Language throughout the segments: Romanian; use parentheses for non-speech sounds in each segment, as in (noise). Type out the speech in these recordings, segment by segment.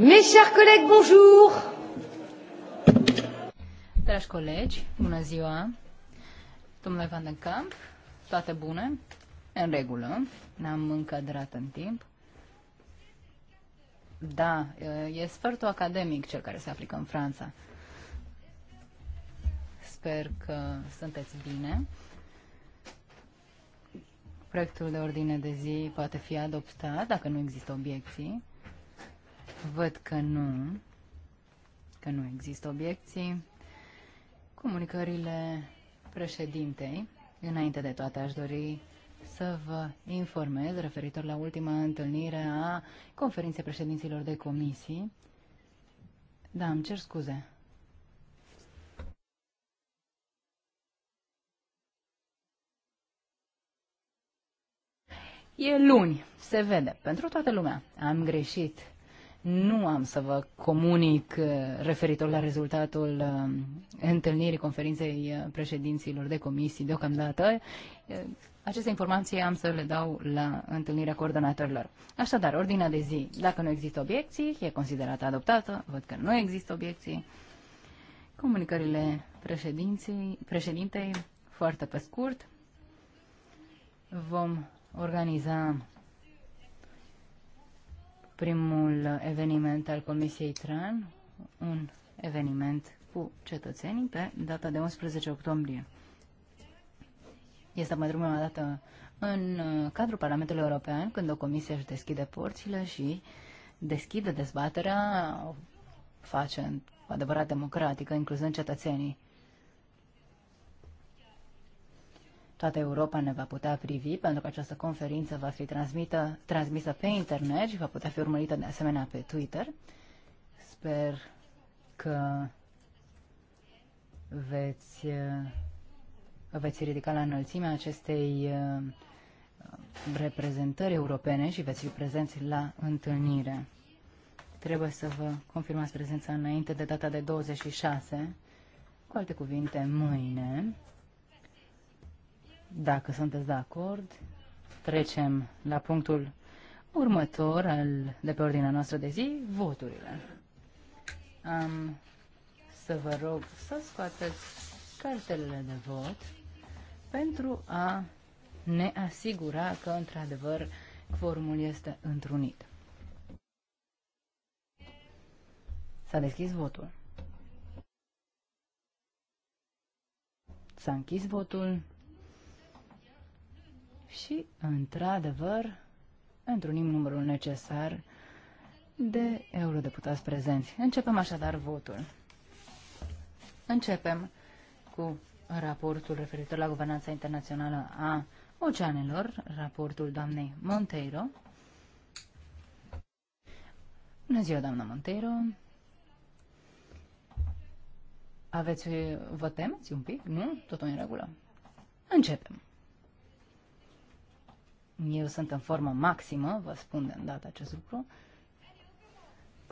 Mes chers collègues, bonjour. Dragi colegi, bună ziua. Domnule Van den Camp, toate bune? În regulă, ne-am încadrat în timp. Da, e sfertul academic cel care se aplică în Franța. Sper că sunteți bine. Proiectul de ordine de zi poate fi adoptat dacă nu există obiecții. Văd că nu, că nu există obiecții. Comunicările președintei. Înainte de toate, aș dori să vă informez referitor la ultima întâlnire a conferinței președinților de comisii. Da, îmi cer scuze. E luni, se vede, pentru toată lumea. Am greșit. Nu am să vă comunic uh, referitor la rezultatul um, întâlnirii conferinței uh, președinților de comisii deocamdată. Uh, aceste informații am să le dau la întâlnirea coordonatorilor. Așadar, ordinea de zi, dacă nu există obiecții, e considerată adoptată. Văd că nu există obiecții. Comunicările președinței, președintei, foarte pe scurt. Vom organiza primul eveniment al Comisiei TRAN, un eveniment cu cetățenii pe data de 11 octombrie. Este mai prima dată în uh, cadrul Parlamentului European, când o comisie își deschide porțile și deschide dezbaterea, o face cu adevărat democratică, incluzând cetățenii. toată Europa ne va putea privi, pentru că această conferință va fi transmită, transmisă pe internet și va putea fi urmărită de asemenea pe Twitter. Sper că veți, uh, veți ridica la înălțimea acestei uh, reprezentări europene și veți fi prezenți la întâlnire. Trebuie să vă confirmați prezența înainte de data de 26, cu alte cuvinte, mâine. Dacă sunteți de acord, trecem la punctul următor al, de pe ordinea noastră de zi, voturile. Am să vă rog să scoateți cartelele de vot pentru a ne asigura că, într-adevăr, formul este întrunit. S-a deschis votul. S-a închis votul și, într-adevăr, întrunim numărul necesar de eurodeputați prezenți. Începem așadar votul. Începem cu raportul referitor la guvernanța internațională a oceanelor, raportul doamnei Monteiro. Bună ziua, doamna Monteiro. Aveți, vă temeți un pic? Nu? Totul în regulă. Începem. Eu sunt în formă maximă, vă spun de îndată acest lucru.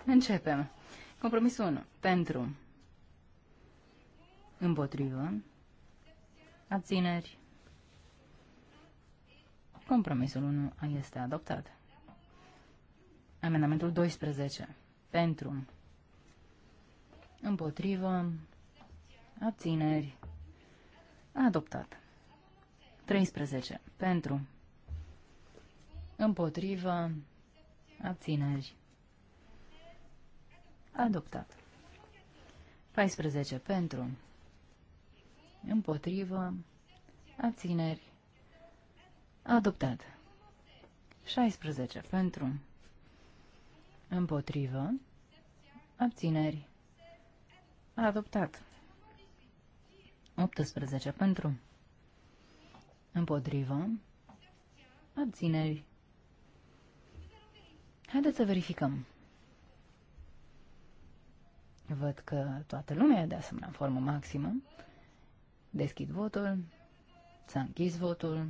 Începem. Compromisul 1. Pentru. Împotrivă. Abțineri. Compromisul 1 este adoptat. Amendamentul 12. Pentru. Împotrivă. Abțineri. Adoptat. 13. Pentru împotrivă, abțineri, adoptat. 14 pentru, împotrivă, abțineri, adoptat. 16 pentru, împotrivă, abțineri, adoptat. 18 pentru, împotrivă, abțineri, Haideți să verificăm. Văd că toată lumea e de asemenea în formă maximă. Deschid votul. S-a închis votul.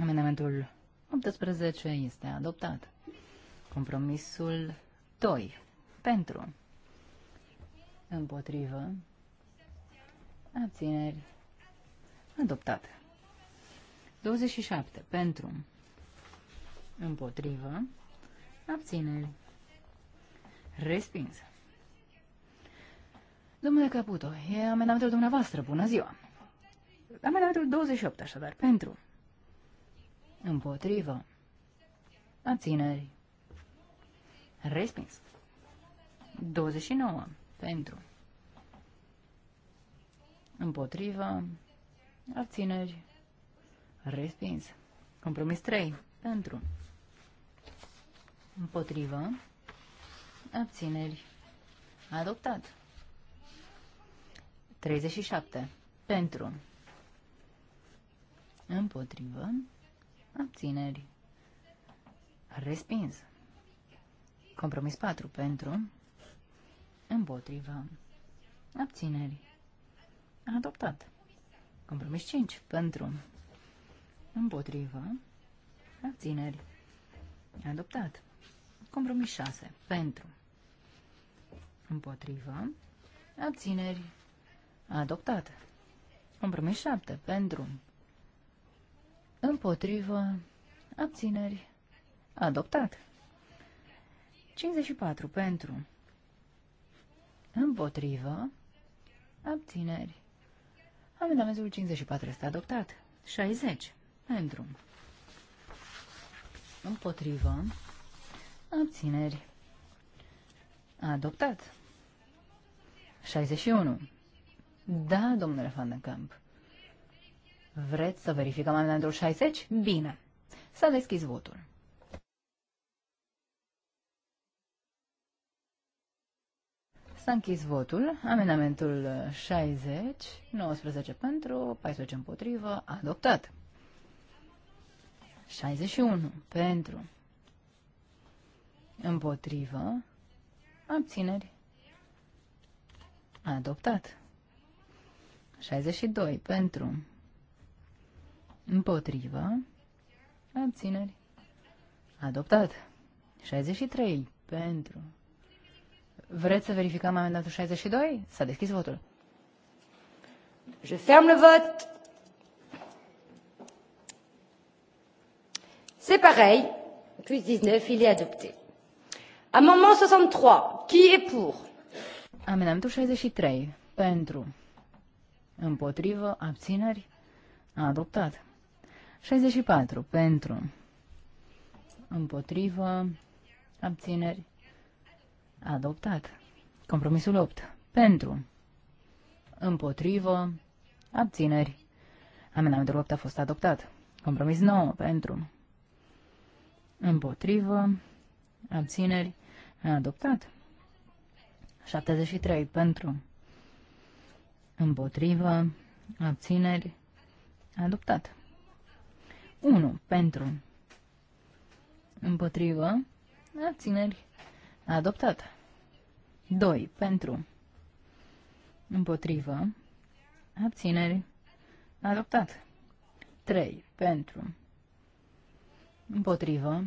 Amendamentul 18 este adoptat. Compromisul 2. Pentru. Împotrivă. Abțineri. Adoptat. 27. Pentru. Împotrivă. Abțineri. Respins. Domnule Caputo, e amendamentul dumneavoastră. Bună ziua! Amendamentul 28, așadar, pentru. Împotrivă. Abțineri. Respins. 29, pentru. Împotrivă. Abțineri. Respins. Compromis 3, pentru. Împotrivă. Abțineri. Adoptat. 37. Pentru. Împotrivă. Abțineri. Respins. Compromis 4. Pentru. Împotrivă. Abțineri. Adoptat. Compromis 5. Pentru. Împotrivă. Abțineri. Adoptat. Compromis 6. Pentru. Împotrivă. Abțineri. Adoptat. Compromis 7. Pentru. Împotrivă. Abțineri. Adoptat. 54. Pentru. Împotrivă. Abțineri. Amendamentul 54 este adoptat. 60. Pentru. Împotrivă. Abțineri. Adoptat. 61. Da, domnule Van den Kamp. Vreți să verificăm amendamentul 60? Bine. S-a deschis votul. S-a închis votul. Amendamentul 60, 19 pentru, 14 împotrivă, adoptat. 61 pentru, Împotrivă. Abțineri. Adoptat. 62. Pentru. Împotrivă. Abțineri. Adoptat. 63. Pentru. Vreți să verificăm amendatul 62? S-a deschis votul. Je ferme le vote. C'est pareil. Plus 19, il est adopté. Amendement 63. Qui est pour? Amendamentul 63. Pentru. Împotrivă. Abțineri. Adoptat. 64. Pentru. Împotrivă. Abțineri. Adoptat. Compromisul 8. Pentru. Împotrivă. Abțineri. Amendamentul 8 a fost adoptat. Compromis 9. Pentru. Împotrivă. Abțineri. Ai adoptat. 73 pentru, împotrivă, abțineri, Ai adoptat. 1 pentru, împotrivă, abțineri, Ai adoptat. 2 pentru, împotrivă, abțineri, Ai adoptat. 3 pentru, împotrivă,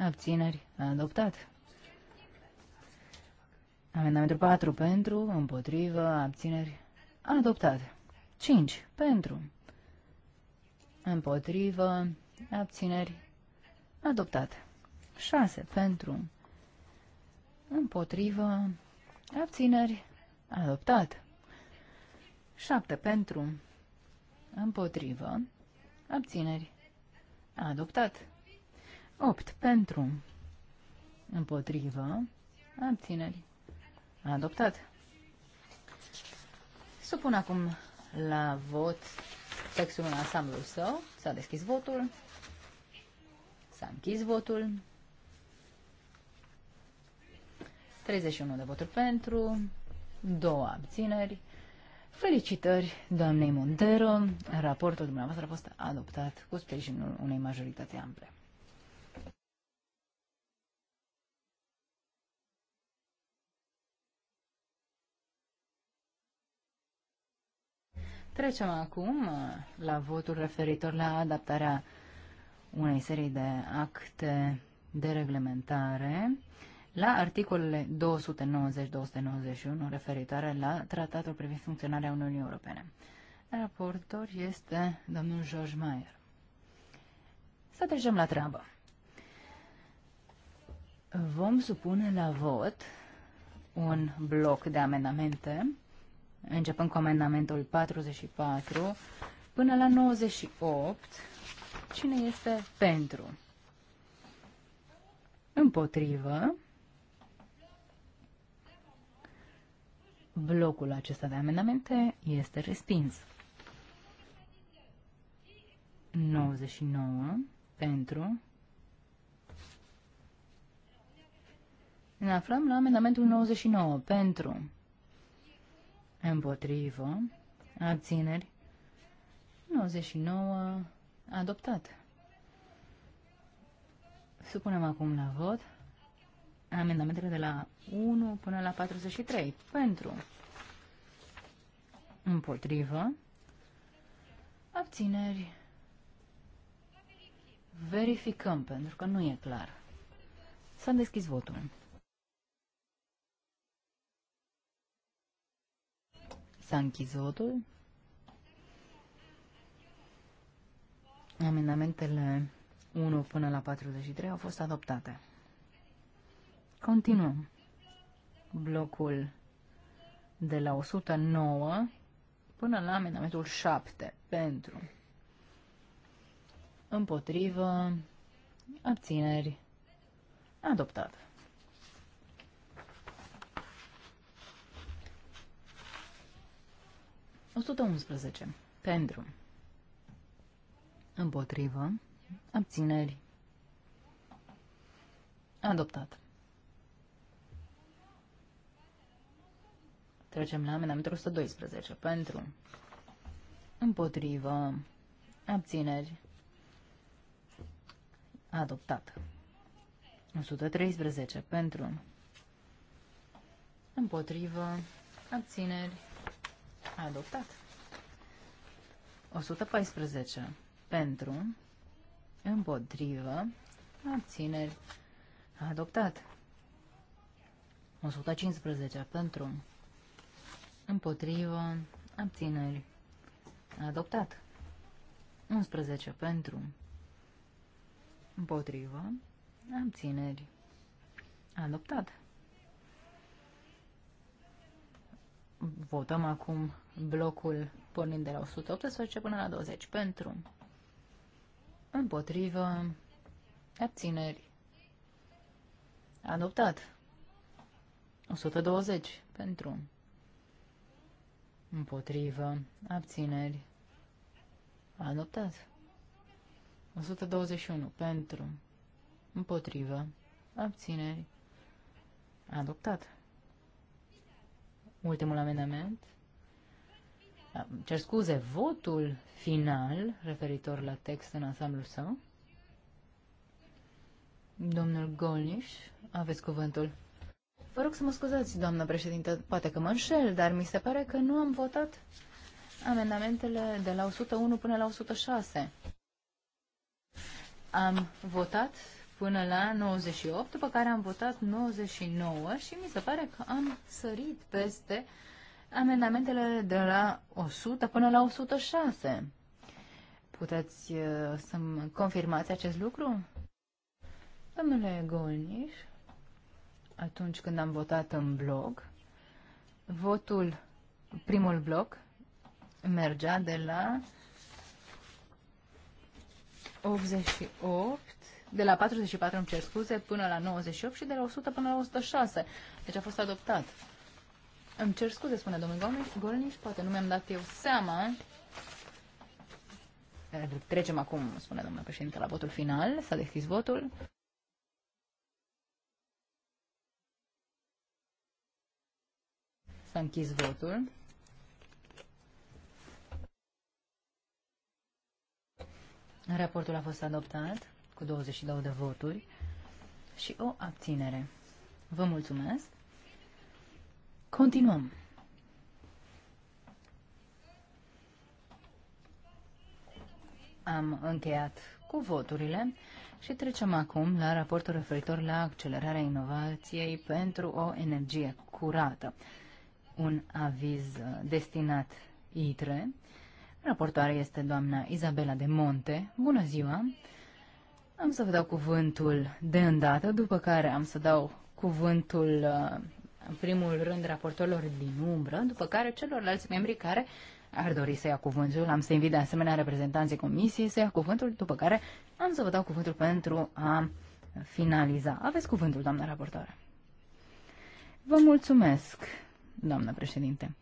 abțineri, adoptat. Amendamentul 4 pentru, împotrivă, abțineri, adoptat. 5 pentru, împotrivă, abțineri, adoptat. 6 pentru, împotrivă, abțineri, adoptat. 7 pentru, împotrivă, abțineri, adoptat. 8 pentru, împotrivă, abțineri, Adoptat. Supun acum la vot textul în ansamblu său. S-a deschis votul. S-a închis votul. 31 de voturi pentru, două abțineri. Felicitări doamnei Montero. Raportul dumneavoastră a fost adoptat cu sprijinul unei majorități ample. Trecem acum uh, la votul referitor la adaptarea unei serii de acte de reglementare la articolele 290-291 referitoare la tratatul privind funcționarea Uniunii Europene. Raportor este domnul George Mayer. Să trecem la treabă. Vom supune la vot un bloc de amendamente începând cu amendamentul 44 până la 98. Cine este pentru? Împotrivă. Blocul acesta de amendamente este respins. 99 pentru. Ne aflăm la amendamentul 99 pentru împotrivă, abțineri, 99, adoptat. Supunem acum la vot amendamentele de la 1 până la 43. Pentru, împotrivă, abțineri, verificăm, pentru că nu e clar. S-a deschis votul. S-a închis votul. Amendamentele 1 până la 43 au fost adoptate. Continuăm. Blocul de la 109 până la amendamentul 7 pentru împotrivă abțineri adoptat. 111. Pentru. Împotrivă. Abțineri. Adoptat. Trecem la amenamentul 112. Pentru. Împotrivă. Abțineri. Adoptat. 113. Pentru. Împotrivă. Abțineri. Adoptat. 114. Pentru, împotrivă, abțineri. Adoptat. 115. Pentru, împotrivă, abțineri. Adoptat. 11. Pentru, împotrivă, abțineri. Adoptat. Votăm acum blocul pornind de la 118 până la 20 pentru, împotrivă, abțineri, adoptat, 120 pentru, împotrivă, abțineri, adoptat, 121 pentru, împotrivă, abțineri, adoptat. Ultimul amendament cer scuze, votul final referitor la text în ansamblul său. Domnul Golniș, aveți cuvântul. Vă rog să mă scuzați, doamnă președintă, poate că mă înșel, dar mi se pare că nu am votat amendamentele de la 101 până la 106. Am votat până la 98, după care am votat 99 și mi se pare că am sărit peste uh, amendamentele de la 100 până la 106. Puteți uh, să-mi confirmați acest lucru? Domnule Golniș, atunci când am votat în blog, votul, primul bloc, mergea de la 88, de la 44, îmi cer scuze, până la 98 și de la 100 până la 106. Deci a fost adoptat. Îmi cer scuze, spune domnul Golniș, poate nu mi-am dat eu seama. Trecem acum, spune domnul președinte, la votul final. S-a deschis votul. S-a închis votul. Raportul a fost adoptat cu 22 de voturi și o abținere. Vă mulțumesc! Continuăm. Am încheiat cu voturile și trecem acum la raportul referitor la accelerarea inovației pentru o energie curată. Un aviz destinat ITRE. Raportoare este doamna Izabela de Monte. Bună ziua! Am să vă dau cuvântul de îndată, după care am să dau cuvântul uh, în primul rând raportorilor din umbră, după care celorlalți membri care ar dori să ia cuvântul. Am să invit de asemenea reprezentanții comisiei să ia cuvântul, după care am să vă dau cuvântul pentru a finaliza. Aveți cuvântul, doamna raportoare. Vă mulțumesc, doamnă președinte.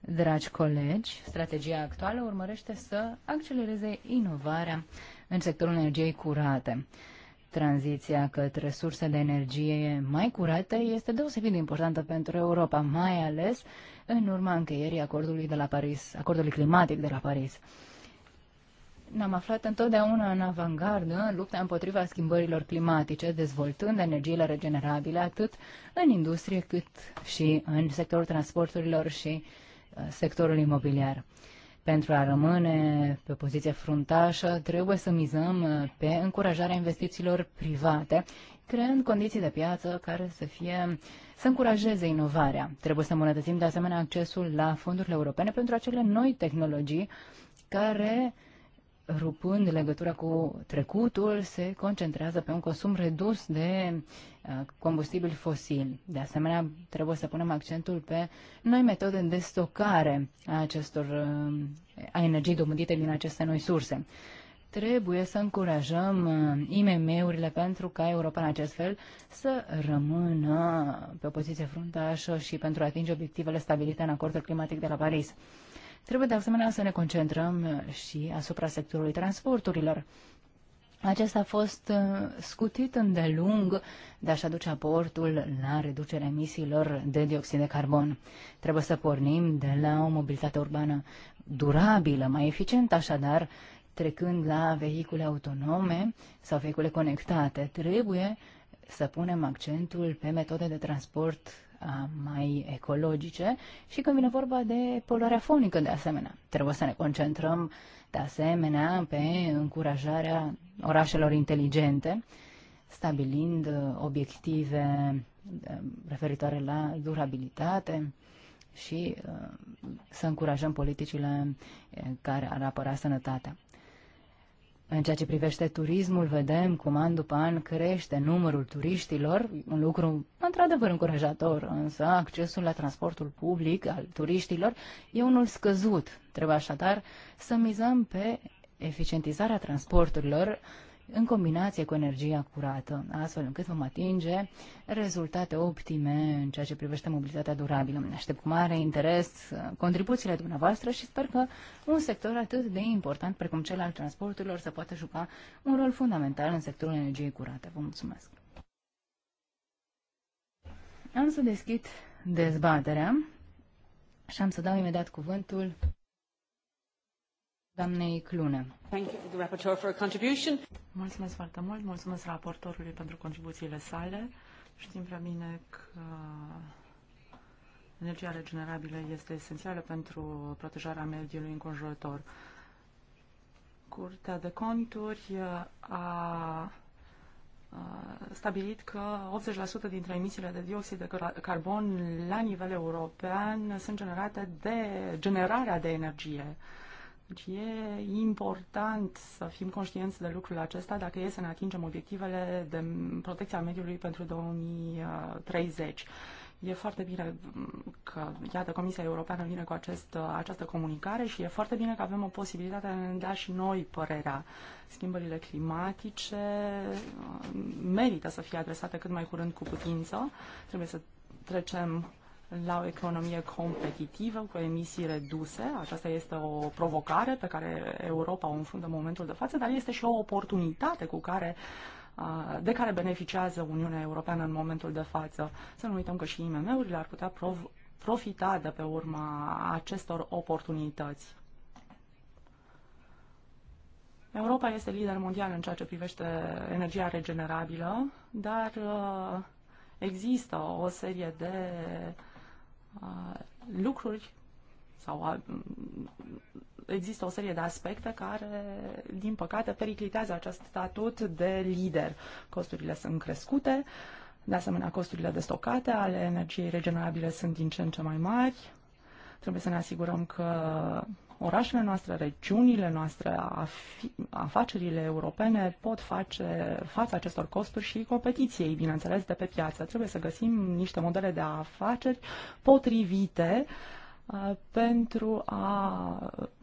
Dragi colegi, strategia actuală urmărește să accelereze inovarea în sectorul energiei curate. Tranziția către surse de energie mai curate este deosebit de importantă pentru Europa, mai ales în urma încheierii acordului de la Paris, acordului climatic de la Paris. Ne-am aflat întotdeauna în avangardă în lupta împotriva schimbărilor climatice, dezvoltând energiile regenerabile atât în industrie cât și în sectorul transporturilor și uh, sectorul imobiliar. Pentru a rămâne pe poziție fruntașă, trebuie să mizăm uh, pe încurajarea investițiilor private, creând condiții de piață care să fie să încurajeze inovarea. Trebuie să îmbunătățim de asemenea accesul la fondurile europene pentru acele noi tehnologii care rupând legătura cu trecutul, se concentrează pe un consum redus de uh, combustibil fosil. De asemenea, trebuie să punem accentul pe noi metode de stocare a acestor uh, a energiei dobândite din aceste noi surse. Trebuie să încurajăm uh, IMM-urile pentru ca Europa în acest fel să rămână pe o poziție fruntașă și pentru a atinge obiectivele stabilite în acordul climatic de la Paris. Trebuie de asemenea să ne concentrăm uh, și asupra sectorului transporturilor. Acesta a fost uh, scutit îndelung de a-și aduce aportul la reducerea emisiilor de dioxid de carbon. Trebuie să pornim de la o mobilitate urbană durabilă, mai eficientă așadar, trecând la vehicule autonome sau vehicule conectate. Trebuie să punem accentul pe metode de transport mai ecologice și când vine vorba de poluarea fonică de asemenea. Trebuie să ne concentrăm de asemenea pe încurajarea orașelor inteligente, stabilind uh, obiective uh, referitoare la durabilitate și uh, să încurajăm politicile care ar apăra sănătatea. În ceea ce privește turismul, vedem cum an după an crește numărul turiștilor, un lucru într-adevăr încurajator, însă accesul la transportul public al turiștilor e unul scăzut. Trebuie așadar să mizăm pe eficientizarea transporturilor, în combinație cu energia curată, astfel încât vom atinge rezultate optime în ceea ce privește mobilitatea durabilă. Ne aștept cu mare interes uh, contribuțiile dumneavoastră și sper că un sector atât de important precum cel al transporturilor să poată juca un rol fundamental în sectorul energiei curate. Vă mulțumesc! Am să deschid dezbaterea și am să dau imediat cuvântul doamnei Clune. Mulțumesc foarte mult, mulțumesc raportorului pentru contribuțiile sale. Știm prea bine că energia regenerabilă este esențială pentru protejarea mediului înconjurător. Curtea de conturi a stabilit că 80% dintre emisiile de dioxid de carbon la nivel european sunt generate de generarea de energie deci e important să fim conștienți de lucrul acesta dacă e să ne atingem obiectivele de protecția mediului pentru 2030. E foarte bine că, iată, Comisia Europeană vine cu acest, această comunicare și e foarte bine că avem o posibilitate de a ne da și noi părerea. Schimbările climatice uh, merită să fie adresate cât mai curând cu putință. Trebuie să trecem la o economie competitivă cu emisii reduse. Aceasta este o provocare pe care Europa o înfundă în momentul de față, dar este și o oportunitate cu care de care beneficiază Uniunea Europeană în momentul de față. Să nu uităm că și IMM-urile ar putea profita de pe urma acestor oportunități. Europa este lider mondial în ceea ce privește energia regenerabilă, dar există o serie de uh, lucruri sau există o serie de aspecte care, din păcate, periclitează acest statut de lider. Costurile sunt crescute, de asemenea, costurile de stocate ale energiei regenerabile sunt din ce în ce mai mari. Trebuie să ne asigurăm că orașele noastre, regiunile noastre, afacerile europene pot face față acestor costuri și competiției, bineînțeles, de pe piață. Trebuie să găsim niște modele de afaceri potrivite uh, pentru a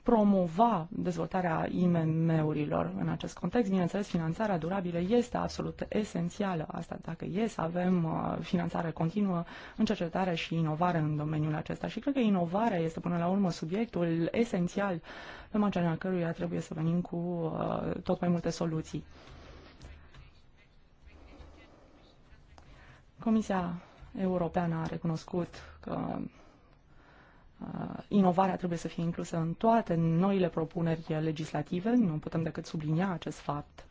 promova dezvoltarea IMM-urilor. În acest context, bineînțeles, finanțarea durabilă este absolut esențială. Asta dacă e să avem uh, finanțare continuă în cercetare și inovare în domeniul acesta. Și cred că inovarea este până la urmă subiectul esențial pe marginea căruia trebuie să venim cu uh, tot mai multe soluții. Comisia Europeană a recunoscut că Uh, inovarea trebuie să fie inclusă în toate noile propuneri legislative, nu putem decât sublinia acest fapt.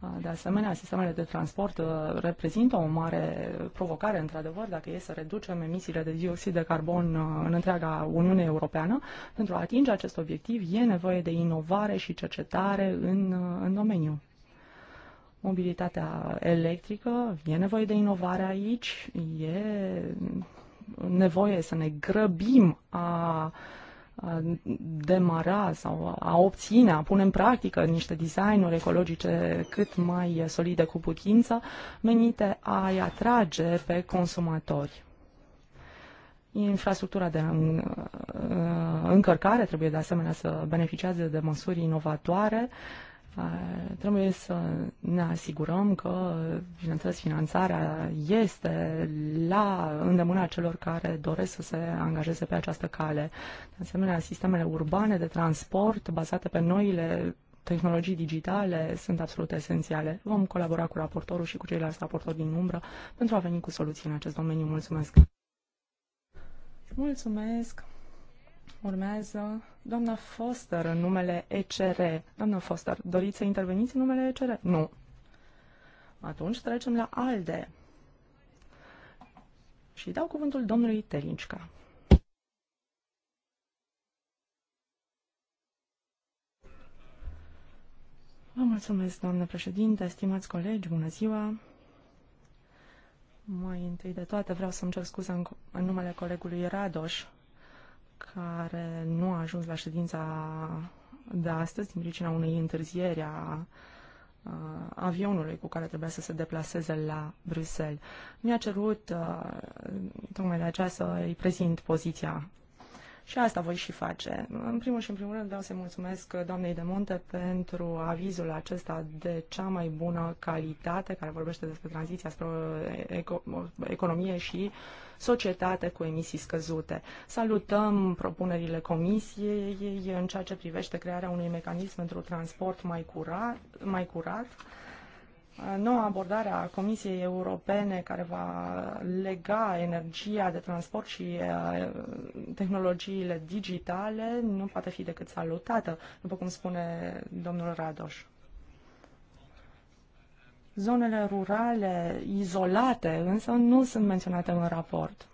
Uh, de asemenea, sistemele de transport uh, reprezintă o mare provocare, într-adevăr, dacă e să reducem emisiile de dioxid de carbon în întreaga Uniune Europeană. Pentru a atinge acest obiectiv e nevoie de inovare și cercetare în, în domeniu. Mobilitatea electrică, e nevoie de inovare aici, e nevoie să ne grăbim a demara sau a obține, a pune în practică niște designuri ecologice cât mai solide cu putință, menite a-i atrage pe consumatori. Infrastructura de încărcare trebuie de asemenea să beneficieze de măsuri inovatoare, Eh, trebuie să ne asigurăm că, bineînțeles, finanțarea este la îndemâna celor care doresc să se angajeze pe această cale. De asemenea, sistemele urbane de transport bazate pe noile tehnologii digitale sunt absolut esențiale. Vom colabora cu raportorul și cu ceilalți raportori din umbră pentru a veni cu soluții în acest domeniu. Mulțumesc! Mulțumesc! Urmează doamna Foster în numele ECR. Doamna Foster, doriți să interveniți în numele ECR? Nu. Atunci trecem la ALDE. Și dau cuvântul domnului Telincica. Vă mulțumesc, doamnă președinte, stimați colegi, bună ziua! Mai întâi de toate vreau să-mi cer scuze în, în numele colegului Radoș, care nu a ajuns la ședința de astăzi din pricina unei întârzieri a avionului cu care trebuia să se deplaseze la Bruxelles. Mi-a cerut tocmai de aceea să îi prezint poziția și asta voi și face. În primul și în primul rând vreau să-i mulțumesc doamnei de Monte pentru avizul acesta de cea mai bună calitate care vorbește despre tranziția spre eco economie și societate cu emisii scăzute. Salutăm propunerile comisiei în ceea ce privește crearea unui mecanism pentru transport mai curat, mai curat noua abordare a Comisiei Europene care va lega energia de transport și uh, tehnologiile digitale nu poate fi decât salutată, după cum spune domnul Radoș. Zonele rurale izolate însă nu sunt menționate în raport.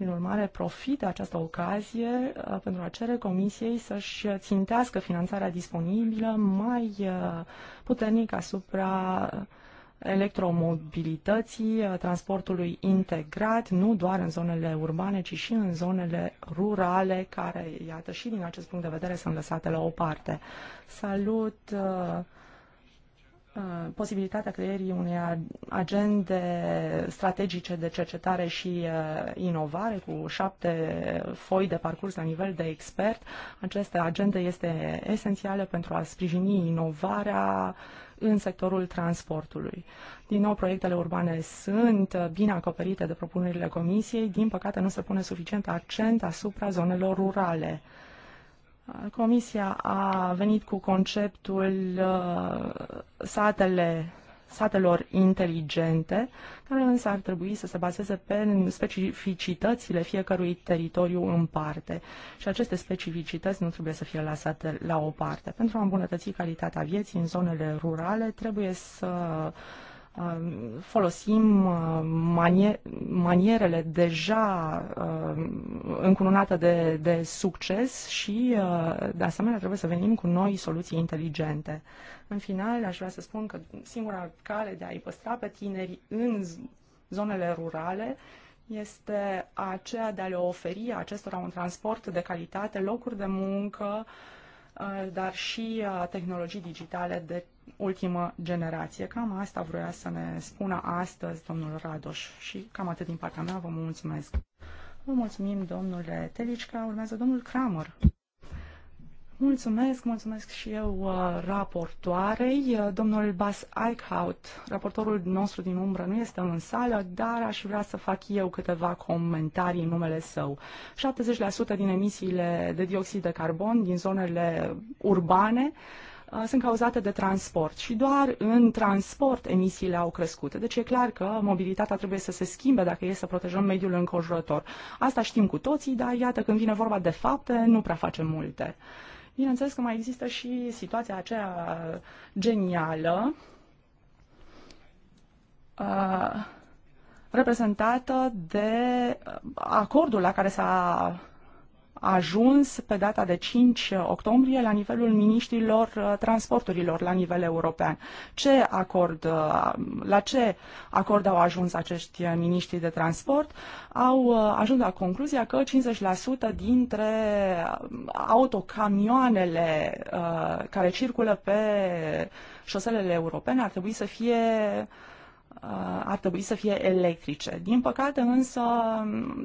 Prin urmare, profit această ocazie uh, pentru a cere Comisiei să-și țintească finanțarea disponibilă mai uh, puternic asupra electromobilității, uh, transportului integrat, nu doar în zonele urbane, ci și în zonele rurale, care, iată, și din acest punct de vedere sunt lăsate la o parte. Salut uh, Uh, posibilitatea creierii unei agende strategice de cercetare și uh, inovare cu șapte foi de parcurs la nivel de expert. Această agenda este esențială pentru a sprijini inovarea în sectorul transportului. Din nou, proiectele urbane sunt uh, bine acoperite de propunerile Comisiei, din păcate nu se pune suficient accent asupra zonelor rurale. Comisia a venit cu conceptul uh, satele, satelor inteligente, care însă ar trebui să se bazeze pe specificitățile fiecărui teritoriu în parte. Și aceste specificități nu trebuie să fie lăsate la o parte. Pentru a îmbunătăți calitatea vieții în zonele rurale, trebuie să uh, Uh, folosim uh, manie, manierele deja uh, încununate de, de succes și, de asemenea, trebuie să venim cu noi soluții inteligente. În final, aș vrea să spun că singura cale de a-i păstra pe tineri în zonele rurale este aceea de a le oferi acestora un transport de calitate, locuri de muncă, dar și tehnologii digitale de ultimă generație. Cam asta vroia să ne spună astăzi domnul Radoș și cam atât din partea mea. Vă mulțumesc. Vă mulțumim, domnule Telicca. Urmează domnul Kramer. Mulțumesc, mulțumesc și eu uh, raportoarei. Uh, domnul Bas Eichhout, raportorul nostru din umbră, nu este în sală, dar aș vrea să fac eu câteva comentarii în numele său. 70% din emisiile de dioxid de carbon din zonele urbane uh, Uh, sunt cauzate de transport și doar în transport emisiile au crescut. Deci e clar că mobilitatea trebuie să se schimbe dacă e să protejăm mediul înconjurător. Asta știm cu toții, dar iată când vine vorba de fapte, nu prea facem multe. Bineînțeles că mai există și situația aceea genială uh, reprezentată de uh, acordul la care s-a ajuns pe data de 5 octombrie la nivelul miniștrilor uh, transporturilor la nivel european. Ce acord, uh, la ce acord au ajuns acești miniștri de transport? Au uh, ajuns la concluzia că 50% dintre autocamioanele care circulă pe șoselele europene ar trebui să fie uh, ar trebui să fie electrice. Din păcate însă,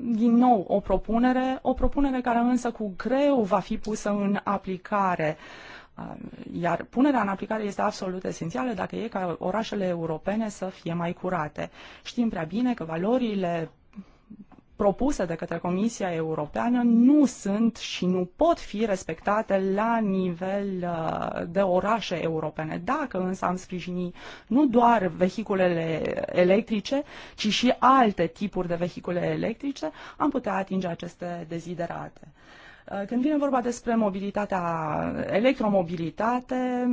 din nou, o propunere, o propunere care însă cu greu va fi pusă în aplicare. Uh, iar punerea în aplicare este absolut esențială dacă e ca orașele europene să fie mai curate. Știm prea bine că valorile propuse de către Comisia Europeană nu sunt și nu pot fi respectate la nivel uh, de orașe europene. Dacă însă am sprijini nu doar vehiculele electrice, ci și alte tipuri de vehicule electrice, am putea atinge aceste deziderate. Uh, când vine vorba despre mobilitatea, electromobilitate,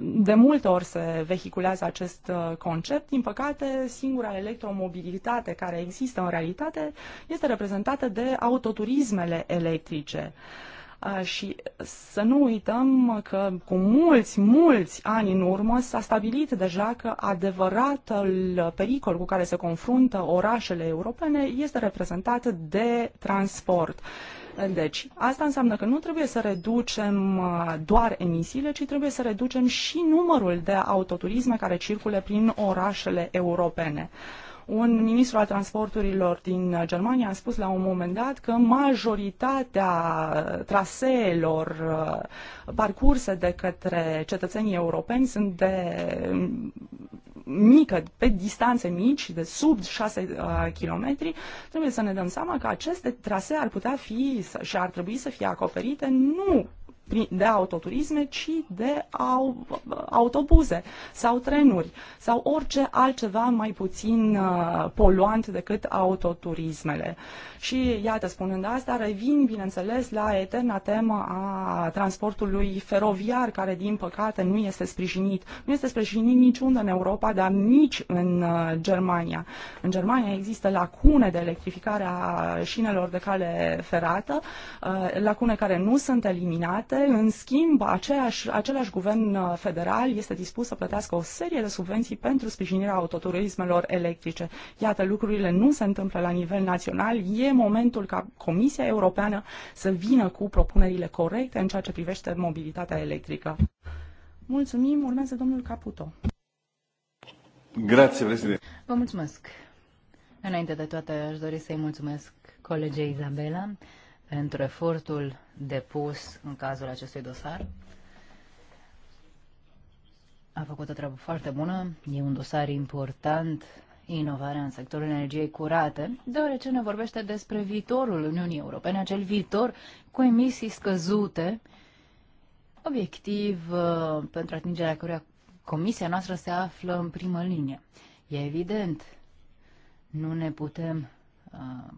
de multe ori se vehiculează acest uh, concept. Din păcate, singura electromobilitate care există în realitate este reprezentată de autoturismele electrice. Uh, și să nu uităm că cu mulți, mulți ani în urmă s-a stabilit deja că adevăratul pericol cu care se confruntă orașele europene este reprezentat de transport. Deci, asta înseamnă că nu trebuie să reducem uh, doar emisiile, ci trebuie să reducem și numărul de autoturisme care circule prin orașele europene. Un ministru al transporturilor din Germania a spus la un moment dat că majoritatea traseelor uh, parcurse de către cetățenii europeni sunt de mică, pe distanțe mici, de sub 6 uh, km, trebuie să ne dăm seama că aceste trasee ar putea fi și ar trebui să fie acoperite nu de autoturisme, ci de au, autobuze sau trenuri sau orice altceva mai puțin uh, poluant decât autoturismele. Și iată, spunând asta, revin, bineînțeles, la eterna temă a transportului feroviar, care, din păcate, nu este sprijinit. Nu este sprijinit niciunde în Europa, dar nici în uh, Germania. În Germania există lacune de electrificare a șinelor de cale ferată, uh, lacune care nu sunt eliminate, în schimb, aceeași, același guvern uh, federal este dispus să plătească o serie de subvenții pentru sprijinirea autoturismelor electrice. Iată, lucrurile nu se întâmplă la nivel național. E momentul ca Comisia Europeană să vină cu propunerile corecte în ceea ce privește mobilitatea electrică. Mulțumim. Urmează domnul Caputo. Grazie, președinte. Vă mulțumesc. Înainte de toate, aș dori să-i mulțumesc colegei Izabela pentru efortul depus în cazul acestui dosar. A făcut o treabă foarte bună, e un dosar important, inovarea în sectorul energiei curate, deoarece ne vorbește despre viitorul Uniunii Europene, acel viitor cu emisii scăzute, obiectiv uh, pentru atingerea căruia comisia noastră se află în primă linie. E evident, nu ne putem uh,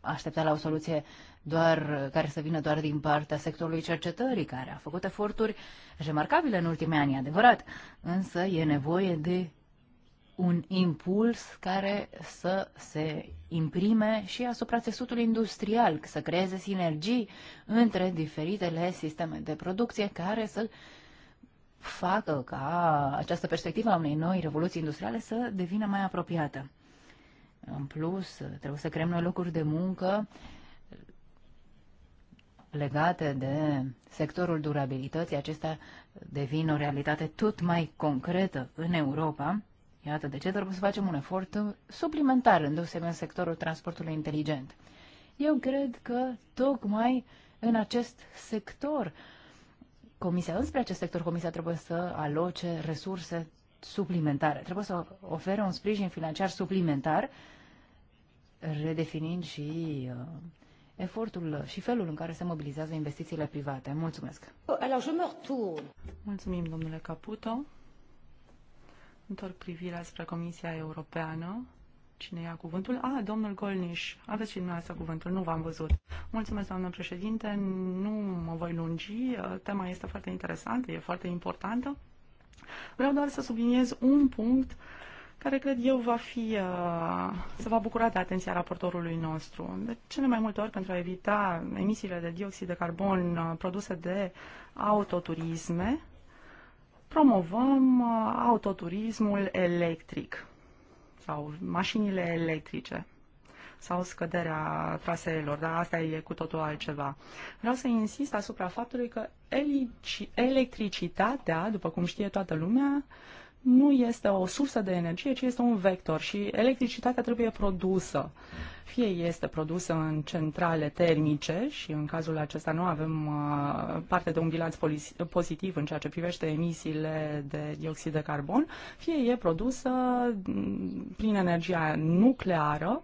aștepta la o soluție doar, care să vină doar din partea sectorului cercetării, care a făcut eforturi remarcabile în ultimii ani, adevărat, însă e nevoie de un impuls care să se imprime și asupra țesutului industrial, să creeze sinergii între diferitele sisteme de producție care să facă ca această perspectivă a unei noi revoluții industriale să devină mai apropiată. În plus, trebuie să creăm noi locuri de muncă legate de sectorul durabilității, acestea devin o realitate tot mai concretă în Europa. Iată de ce trebuie să facem un efort suplimentar, în deosebire în sectorul transportului inteligent. Eu cred că tocmai în acest sector, Comisia, înspre acest sector, Comisia trebuie să aloce resurse suplimentare. Trebuie să ofere un sprijin financiar suplimentar, redefinind și uh, efortul și felul în care se mobilizează investițiile private. Mulțumesc! Mulțumim, domnule Caputo. Întorc privirea spre Comisia Europeană. Cine ia cuvântul? ah, domnul Golniș. Aveți și dumneavoastră cuvântul, nu v-am văzut. Mulțumesc, doamnă președinte, nu mă voi lungi. Tema este foarte interesantă, e foarte importantă. Vreau doar să subliniez un punct uh, care cred eu va fi, uh, se va bucura de atenția raportorului nostru. De cele mai multe ori, pentru a evita emisiile de dioxid de carbon uh, produse de autoturisme, promovăm uh, autoturismul electric sau mașinile electrice sau scăderea traseelor, dar asta e cu totul altceva. Vreau să insist asupra faptului că electricitatea, după cum știe toată lumea, nu este o sursă de energie, ci este un vector și electricitatea trebuie produsă. Fie este produsă în centrale termice și în cazul acesta nu avem uh, parte de un bilanț pozitiv în ceea ce privește emisiile de dioxid de carbon, fie e produsă mm, prin energia nucleară,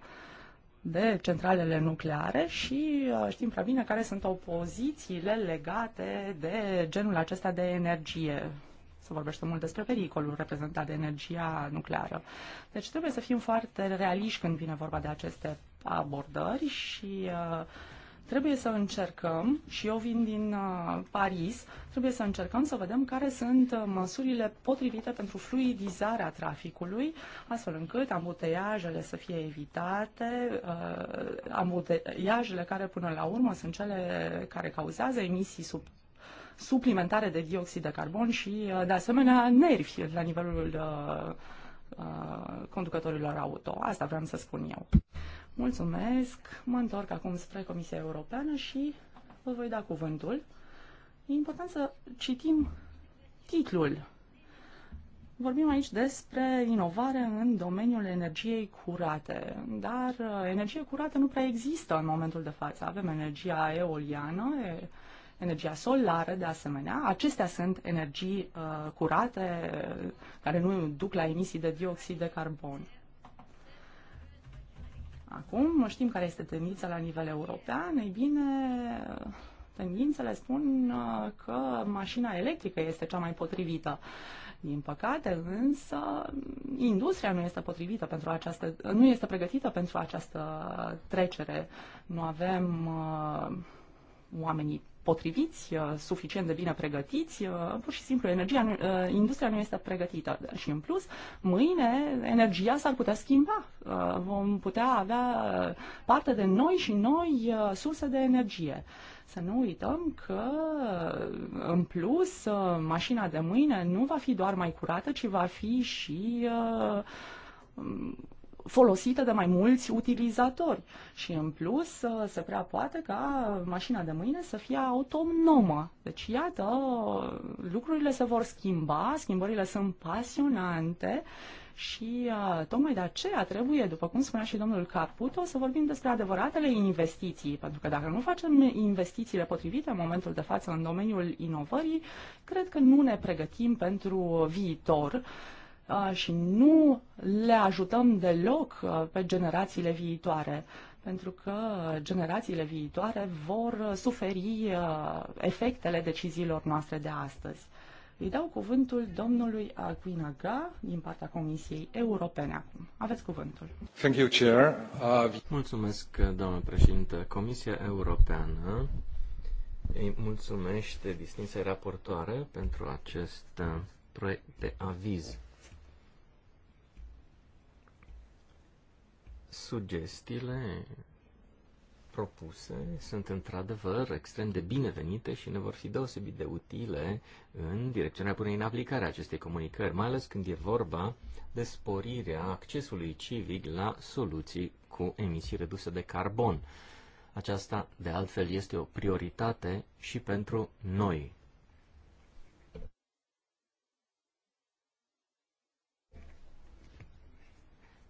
de centralele nucleare și uh, știm prea bine care sunt opozițiile legate de genul acesta de energie se vorbește mult despre pericolul reprezentat de energia nucleară. Deci trebuie să fim foarte realiști când vine vorba de aceste abordări și uh, trebuie să încercăm, și eu vin din uh, Paris, trebuie să încercăm să vedem care sunt uh, măsurile potrivite pentru fluidizarea traficului, astfel încât ambuteiajele să fie evitate, uh, ambuteiajele care până la urmă sunt cele care cauzează emisii sub suplimentare de dioxid de carbon și, uh, de asemenea, nervi la nivelul uh, uh, conducătorilor auto. Asta vreau să spun eu. Mulțumesc. Mă întorc acum spre Comisia Europeană și vă voi da cuvântul. E important să citim titlul. Vorbim aici despre inovare în domeniul energiei curate, dar energie curată nu prea există în momentul de față. Avem energia eoliană, energia solară, de asemenea. Acestea sunt energii uh, curate, uh, care nu duc la emisii de dioxid de carbon. Acum știm care este tendința la nivel european. Ei bine, tendințele spun uh, că mașina electrică este cea mai potrivită. Din păcate, însă, industria nu este potrivită pentru această, nu este pregătită pentru această trecere. Nu avem uh, oamenii potriviți, uh, suficient de bine pregătiți, uh, pur și simplu energia, uh, industria nu este pregătită. Și în plus, mâine energia s-ar putea schimba. Vom putea avea parte de noi și noi surse de energie. Să nu uităm că, în plus, mașina de mâine nu va fi doar mai curată, ci va fi și folosită de mai mulți utilizatori. Și în plus uh, se prea poate ca mașina de mâine să fie autonomă. Deci iată, lucrurile se vor schimba, schimbările sunt pasionante și uh, tocmai de aceea trebuie, după cum spunea și domnul Caputo, să vorbim despre adevăratele investiții, pentru că dacă nu facem investițiile potrivite în momentul de față în domeniul inovării, cred că nu ne pregătim pentru viitor și nu le ajutăm deloc pe generațiile viitoare, pentru că generațiile viitoare vor suferi efectele deciziilor noastre de astăzi. Îi dau cuvântul domnului Aguinaga, Ga din partea Comisiei Europene acum. Aveți cuvântul. Thank you, Chair. Uh... Mulțumesc, doamnă președinte. Comisia Europeană îi mulțumește distinsei raportoare pentru acest proiect de aviz. sugestiile propuse sunt într-adevăr extrem de binevenite și ne vor fi deosebit de utile în direcționarea punerii în aplicare a acestei comunicări, mai ales când e vorba de sporirea accesului civic la soluții cu emisii reduse de carbon. Aceasta, de altfel, este o prioritate și pentru noi,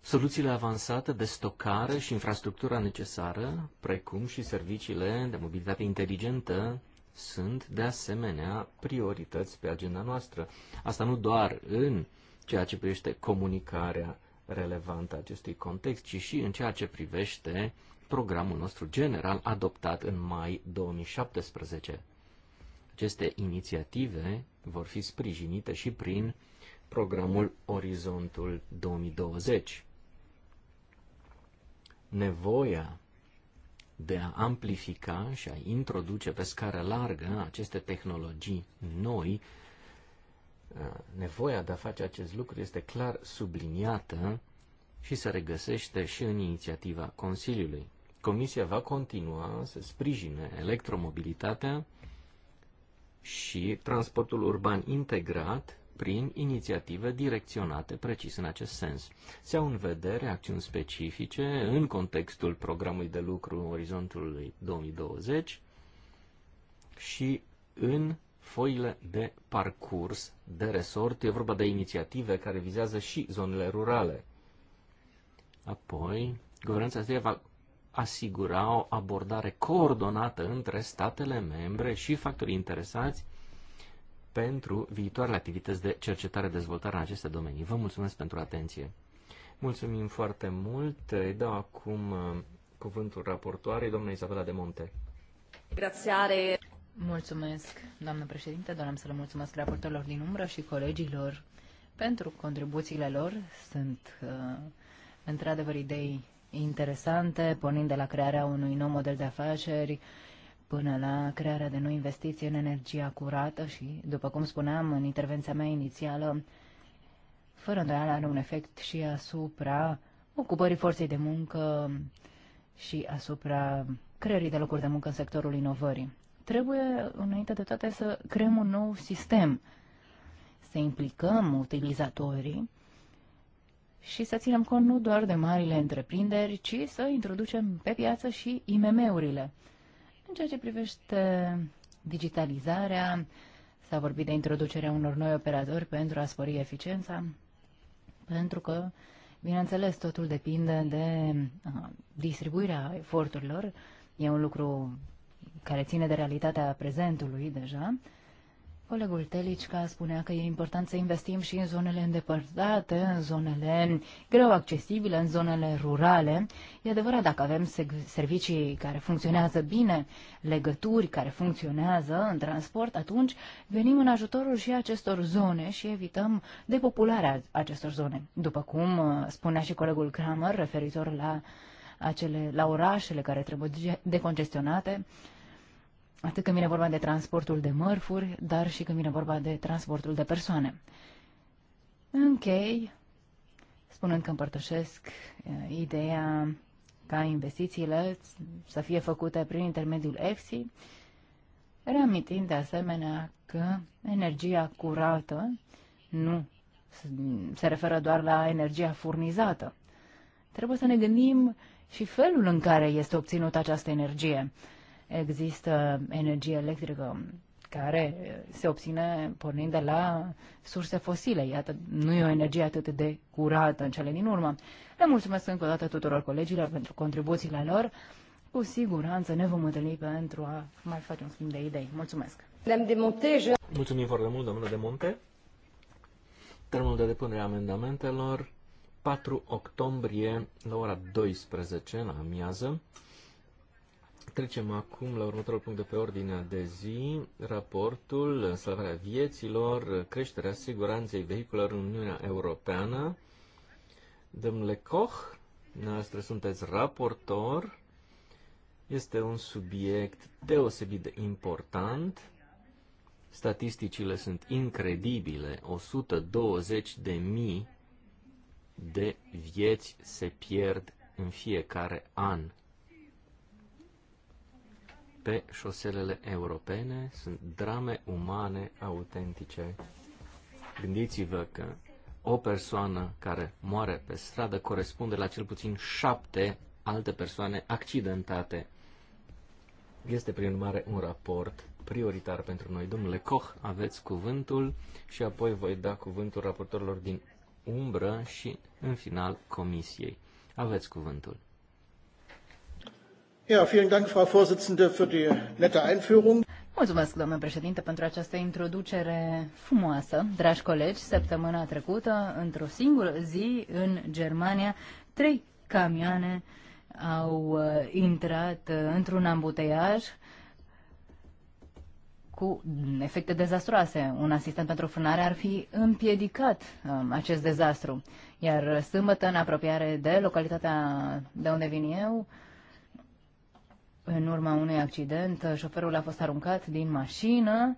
Soluțiile avansate de stocare și infrastructura necesară, precum și serviciile de mobilitate inteligentă, sunt de asemenea priorități pe agenda noastră. Asta nu doar în ceea ce privește comunicarea relevantă a acestui context, ci și în ceea ce privește programul nostru general adoptat în mai 2017. Aceste inițiative vor fi sprijinite și prin programul Orizontul 2020 nevoia de a amplifica și a introduce pe scară largă aceste tehnologii noi, uh, nevoia de a face acest lucru este clar subliniată și se regăsește și în inițiativa Consiliului. Comisia va continua să sprijine electromobilitatea și transportul urban integrat prin inițiative direcționate precis în acest sens. Se au în vedere acțiuni specifice în contextul programului de lucru Orizontului 2020 și în foile de parcurs de resort. E vorba de inițiative care vizează și zonele rurale. Apoi, guvernanța aceea va asigura o abordare coordonată între statele membre și factorii interesați pentru viitoarele activități de cercetare-dezvoltare în aceste domenii. Vă mulțumesc pentru atenție. Mulțumim foarte mult. Îi dau acum uh, cuvântul raportoarei, doamna Isabela de Monte. Grațiare. Mulțumesc, doamnă președinte. Doream să le mulțumesc raportorilor din umbră și colegilor pentru contribuțiile lor. Sunt uh, într-adevăr idei interesante, pornind de la crearea unui nou model de afaceri, uh, până la crearea de noi investiții în energia curată și, după cum spuneam în intervenția mea inițială, fără îndoială are un efect și asupra ocupării forței de muncă și asupra creării de locuri de muncă în sectorul inovării. Trebuie, înainte de toate, să creăm un nou sistem, să implicăm utilizatorii și să ținem cont nu doar de marile întreprinderi, ci să introducem pe piață și IMM-urile. În ceea ce privește digitalizarea, s-a vorbit de introducerea unor noi operatori pentru a spori eficiența, pentru că, bineînțeles, totul depinde de uh, distribuirea eforturilor. E un lucru care ține de realitatea prezentului deja, Colegul Telicca spunea că e important să investim și în zonele îndepărtate, în zonele greu accesibile, în zonele rurale. E adevărat, dacă avem servicii care funcționează bine, legături care funcționează în transport, atunci venim în ajutorul și acestor zone și evităm depopularea acestor zone. După cum uh, spunea și colegul Kramer referitor la acele, la orașele care trebuie decongestionate, atât când vine vorba de transportul de mărfuri, dar și când vine vorba de transportul de persoane. Închei spunând că împărtășesc eh, ideea ca investițiile să fie făcute prin intermediul EFSI, reamintind de asemenea că energia curată nu se referă doar la energia furnizată. Trebuie să ne gândim și felul în care este obținută această energie. Există energie electrică care se obține pornind de la surse fosile. Iată, nu e o energie atât de curată în cele din urmă. Le mulțumesc încă o dată tuturor colegilor pentru contribuțiile lor. Cu siguranță ne vom întâlni pentru a mai face un schimb de idei. Mulțumesc! Mulțumim foarte mult, domnule de munte. Termenul de depunere a amendamentelor 4 octombrie la ora 12 la amiază. Trecem acum la următorul punct de pe ordinea de zi, raportul Salvarea vieților, creșterea siguranței vehiculelor în Uniunea Europeană. Domnule Koch, noastră sunteți raportor. Este un subiect deosebit de important. Statisticile sunt incredibile. 120 de mii de vieți se pierd în fiecare an pe șoselele europene sunt drame umane autentice. Gândiți-vă că o persoană care moare pe stradă corespunde la cel puțin șapte alte persoane accidentate. Este, prin urmare, un raport prioritar pentru noi. Domnule Koch, aveți cuvântul și apoi voi da cuvântul raportorilor din umbră și, în final, comisiei. Aveți cuvântul. Ja, vielen Dank, Frau Vorsitzende, für die nette Einführung. Mulțumesc, doamnă președinte, pentru această introducere frumoasă. Dragi colegi, săptămâna trecută, într-o singură zi, în Germania, trei camioane au uh, intrat uh, într-un ambuteiaj cu efecte dezastroase. Un asistent pentru frânare ar fi împiedicat um, acest dezastru. Iar sâmbătă, în apropiere de localitatea de unde vin eu, uh, în urma unui accident, șoferul a fost aruncat din mașină.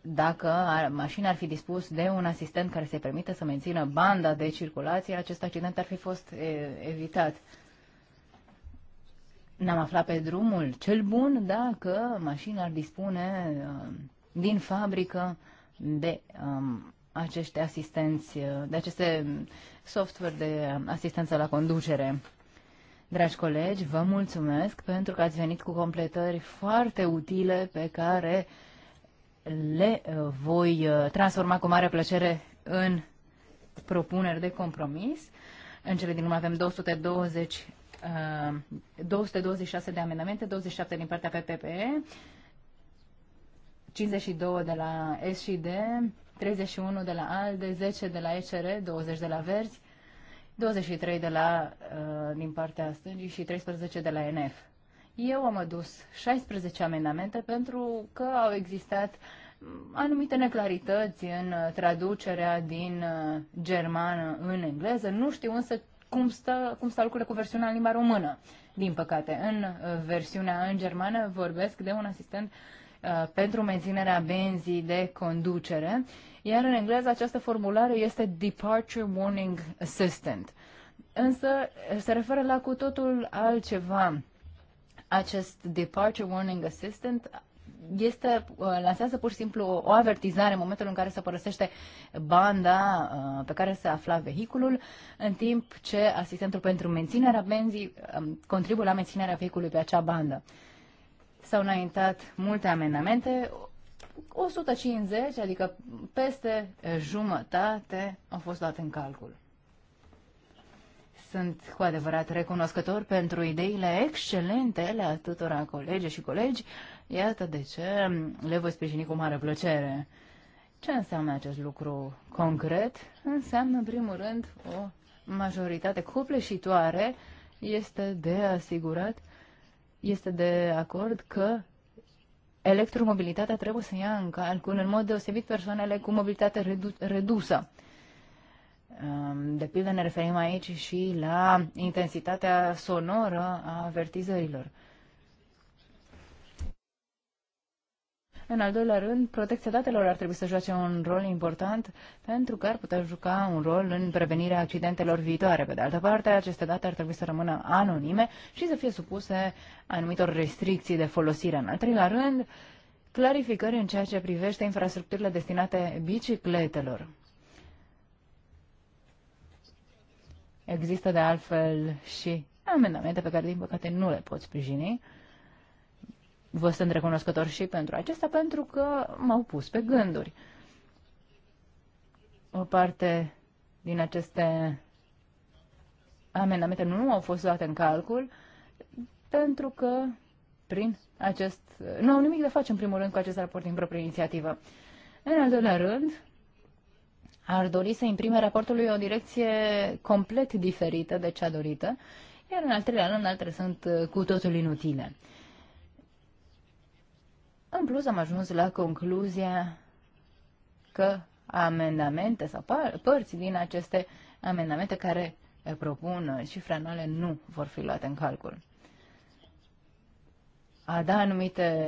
Dacă ar, mașina ar fi dispus de un asistent care să-i permită să mențină banda de circulație, acest accident ar fi fost e, evitat. n am aflat pe drumul cel bun dacă mașina ar dispune um, din fabrică de um, acești asistenți, uh, de aceste um, software de um, asistență la conducere. Dragi colegi, vă mulțumesc pentru că ați venit cu completări foarte utile pe care le uh, voi uh, transforma cu mare plăcere în propuneri de compromis. În cele din urmă avem 220, uh, 226 de amendamente, 27 din partea PPPE, 52 de la SD, 31 de la ALDE, 10 de la ECR, 20 de la Verzi, 23 de la, uh, din partea stângii și 13 de la NF. Eu am adus 16 amendamente pentru că au existat mm, anumite neclarități în uh, traducerea din uh, germană în engleză. Nu știu însă cum, stă, cum stă lucrurile cu versiunea în limba română. Din păcate, în versiunea în germană vorbesc de un asistent uh, pentru menținerea benzii de conducere iar în engleză această formulare este Departure Warning Assistant. Însă se referă la cu totul altceva. Acest Departure Warning Assistant este, uh, lansează pur și simplu o avertizare în momentul în care se părăsește banda uh, pe care se afla vehiculul, în timp ce asistentul pentru menținerea benzii um, contribuie la menținerea vehiculului pe acea bandă. S-au înaintat multe amendamente, 150, adică peste jumătate, au fost luate în calcul. Sunt cu adevărat recunoscător pentru ideile excelente ale tuturor colegi și colegi. Iată de ce le voi sprijini cu mare plăcere. Ce înseamnă acest lucru concret? Înseamnă, în primul rând, o majoritate cupleșitoare este de asigurat, este de acord că electromobilitatea trebuie să ia în calcul în mod deosebit persoanele cu mobilitate redu- redusă. De pildă ne referim aici și la intensitatea sonoră a avertizărilor. În al doilea rând, protecția datelor ar trebui să joace un rol important pentru că ar putea juca un rol în prevenirea accidentelor viitoare. Pe de altă parte, aceste date ar trebui să rămână anonime și să fie supuse anumitor restricții de folosire. În al treilea rând, clarificări în ceea ce privește infrastructurile destinate bicicletelor. Există de altfel și amendamente pe care, din păcate, nu le pot sprijini vă sunt recunoscător și pentru acesta, pentru că m-au pus pe gânduri. O parte din aceste amendamente nu au fost luate în calcul, pentru că prin acest... Nu au nimic de face, în primul rând, cu acest raport din proprie inițiativă. În al doilea rând, ar dori să imprime raportului o direcție complet diferită de cea dorită, iar în al treilea rând, altele sunt cu totul inutile. În plus, am ajuns la concluzia că amendamente sau părți din aceste amendamente care eh, propun eh, cifre anuale nu vor fi luate în calcul. A da anumite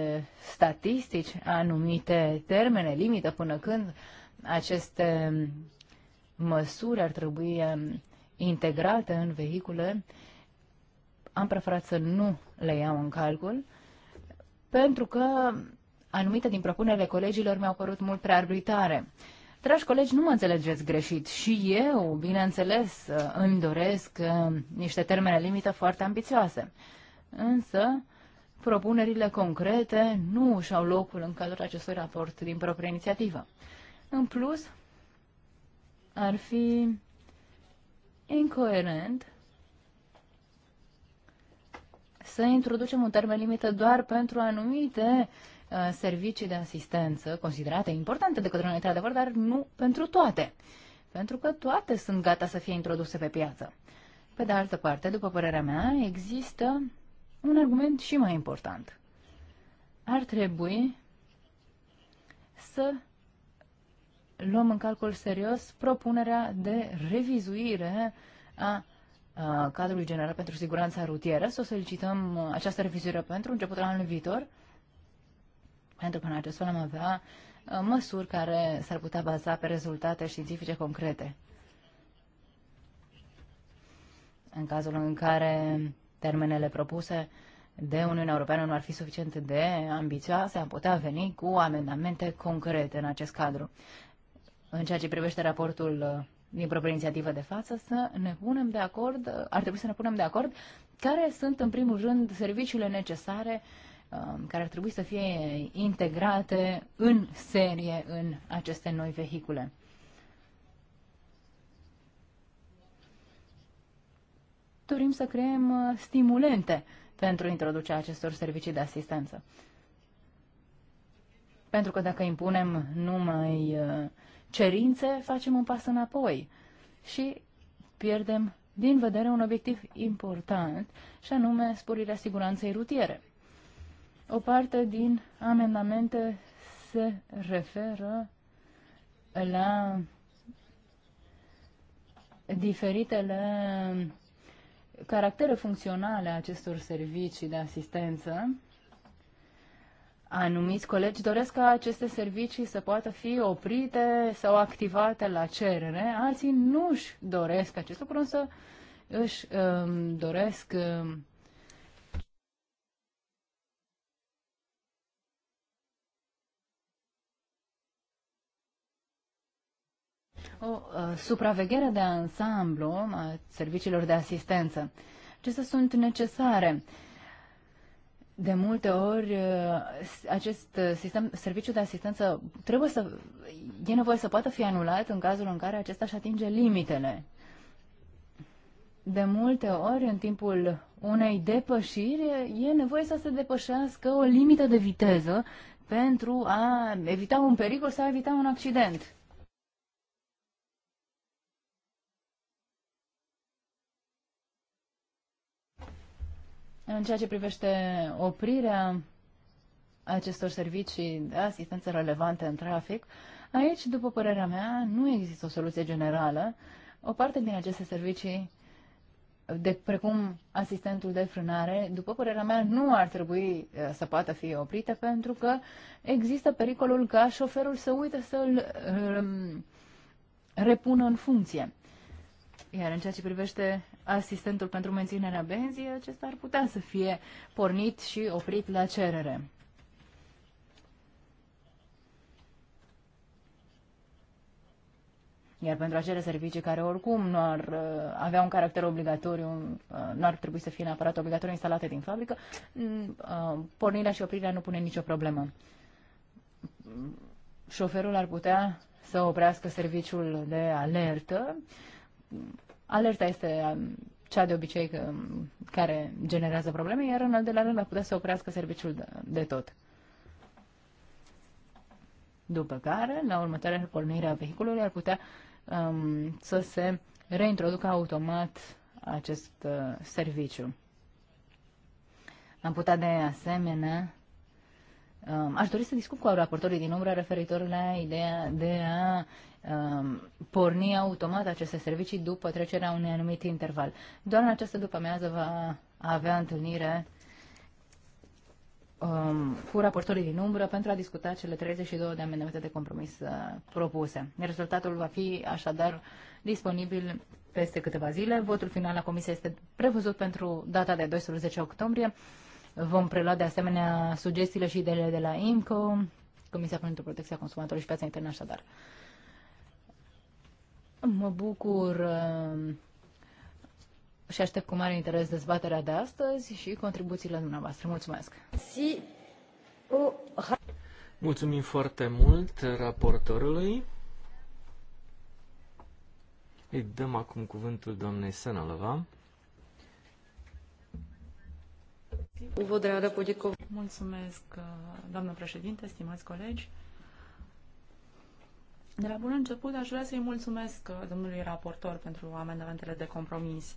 statistici, anumite termene limită până când aceste mm, măsuri ar trebui mm, integrate în vehicule, am preferat să nu le iau în calcul, pentru că anumite din propunerile colegilor mi-au părut mult prea arbitrare. Dragi colegi, nu mă înțelegeți greșit. Și eu, bineînțeles, îmi doresc uh, niște termene limită foarte ambițioase. Însă, propunerile concrete nu și-au locul în cadrul acestui raport din proprie inițiativă. În plus, ar fi incoerent să introducem un termen limită doar pentru anumite uh, Uh, servicii de asistență considerate importante de către noi, într-adevăr, dar nu pentru toate. Pentru că toate sunt gata să fie introduse pe piață. Pe de altă parte, după părerea mea, există un argument și mai important. Ar trebui să luăm în calcul serios propunerea de revizuire a, cadrului general pentru siguranța rutieră, să solicităm uh, această revizuire pentru începutul anului viitor pentru că în acest fel am avea uh, măsuri care s-ar putea baza pe rezultate științifice concrete. În cazul în care termenele propuse de Uniunea Europeană nu ar fi suficient de ambițioase, am putea veni cu amendamente concrete în acest cadru. În ceea ce privește raportul uh, din propria inițiativă de față, să ne punem de acord, uh, ar trebui să ne punem de acord care sunt, în primul rând, serviciile necesare uh, Um, care ar trebui să fie integrate în serie în aceste noi vehicule. Dorim să creăm uh, stimulente pentru introducerea acestor servicii de asistență. Pentru că dacă impunem numai uh, cerințe, facem un pas înapoi și pierdem din vedere un obiectiv important, și anume sporirea siguranței rutiere. O parte din amendamente se referă la diferitele caractere funcționale a acestor servicii de asistență. Anumiți colegi doresc ca aceste servicii să poată fi oprite sau activate la cerere, alții nu își doresc acest lucru, însă își um, doresc um, o uh, supraveghere de ansamblu a serviciilor de asistență. Acestea sunt necesare. De multe ori, uh, acest uh, sistem, serviciu de asistență trebuie să, e nevoie să poată fi anulat în cazul în care acesta își atinge limitele. De multe ori, în timpul unei depășiri, e nevoie să se depășească o limită de viteză pentru a evita un pericol sau a evita un accident. În ceea ce privește oprirea acestor servicii de asistență relevante în trafic, aici, după părerea mea, nu există o soluție generală. O parte din aceste servicii, de, precum asistentul de frânare, după părerea mea, nu ar trebui uh, să poată fi oprite pentru că există pericolul ca șoferul să uite să-l um, repună în funcție. Iar în ceea ce privește asistentul pentru menținerea benzii, acesta ar putea să fie pornit și oprit la cerere. Iar pentru acele servicii care oricum nu ar uh, avea un caracter obligatoriu, uh, nu ar trebui să fie neapărat obligatoriu instalate din fabrică, mm, uh, pornirea și oprirea nu pune nicio problemă. Șoferul ar putea să oprească serviciul de alertă Alerta este um, cea de obicei um, care generează probleme, iar în al doilea rând ar putea să oprească serviciul de, de tot. După care, la următoarea pornire a vehiculului, ar putea um, să se reintroducă automat acest uh, serviciu. Am putea de asemenea Um, aș dori să discut cu raportorii din umbră referitor la ideea de a um, porni automat aceste servicii după trecerea unui anumit interval. Doar în această după amiază va avea întâlnire um, cu raportorii din umbră pentru a discuta cele 32 de amendamente de compromis uh, propuse. Rezultatul va fi așadar disponibil peste câteva zile. Votul final la comisie este prevăzut pentru data de 12 octombrie. Vom prelua de asemenea sugestiile și ideile de la IMCO, Comisia pentru Protecția Consumatorilor și Piața Internă, așadar. Mă bucur uh, și aștept cu mare interes dezbaterea de astăzi și contribuțiile dumneavoastră. Mulțumesc! Mulțumim foarte mult raportorului. Îi dăm acum cuvântul doamnei Senalova. Mulțumesc, doamnă președinte, stimați colegi. De la bun început aș vrea să-i mulțumesc domnului raportor pentru amendamentele de compromis.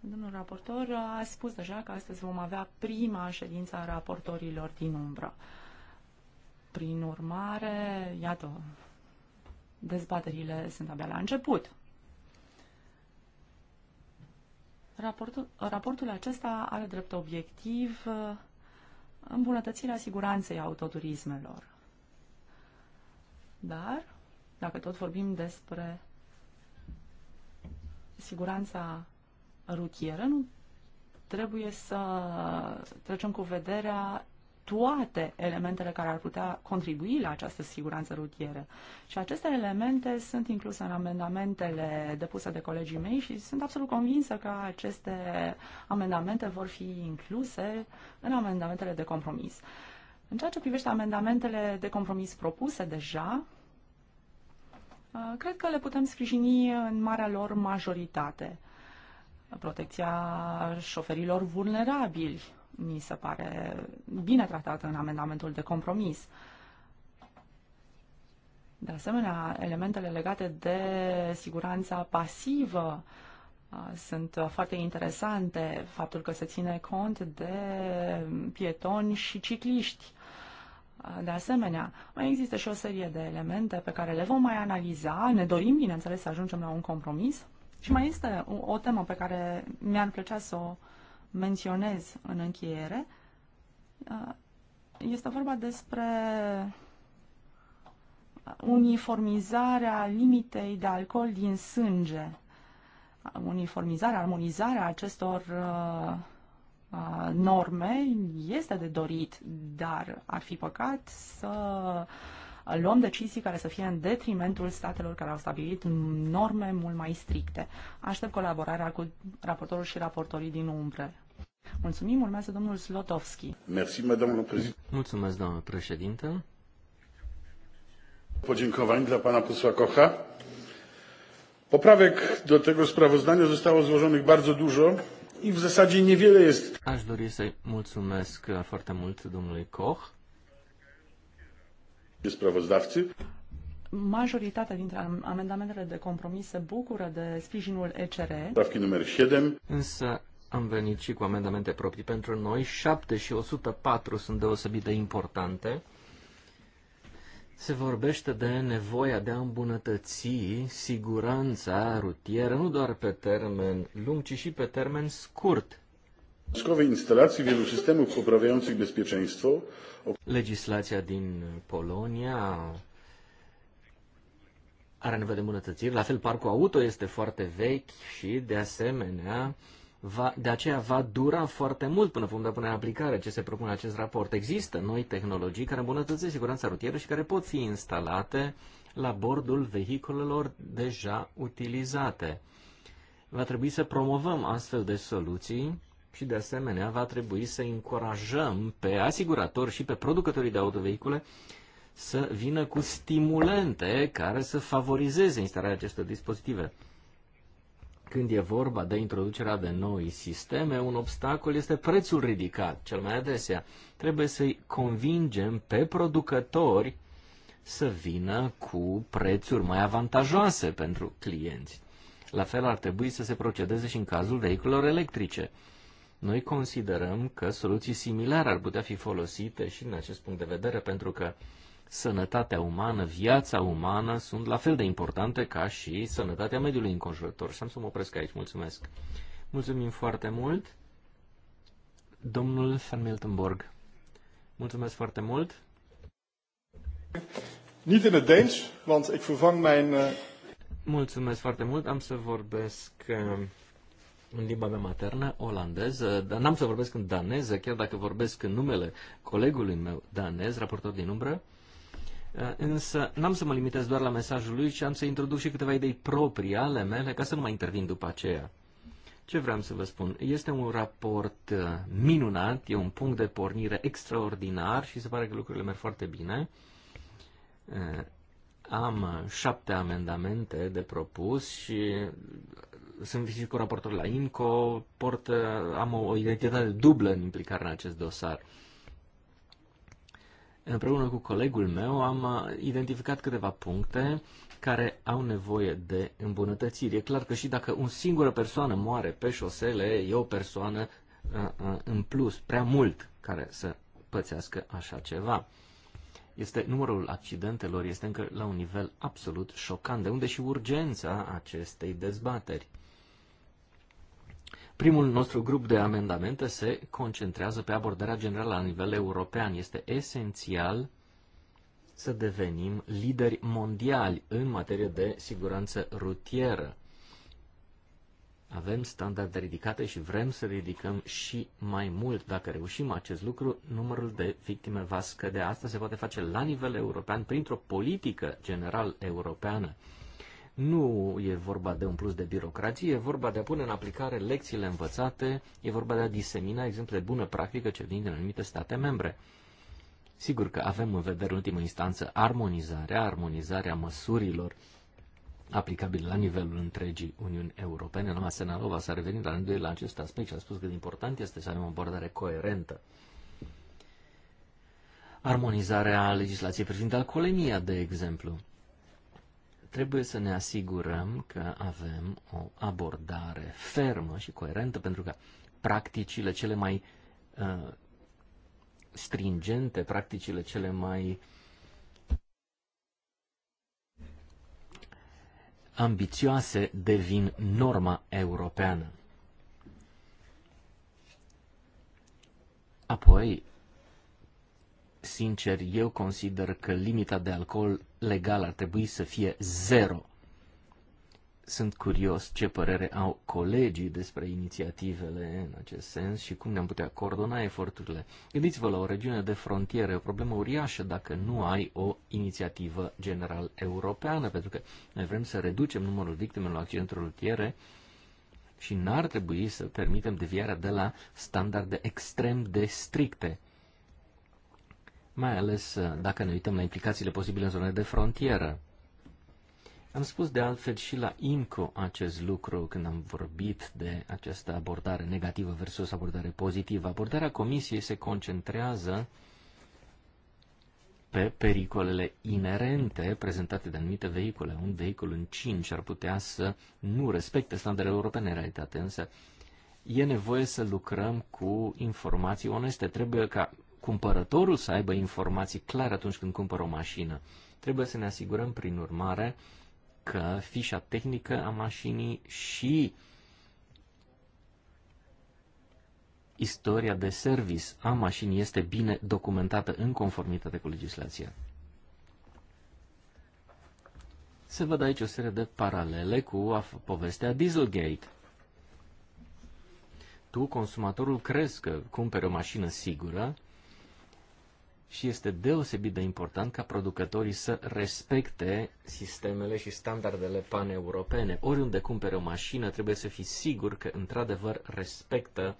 Domnul raportor a spus deja că astăzi vom avea prima ședință a raportorilor din umbră. Prin urmare, iată, dezbaterile sunt abia la început. Raportul, raportul acesta are drept obiectiv uh, îmbunătățirea siguranței autoturismelor. Dar, dacă tot vorbim despre siguranța rutieră, nu trebuie să trecem cu vederea toate elementele care ar putea contribui la această siguranță rutieră. Și aceste elemente sunt incluse în amendamentele depuse de colegii mei și sunt absolut convinsă că aceste amendamente vor fi incluse în amendamentele de compromis. În ceea ce privește amendamentele de compromis propuse deja, uh, cred că le putem sprijini în marea lor majoritate. Protecția șoferilor vulnerabili, mi se pare bine tratată în amendamentul de compromis. De asemenea, elementele legate de siguranța pasivă uh, sunt uh, foarte interesante, faptul că se ține cont de pietoni și cicliști. Uh, de asemenea, mai există și o serie de elemente pe care le vom mai analiza. Ne dorim, bineînțeles, să ajungem la un compromis. Și mai este o, o temă pe care mi-ar plăcea să o menționez în încheiere. Uh, este vorba despre uniformizarea limitei de alcool din sânge, uniformizarea, armonizarea acestor uh, uh, norme este de dorit, dar ar fi păcat să luăm decizii care să fie în detrimentul statelor care au stabilit norme mult mai stricte. Aștept colaborarea cu raportorul și raportorii din umbre. Mulțumim, urmează domnul Slotovski. Merci, madame președinte. Mulțumesc, domnule președinte Podziękowań dla pana posła Kocha. Poprawek do tego sprawozdania zostało złożonych bardzo dużo i w zasadzie niewiele jest. Aż dori mulțumesc foarte mult domnului Koch Majoritatea dintre amendamentele de compromis se bucură de sprijinul ECR. Însă am venit și cu amendamente proprii pentru noi. 7 și 104 sunt deosebit de importante. Se vorbește de nevoia de a îmbunătăți siguranța rutieră, nu doar pe termen lung, ci și pe termen scurt instalații wielu systemów poprawiających bezpieczeństwo. Legislația din Polonia are nevoie de îmbunătățiri. La fel, parcul auto este foarte vechi și, de asemenea, va, de aceea va dura foarte mult până vom da până în aplicare ce se propune acest raport. Există noi tehnologii care îmbunătățesc siguranța rutieră și care pot fi instalate la bordul vehiculelor deja utilizate. Va trebui să promovăm astfel de soluții și de asemenea va trebui să încurajăm pe asiguratori și pe producătorii de autovehicule să vină cu stimulente care să favorizeze instalarea acestor dispozitive. Când e vorba de introducerea de noi sisteme, un obstacol este prețul ridicat, cel mai adesea. Trebuie să-i convingem pe producători să vină cu prețuri mai avantajoase pentru clienți. La fel ar trebui să se procedeze și în cazul vehiculelor electrice. Noi considerăm că soluții similare ar putea fi folosite și în acest punct de vedere, pentru că sănătatea umană, viața umană sunt la fel de importante ca și sănătatea mediului înconjurător. Și am să mă opresc aici. Mulțumesc! Mulțumim foarte mult! Domnul Van Miltenborg, mulțumesc foarte mult! Niet in het Deens, want ik vervang mijn... Eh, mulțumesc foarte mult, am să vorbesc uh în limba mea maternă, olandeză, dar n-am să vorbesc în daneză, chiar dacă vorbesc în numele colegului meu danez, raportor din umbră, eh, însă n-am să mă limitez doar la mesajul lui, ci am să introduc și câteva idei proprii ale mele, ca să nu mai intervin după aceea. Ce vreau să vă spun? Este un raport eh, minunat, e un punct de pornire extraordinar și se pare că lucrurile merg foarte bine. Eh, am șapte amendamente de propus și sunt vizic cu raportor la INCO, port, uh, am o identitate dublă în implicare în acest dosar. Împreună cu colegul meu am uh, identificat câteva puncte care au nevoie de îmbunătățiri. E clar că și dacă o singură persoană moare pe șosele, e o persoană uh, în plus, prea mult, care să pățească așa ceva. Este numărul accidentelor este încă la un nivel absolut șocant, de unde și urgența acestei dezbateri. Primul nostru grup de amendamente se concentrează pe abordarea generală la nivel european. Este esențial să devenim lideri mondiali în materie de siguranță rutieră. Avem standarde ridicate și vrem să ridicăm și mai mult. Dacă reușim acest lucru, numărul de victime va scădea. Asta se poate face la nivel european printr-o politică general europeană. Nu e vorba de un plus de birocrație, e vorba de a pune în aplicare lecțiile învățate, e vorba de a disemina exemple de bună practică ce vin din anumite state membre. Sigur că avem în vedere, în ultimă instanță, armonizarea, armonizarea măsurilor aplicabile la nivelul întregii Uniuni Europene. Numai Senalova s-a revenit la rândul la acest aspect și a spus că de important este să avem o abordare coerentă. Armonizarea legislației privind alcoolemia, de exemplu trebuie să ne asigurăm că avem o abordare fermă și coerentă, pentru că practicile cele mai uh, stringente, practicile cele mai ambițioase devin norma europeană. Apoi, sincer, eu consider că limita de alcool legal ar trebui să fie zero. Sunt curios ce părere au colegii despre inițiativele în acest sens și cum ne-am putea coordona eforturile. Gândiți-vă la o regiune de frontieră, o problemă uriașă dacă nu ai o inițiativă general europeană, pentru că noi vrem să reducem numărul victimelor accidentelor rutiere și n-ar trebui să permitem deviarea de la standarde extrem de stricte mai ales uh, dacă ne uităm la implicațiile posibile în zonele de frontieră. Am spus de altfel și la IMCO acest lucru când am vorbit de această abordare negativă versus abordare pozitivă. Abordarea comisiei se concentrează pe pericolele inerente prezentate de anumite vehicule. Un vehicul în 5 ar putea să nu respecte standardele europene în realitate, însă e nevoie să lucrăm cu informații oneste. Trebuie ca cumpărătorul să aibă informații clare atunci când cumpără o mașină. Trebuie să ne asigurăm, prin urmare, că fișa tehnică a mașinii și istoria de service a mașinii este bine documentată în conformitate cu legislația. Se văd aici o serie de paralele cu povestea Dieselgate. Tu, consumatorul, crezi că cumperi o mașină sigură, și este deosebit de important ca producătorii să respecte sistemele și standardele paneuropene. Oriunde cumpere o mașină, trebuie să fii sigur că într-adevăr respectă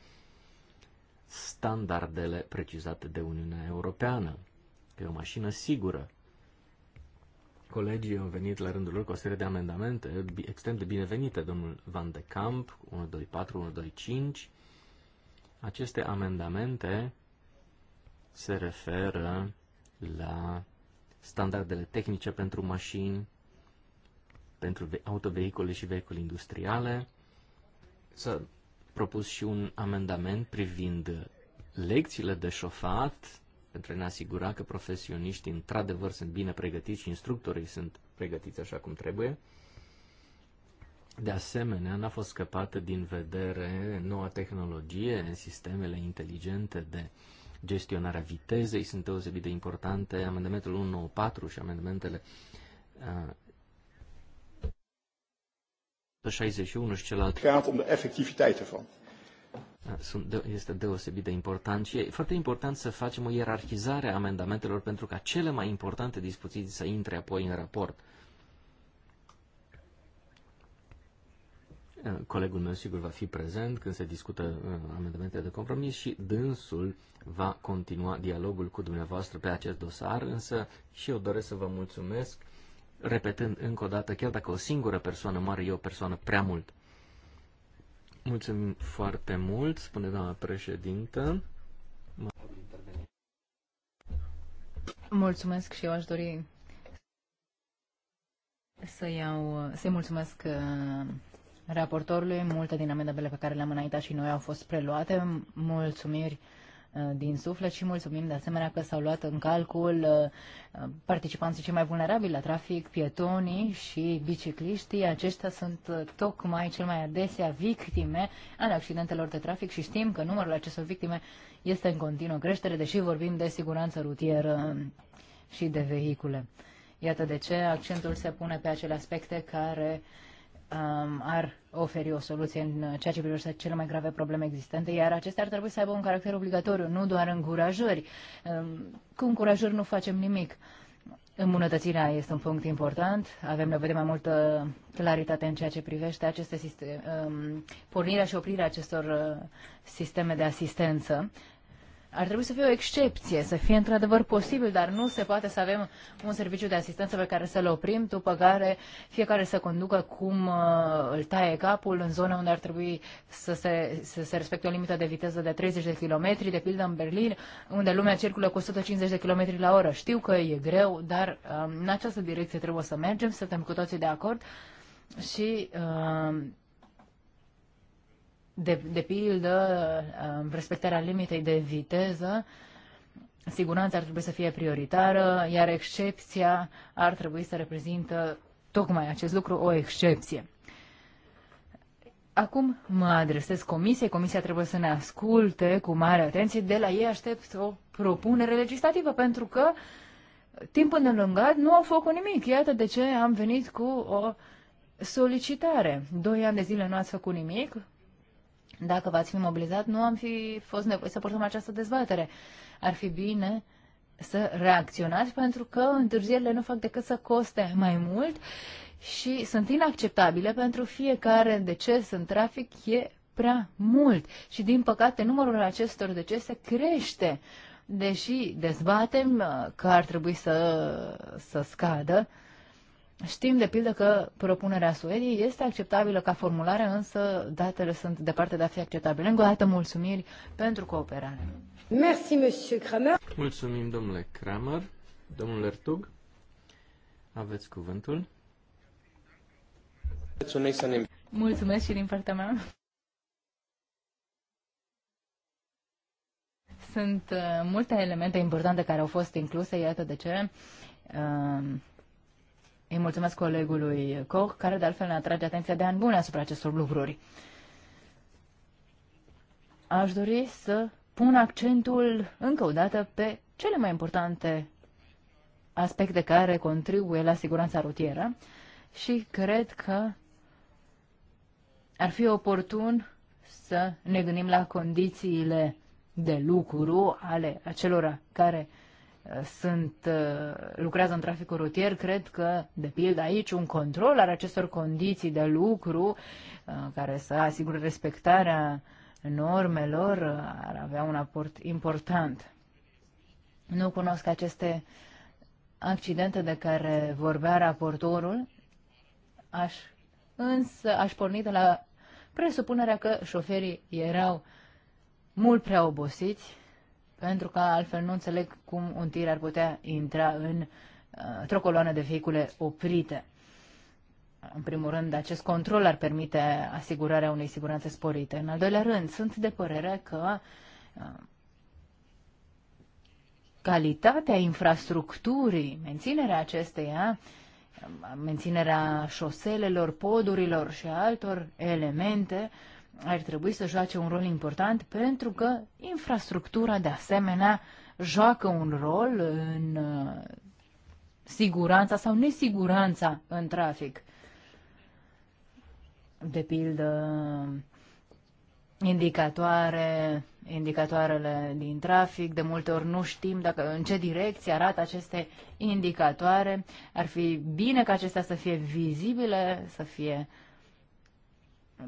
standardele precizate de Uniunea Europeană, că e o mașină sigură. Colegii au venit la rândul lor cu o serie de amendamente extrem de binevenite, domnul Van de Camp, 124, 125. Aceste amendamente se referă la standardele tehnice pentru mașini, pentru autovehicule și vehicule industriale. S-a propus și un amendament privind lecțiile de șofat pentru a ne asigura că profesioniștii într-adevăr sunt bine pregătiți și instructorii sunt pregătiți așa cum trebuie. De asemenea, n-a fost scăpată din vedere noua tehnologie, sistemele inteligente de uh, gestionarea vitezei sunt deosebit de importante, amendamentul 194 și amendamentele 61 uh, și celălalt. Gaat om de efectiviteit ervan. Uh, sunt, este deosebit de important și e foarte important să facem o ierarhizare a amendamentelor pentru ca cele mai importante dispoziții să intre apoi în raport. Colegul meu sigur va fi prezent când se discută uh, amendamentele de compromis și dânsul va continua dialogul cu dumneavoastră pe acest dosar, însă și eu doresc să vă mulțumesc, repetând încă o dată, chiar dacă o singură persoană mare e o persoană prea mult. Mulțumim foarte mult, spune doamna președintă. Mulțumesc și eu aș dori să iau, să-i mulțumesc uh, raportorului. Multe din amendamentele pe care le-am înaintat și noi au fost preluate. Mulțumiri uh, din suflet și mulțumim de asemenea că s-au luat în calcul uh, participanții cei mai vulnerabili la trafic, pietonii și bicicliștii. Aceștia sunt uh, tocmai cel mai adesea victime ale accidentelor de trafic și știm că numărul acestor victime este în continuă creștere, deși vorbim de siguranță rutieră și de vehicule. Iată de ce accentul se pune pe acele aspecte care um, ar oferi o soluție în ceea ce privește cele mai grave probleme existente, iar acestea ar trebui să aibă un caracter obligatoriu, nu doar încurajări. Ehm, cu încurajări nu facem nimic. Îmbunătățirea este un punct important. Avem nevoie de mai multă claritate în ceea ce privește aceste sisteme, ehm, pornirea și oprirea acestor ehm, sisteme de asistență ar trebui să fie o excepție, să fie într-adevăr posibil, dar nu se poate să avem un serviciu de asistență pe care să-l oprim, după care fiecare să conducă cum uh, îl taie capul în zona unde ar trebui să se, să se respecte o limită de viteză de 30 de km, de pildă în Berlin, unde lumea circulă cu 150 de km la oră. Știu că e greu, dar um, în această direcție trebuie să mergem, suntem cu toții de acord și uh, de, de pildă, um, respectarea limitei de viteză, siguranța ar trebui să fie prioritară, iar excepția ar trebui să reprezintă tocmai acest lucru, o excepție. Acum mă adresez comisiei. Comisia trebuie să ne asculte cu mare atenție. De la ei aștept o propunere legislativă, pentru că timp îndelungat nu au făcut nimic. Iată de ce am venit cu o solicitare. Doi ani de zile nu ați făcut nimic, dacă v-ați fi mobilizat, nu am fi fost nevoie să purtăm această dezbatere. Ar fi bine să reacționați pentru că întârzierile nu fac decât să coste mai mult și sunt inacceptabile pentru fiecare deces în trafic e prea mult și din păcate numărul acestor decese crește deși dezbatem uh, că ar trebui să, să scadă, Știm, de pildă, că propunerea Suediei este acceptabilă ca formulare, însă datele sunt departe de a fi acceptabile. Încă o dată, mulțumiri pentru cooperare. Merci, monsieur Kramer. Mulțumim, domnule Kramer. Domnule Ertug, aveți cuvântul. Mulțumesc și din partea mea. Sunt uh, multe elemente importante care au fost incluse, iată de ce. Uh, îi mulțumesc colegului Koch, care de altfel ne atrage atenția de ani bune asupra acestor lucruri. Aș dori să pun accentul încă o dată pe cele mai importante aspecte care contribuie la siguranța rutieră și cred că ar fi oportun să ne gândim la condițiile de lucru ale acelora care sunt, uh, lucrează în traficul rutier, cred că, de pildă aici, un control al acestor condiții de lucru uh, care să asigure respectarea normelor uh, ar avea un aport important. Nu cunosc aceste accidente de care vorbea raportorul, aș, însă aș porni de la presupunerea că șoferii erau mult prea obosiți pentru că altfel nu înțeleg cum un tir ar putea intra în, uh, într-o coloană de vehicule oprite. În primul rând, acest control ar permite asigurarea unei siguranțe sporite. În al doilea rând, sunt de părere că uh, calitatea infrastructurii, menținerea acesteia, uh, menținerea șoselelor, podurilor și altor elemente uh, ar trebui să joace un rol important pentru că infrastructura de asemenea joacă un rol în uh, siguranța sau nesiguranța în trafic. De pildă, indicatoare, indicatoarele din trafic, de multe ori nu știm dacă, în ce direcție arată aceste indicatoare. Ar fi bine ca acestea să fie vizibile, să fie uh,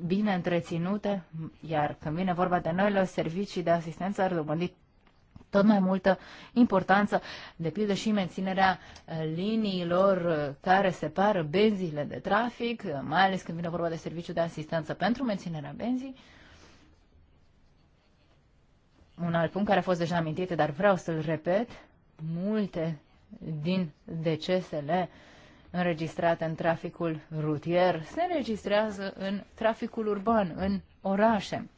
bine întreținute, iar când vine vorba de noile servicii de asistență, ar dobândi tot mai multă importanță, de pildă și menținerea uh, liniilor uh, care separă benzile de trafic, uh, mai ales când vine vorba de serviciu de asistență pentru menținerea benzii. Un alt punct care a fost deja amintit, dar vreau să-l repet, multe din decesele uh, înregistrate în traficul rutier se înregistrează în traficul urban, în orașe.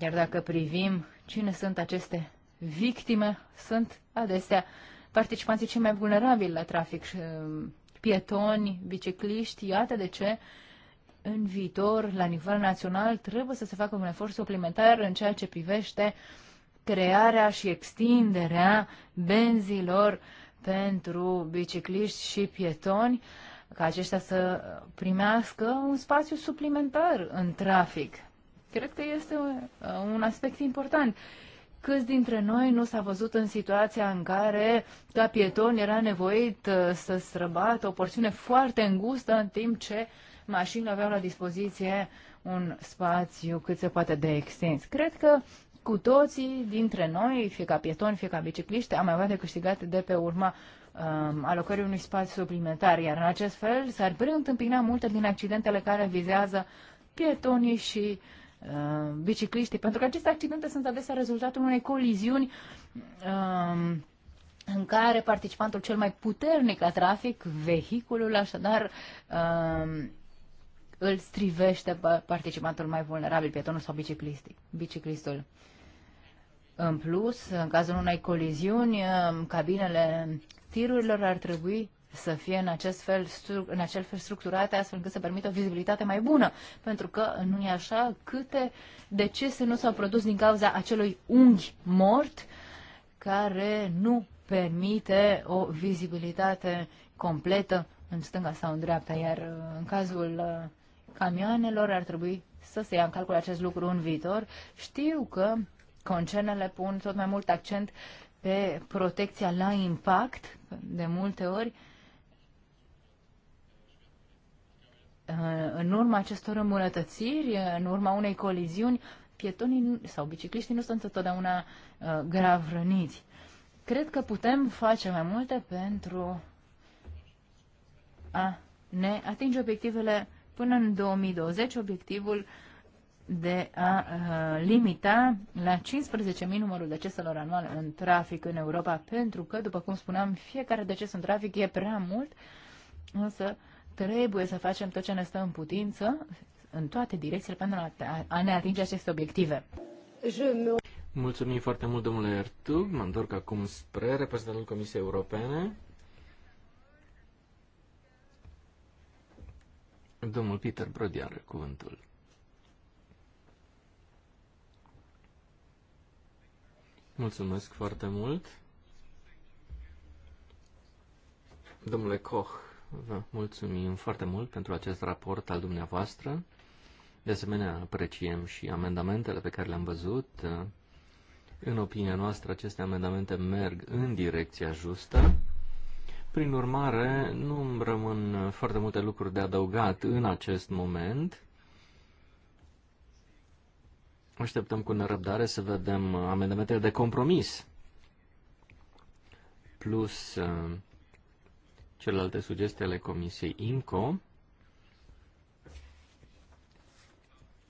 Iar dacă privim cine sunt aceste victime, sunt adesea participanții cei mai vulnerabili la trafic, um, pietoni, bicicliști, iată de ce în viitor, la nivel național, trebuie să se facă un efort suplimentar în ceea ce privește crearea și extinderea benzilor uh, pentru bicicliști și pietoni, ca aceștia să primească un spațiu suplimentar în trafic. Cred că este un uh, aspect important. Câți dintre noi nu s-a văzut în situația în care, ca pieton, era nevoit uh, să străbată o porțiune foarte îngustă, în timp ce mașinile aveau la dispoziție un spațiu cât se poate de extins. Cred că cu toții dintre noi, fie ca pietoni, fie ca bicicliști, am avea de câștigat de pe urma um, alocării unui spațiu suplimentar, iar în acest fel s-ar întâmpina multe din accidentele care vizează pietonii și uh, bicicliștii, pentru că aceste accidente sunt adesea rezultatul unei coliziuni um, în care participantul cel mai puternic la trafic, vehiculul așadar, um, îl strivește pe participantul mai vulnerabil, pietonul sau biciclistul. În plus, în cazul unei coliziuni, um, cabinele tirurilor ar trebui să fie în, acest fel, în acel fel structurate, astfel încât să permită o vizibilitate mai bună. Pentru că, nu e așa, câte decese nu s-au produs din cauza acelui unghi mort care nu permite o vizibilitate completă în stânga sau în dreapta, iar uh, în cazul uh, camioanelor ar trebui să se ia în calcul acest lucru în viitor. Știu că Concernele pun tot mai mult accent pe protecția la impact, de multe ori, în urma acestor îmbunătățiri, în urma unei coliziuni, pietonii sau bicicliștii nu sunt întotdeauna uh, grav răniți. Cred că putem face mai multe pentru a ne atinge obiectivele până în 2020, obiectivul de a uh, limita la 15.000 numărul deceselor anual în trafic în Europa, pentru că, după cum spuneam, fiecare deces în trafic e prea mult, însă trebuie să facem tot ce ne stă în putință în toate direcțiile pentru a ne atinge aceste obiective. Mulțumim foarte mult, domnule Ertug. Mă întorc acum spre reprezentantul Comisiei Europene. Domnul Peter Brody are cuvântul. Mulțumesc foarte mult. Domnule Koch, vă mulțumim foarte mult pentru acest raport al dumneavoastră. De asemenea, apreciem și amendamentele pe care le-am văzut. În opinia noastră, aceste amendamente merg în direcția justă. Prin urmare, nu îmi rămân foarte multe lucruri de adăugat în acest moment. Așteptăm cu nerăbdare să vedem uh, amendamentele de compromis, plus uh, celelalte sugestii ale Comisiei IMCO.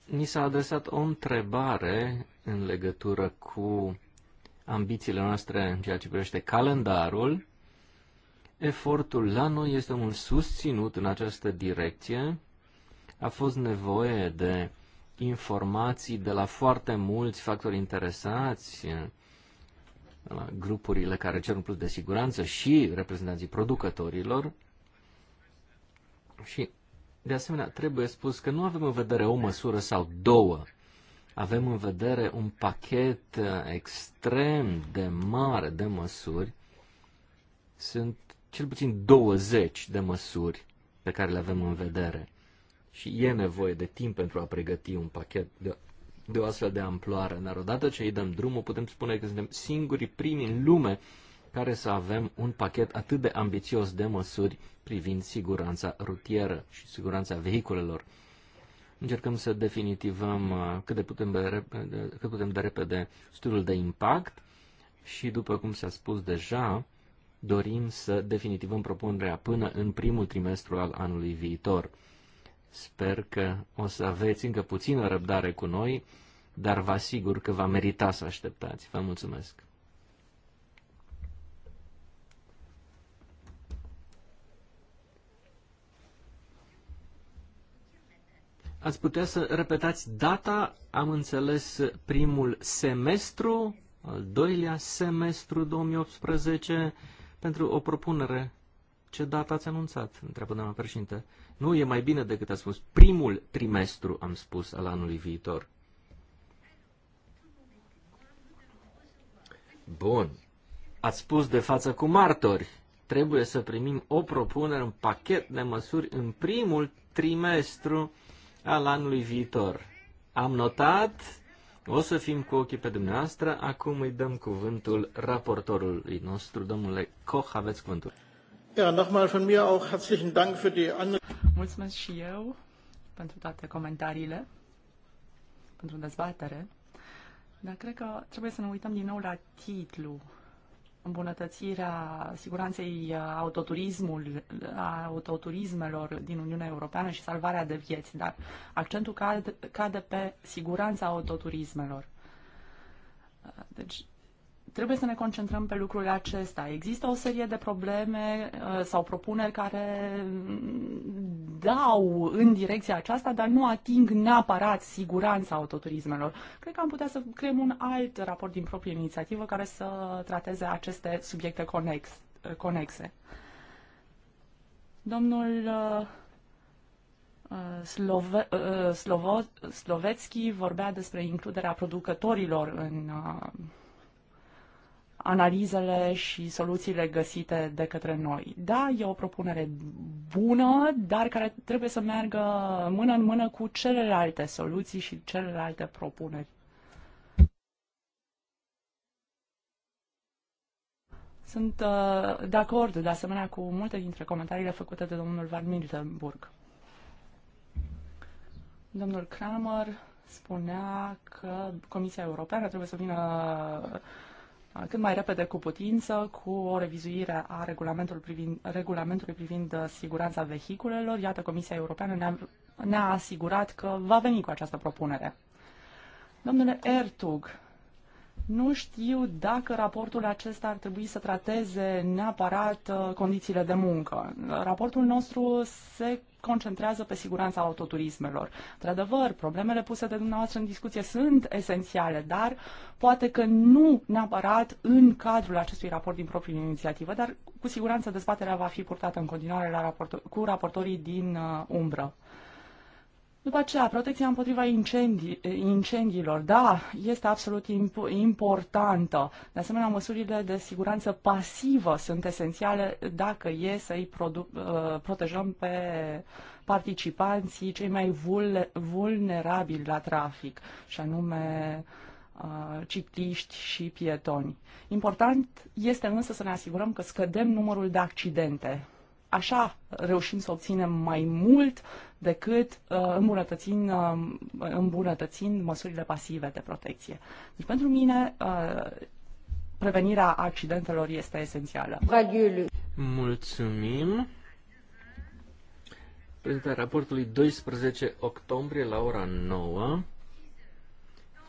Ni s-a adresat o întrebare în legătură cu ambițiile noastre în ceea ce privește calendarul. Efortul la noi este unul susținut în această direcție. A fost nevoie de informații de la foarte mulți factori interesați, la grupurile care cer un plus de siguranță și reprezentanții producătorilor. Și, de asemenea, trebuie spus că nu avem în vedere o măsură sau două. Avem în vedere un pachet uh, extrem de mare de măsuri. Sunt cel puțin 20 de măsuri pe care le avem în vedere și e nevoie de timp pentru a pregăti un pachet de, de o astfel de amploare. Dar odată ce îi dăm drumul, putem spune că suntem singurii primi în lume care să avem un pachet atât de ambițios de măsuri privind siguranța rutieră și siguranța vehiculelor. Încercăm să definitivăm uh, cât, de putem de repede, uh, cât putem de repede studiul de impact și, după cum s-a spus deja, dorim să definitivăm propunerea până în primul trimestru al anului viitor. Sper că o să aveți încă puțină răbdare cu noi, dar vă asigur că va merita să așteptați. Vă mulțumesc! Ați putea să repetați data, am înțeles, primul semestru, al doilea semestru 2018, pentru o propunere. Ce dată ați anunțat? Întreabă doamna președinte. Nu, e mai bine decât a spus. Primul trimestru, am spus, al anului viitor. Bun. Ați spus de față cu martori. Trebuie să primim o propunere, un pachet de măsuri în primul trimestru al anului viitor. Am notat, o să fim cu ochii pe dumneavoastră. Acum îi dăm cuvântul raportorului nostru, domnule Koch, aveți cuvântul. Ja, nochmal von mir auch herzlichen Dank für die Mulțumesc și eu pentru toate comentariile, pentru dezbatere. Dar cred că trebuie să ne uităm din nou la titlu. Îmbunătățirea siguranței uh, uh, autoturismelor din Uniunea Europeană și salvarea de vieți. Dar accentul cade, cade pe siguranța autoturismelor. Uh, deci trebuie să ne concentrăm pe lucrurile acesta. Există o serie de probleme uh, sau propuneri care dau în direcția aceasta, dar nu ating neapărat siguranța autoturismelor. Cred că am putea să creăm un alt raport din proprie inițiativă care să trateze aceste subiecte conex, uh, conexe. Domnul uh, Slove, Slovo, Slovețchi vorbea despre includerea producătorilor în analizele și soluțiile găsite de către noi. Da, e o propunere bună, dar care trebuie să meargă mână în mână cu celelalte soluții și celelalte propuneri. Sunt uh, de acord, de asemenea, cu multe dintre comentariile făcute de domnul Van Miltenburg. Domnul Kramer spunea că Comisia Europeană trebuie să vină uh, cât mai repede cu putință cu o revizuire a regulamentului privind, regulamentului privind uh, siguranța vehiculelor. Iată, Comisia Europeană ne-a, ne, -a, asigurat că va veni cu această propunere. Domnule Ertug, nu știu dacă raportul acesta ar trebui să trateze neapărat uh, condițiile de muncă. Raportul nostru se concentrează pe siguranța autoturismelor. Într-adevăr, problemele puse de dumneavoastră în discuție sunt esențiale, dar poate că nu neapărat în cadrul acestui raport din proprie inițiativă, dar cu siguranță dezbaterea va fi purtată în continuare la raportor- cu raportorii din uh, umbră. După aceea, protecția împotriva incendii, eh, incendiilor, da, este absolut imp- importantă. De asemenea, măsurile de siguranță pasivă sunt esențiale dacă e să-i eh, protejăm pe participanții cei mai vul- vulnerabili la trafic, și anume eh, cicliști și pietoni. Important este însă să ne asigurăm că scădem numărul de accidente. Așa reușim să obținem mai mult decât uh, îmbunătățind, uh, îmbunătățind măsurile pasive de protecție. Deci, pentru mine, uh, prevenirea accidentelor este esențială. Mulțumim! Prezentarea raportului 12 octombrie la ora 9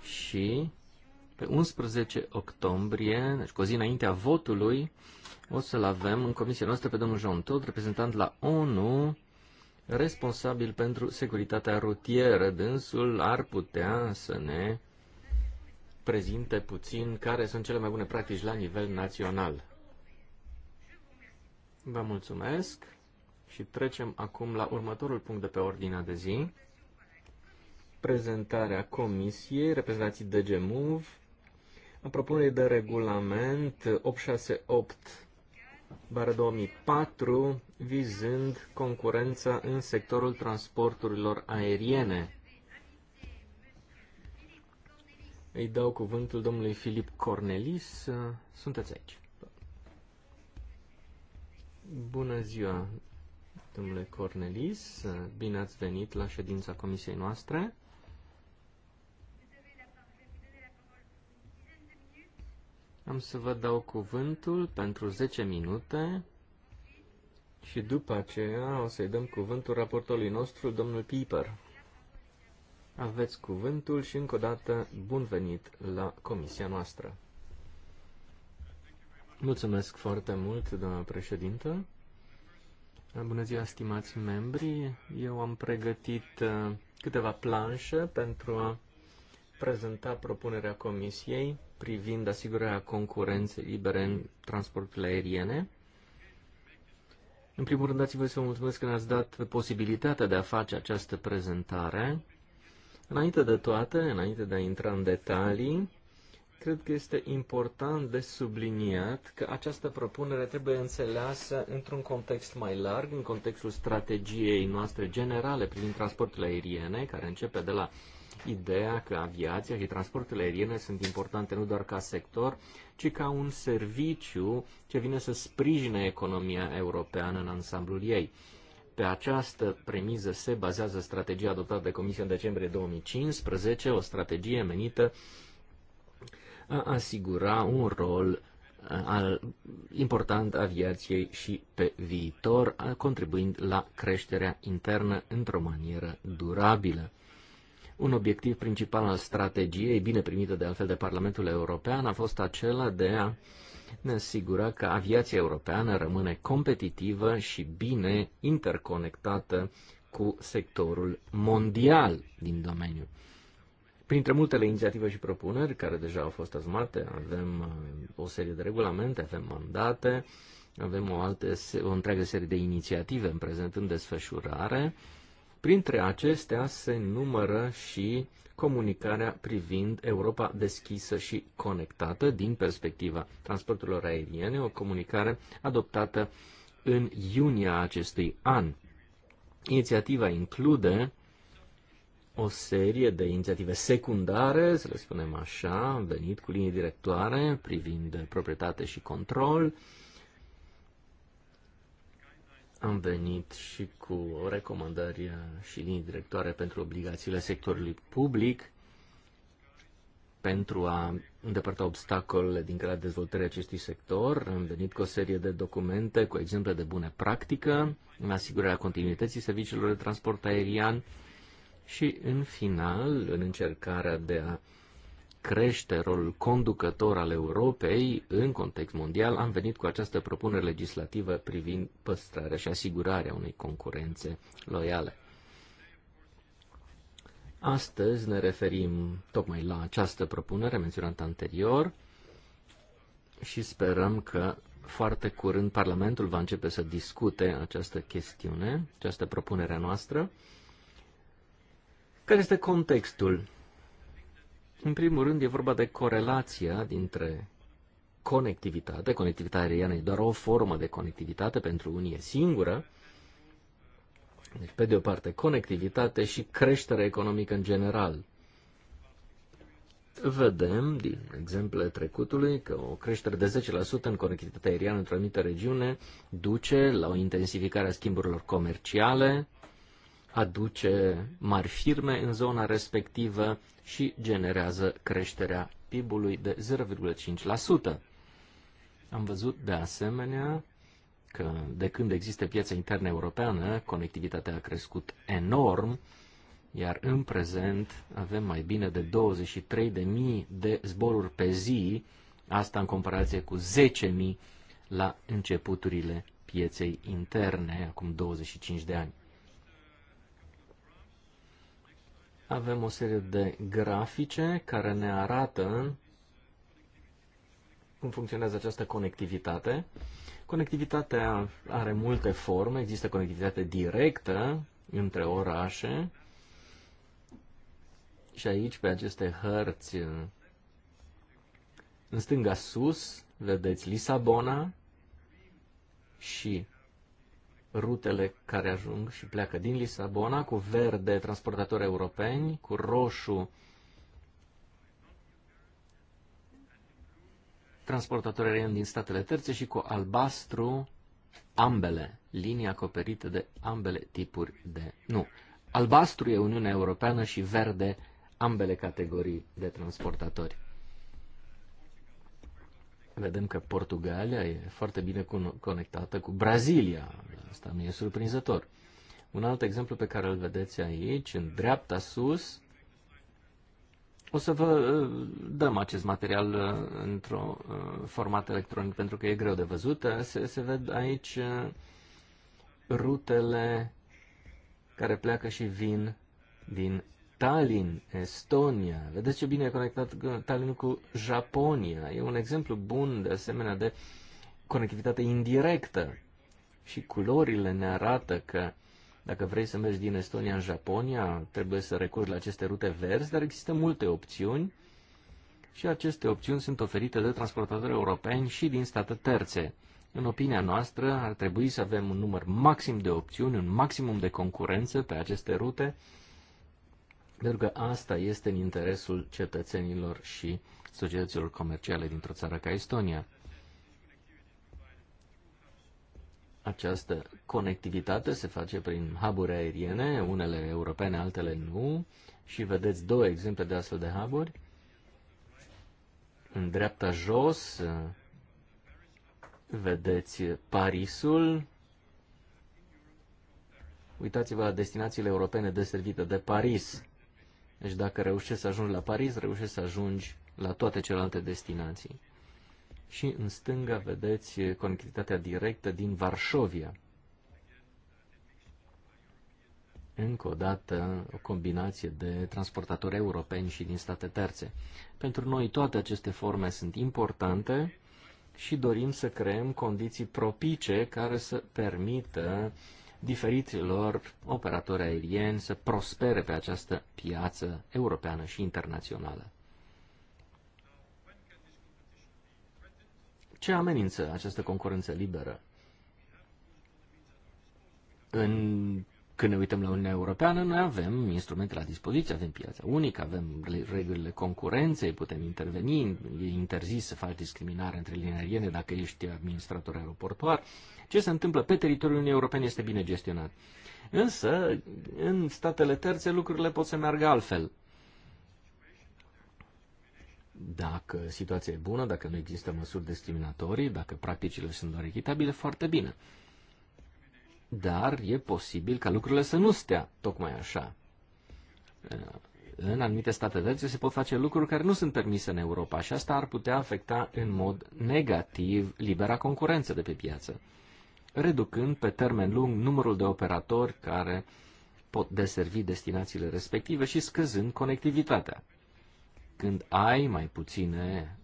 și pe 11 octombrie, deci cu o zi înaintea votului, o să-l avem în comisia noastră pe domnul Jean Todt, reprezentant la ONU, responsabil pentru securitatea rutieră. Dânsul ar putea să ne prezinte puțin care sunt cele mai bune practici la nivel național. Vă mulțumesc și trecem acum la următorul punct de pe ordinea de zi. Prezentarea comisiei, reprezentații DG a propunerii de regulament 868 bară 2004, vizând concurența în sectorul transporturilor aeriene. Îi dau cuvântul domnului Filip Cornelis. Sunteți aici. Bună ziua, domnule Cornelis. Bine ați venit la ședința comisiei noastre. Am să vă dau cuvântul pentru 10 minute și după aceea o să-i dăm cuvântul raportului nostru, domnul Piper. Aveți cuvântul și încă o dată bun venit la comisia noastră. Mulțumesc foarte mult, doamna președintă. Bună ziua, stimați membri. Eu am pregătit uh, câteva planșe pentru a prezenta propunerea Comisiei privind asigurarea concurenței libere în transporturile aeriene. În primul rând, dați-vă să vă mulțumesc că ne-ați dat posibilitatea de a face această prezentare. Înainte de toate, înainte de a intra în detalii, cred că este important de subliniat că această propunere trebuie înțeleasă într-un context mai larg, în contextul strategiei noastre generale privind transporturile aeriene, care începe de la ideea că aviația și transportul aeriene sunt importante nu doar ca sector, ci ca un serviciu ce vine să sprijine economia europeană în ansamblul ei. Pe această premiză se bazează strategia adoptată de Comisia în decembrie 2015, o strategie menită a asigura un rol al, important aviației și pe viitor, contribuind la creșterea internă într-o manieră durabilă. Un obiectiv principal al strategiei, bine primită de altfel de Parlamentul European, a fost acela de a ne asigura că aviația europeană rămâne competitivă și bine interconectată cu sectorul mondial din domeniu. Printre multele inițiative și propuneri care deja au fost asumate, avem uh, o serie de regulamente, avem mandate, avem o, altă, o întreagă serie de inițiative în prezent în desfășurare, Printre acestea se numără și comunicarea privind Europa deschisă și conectată din perspectiva transporturilor aeriene, o comunicare adoptată în iunie acestui an. Inițiativa include o serie de inițiative secundare, să le spunem așa, venit cu linii directoare privind proprietate și control, am venit și cu o recomandare și linii directoare pentru obligațiile sectorului public pentru a îndepărta obstacolele din calea dezvoltării acestui sector. Am venit cu o serie de documente cu exemple de bune practică în asigurarea continuității serviciilor de transport aerian și, în final, în încercarea de a crește rolul conducător al Europei în context mondial, am venit cu această propunere legislativă privind păstrarea și asigurarea unei concurențe loiale. Astăzi ne referim tocmai la această propunere menționată anterior și sperăm că foarte curând Parlamentul va începe să discute această chestiune, această propunere a noastră. Care este contextul? În primul rând, e vorba de corelația dintre conectivitate. Conectivitatea aeriană e doar o formă de conectivitate, pentru unii e singură. Deci, pe de o parte, conectivitate și creștere economică în general. Vedem, din exemple trecutului, că o creștere de 10% în conectivitatea aeriană într-o anumită regiune duce la o intensificare a schimburilor comerciale, aduce mari firme în zona respectivă și generează creșterea PIB-ului de 0,5%. Am văzut de asemenea că de când există piața internă europeană, conectivitatea a crescut enorm, iar în prezent avem mai bine de 23.000 de zboruri pe zi, asta în comparație cu 10.000 la începuturile pieței interne, acum 25 de ani. Avem o serie de grafice care ne arată cum funcționează această conectivitate. Conectivitatea are multe forme, există conectivitate directă între orașe și aici pe aceste hărți în stânga sus vedeți Lisabona și rutele care ajung și pleacă din Lisabona, cu verde transportatori europeni, cu roșu transportatori aerieni din statele terțe și cu albastru ambele linii acoperite de ambele tipuri de... Nu, albastru e Uniunea Europeană și verde ambele categorii de transportatori vedem că Portugalia e foarte bine conectată cu Brazilia. Asta mi e surprinzător. Un alt exemplu pe care îl vedeți aici, în dreapta sus, o să vă eh, dăm acest material eh, într-o eh, format electronic pentru că e greu de văzut. Se, se ved aici rutele care pleacă și vin din Tallinn, Estonia. Vedeți ce bine e conectat Tallinn cu Japonia. E un exemplu bun, de asemenea, de conectivitate indirectă. Și culorile ne arată că dacă vrei să mergi din Estonia în Japonia, trebuie să recurgi la aceste rute verzi, dar există multe opțiuni și aceste opțiuni sunt oferite de transportatori europeni și din state terțe. În opinia noastră, ar trebui să avem un număr maxim de opțiuni, un maximum de concurență pe aceste rute pentru că asta este în interesul cetățenilor și societăților comerciale dintr-o țară ca Estonia. Această conectivitate se face prin huburi aeriene, unele europene, altele nu, și vedeți două exemple de astfel de huburi. În dreapta jos vedeți Parisul, Uitați-vă la destinațiile europene deservite de Paris. Deci dacă reușești să ajungi la Paris, reușești să ajungi la toate celelalte destinații. Și în stânga vedeți conectivitatea directă din Varșovia. Încă o dată, o combinație de transportatori europeni și din state terțe. Pentru noi toate aceste forme sunt importante și dorim să creăm condiții propice care să permită uh, diferiților operatori aerieni să prospere pe această piață europeană și internațională. Ce amenință această concurență liberă? În când ne uităm la Uniunea Europeană, noi avem instrumente la dispoziție, avem piața unică, avem regulile concurenței, putem interveni, e interzis să faci discriminare între lineriene dacă ești administrator aeroportuar. Ce se întâmplă pe teritoriul Uniunii Europene este bine gestionat. Însă, în statele terțe, lucrurile pot să meargă altfel dacă situația e bună, dacă nu există măsuri discriminatorii, dacă practicile sunt doar echitabile, foarte bine dar e posibil ca lucrurile să nu stea tocmai așa. În anumite state terțe se pot face lucruri care nu sunt permise în Europa și asta ar putea afecta în mod negativ libera concurență de pe piață, reducând pe termen lung numărul de operatori care pot deservi destinațiile respective și scăzând conectivitatea. Când ai mai puține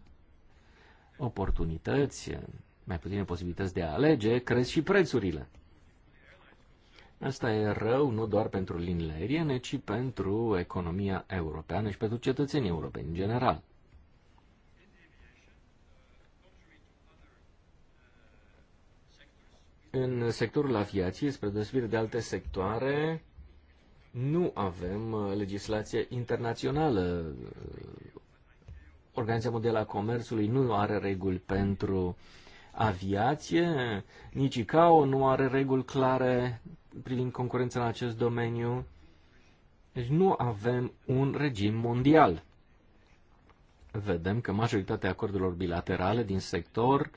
oportunități, mai puține posibilități de a alege, crezi și prețurile. Asta e rău nu doar pentru linile aeriene, ci pentru economia europeană și pentru cetățenii europeni în general. În sectorul aviației, spre deosebire de alte sectoare, nu avem uh, legislație internațională. Uh, Organizația Mondială a Comerțului nu are reguli pentru aviație, nici ICAO nu are reguli clare privind concurența în acest domeniu. Deci nu avem un regim mondial. Vedem că majoritatea acordurilor bilaterale din sector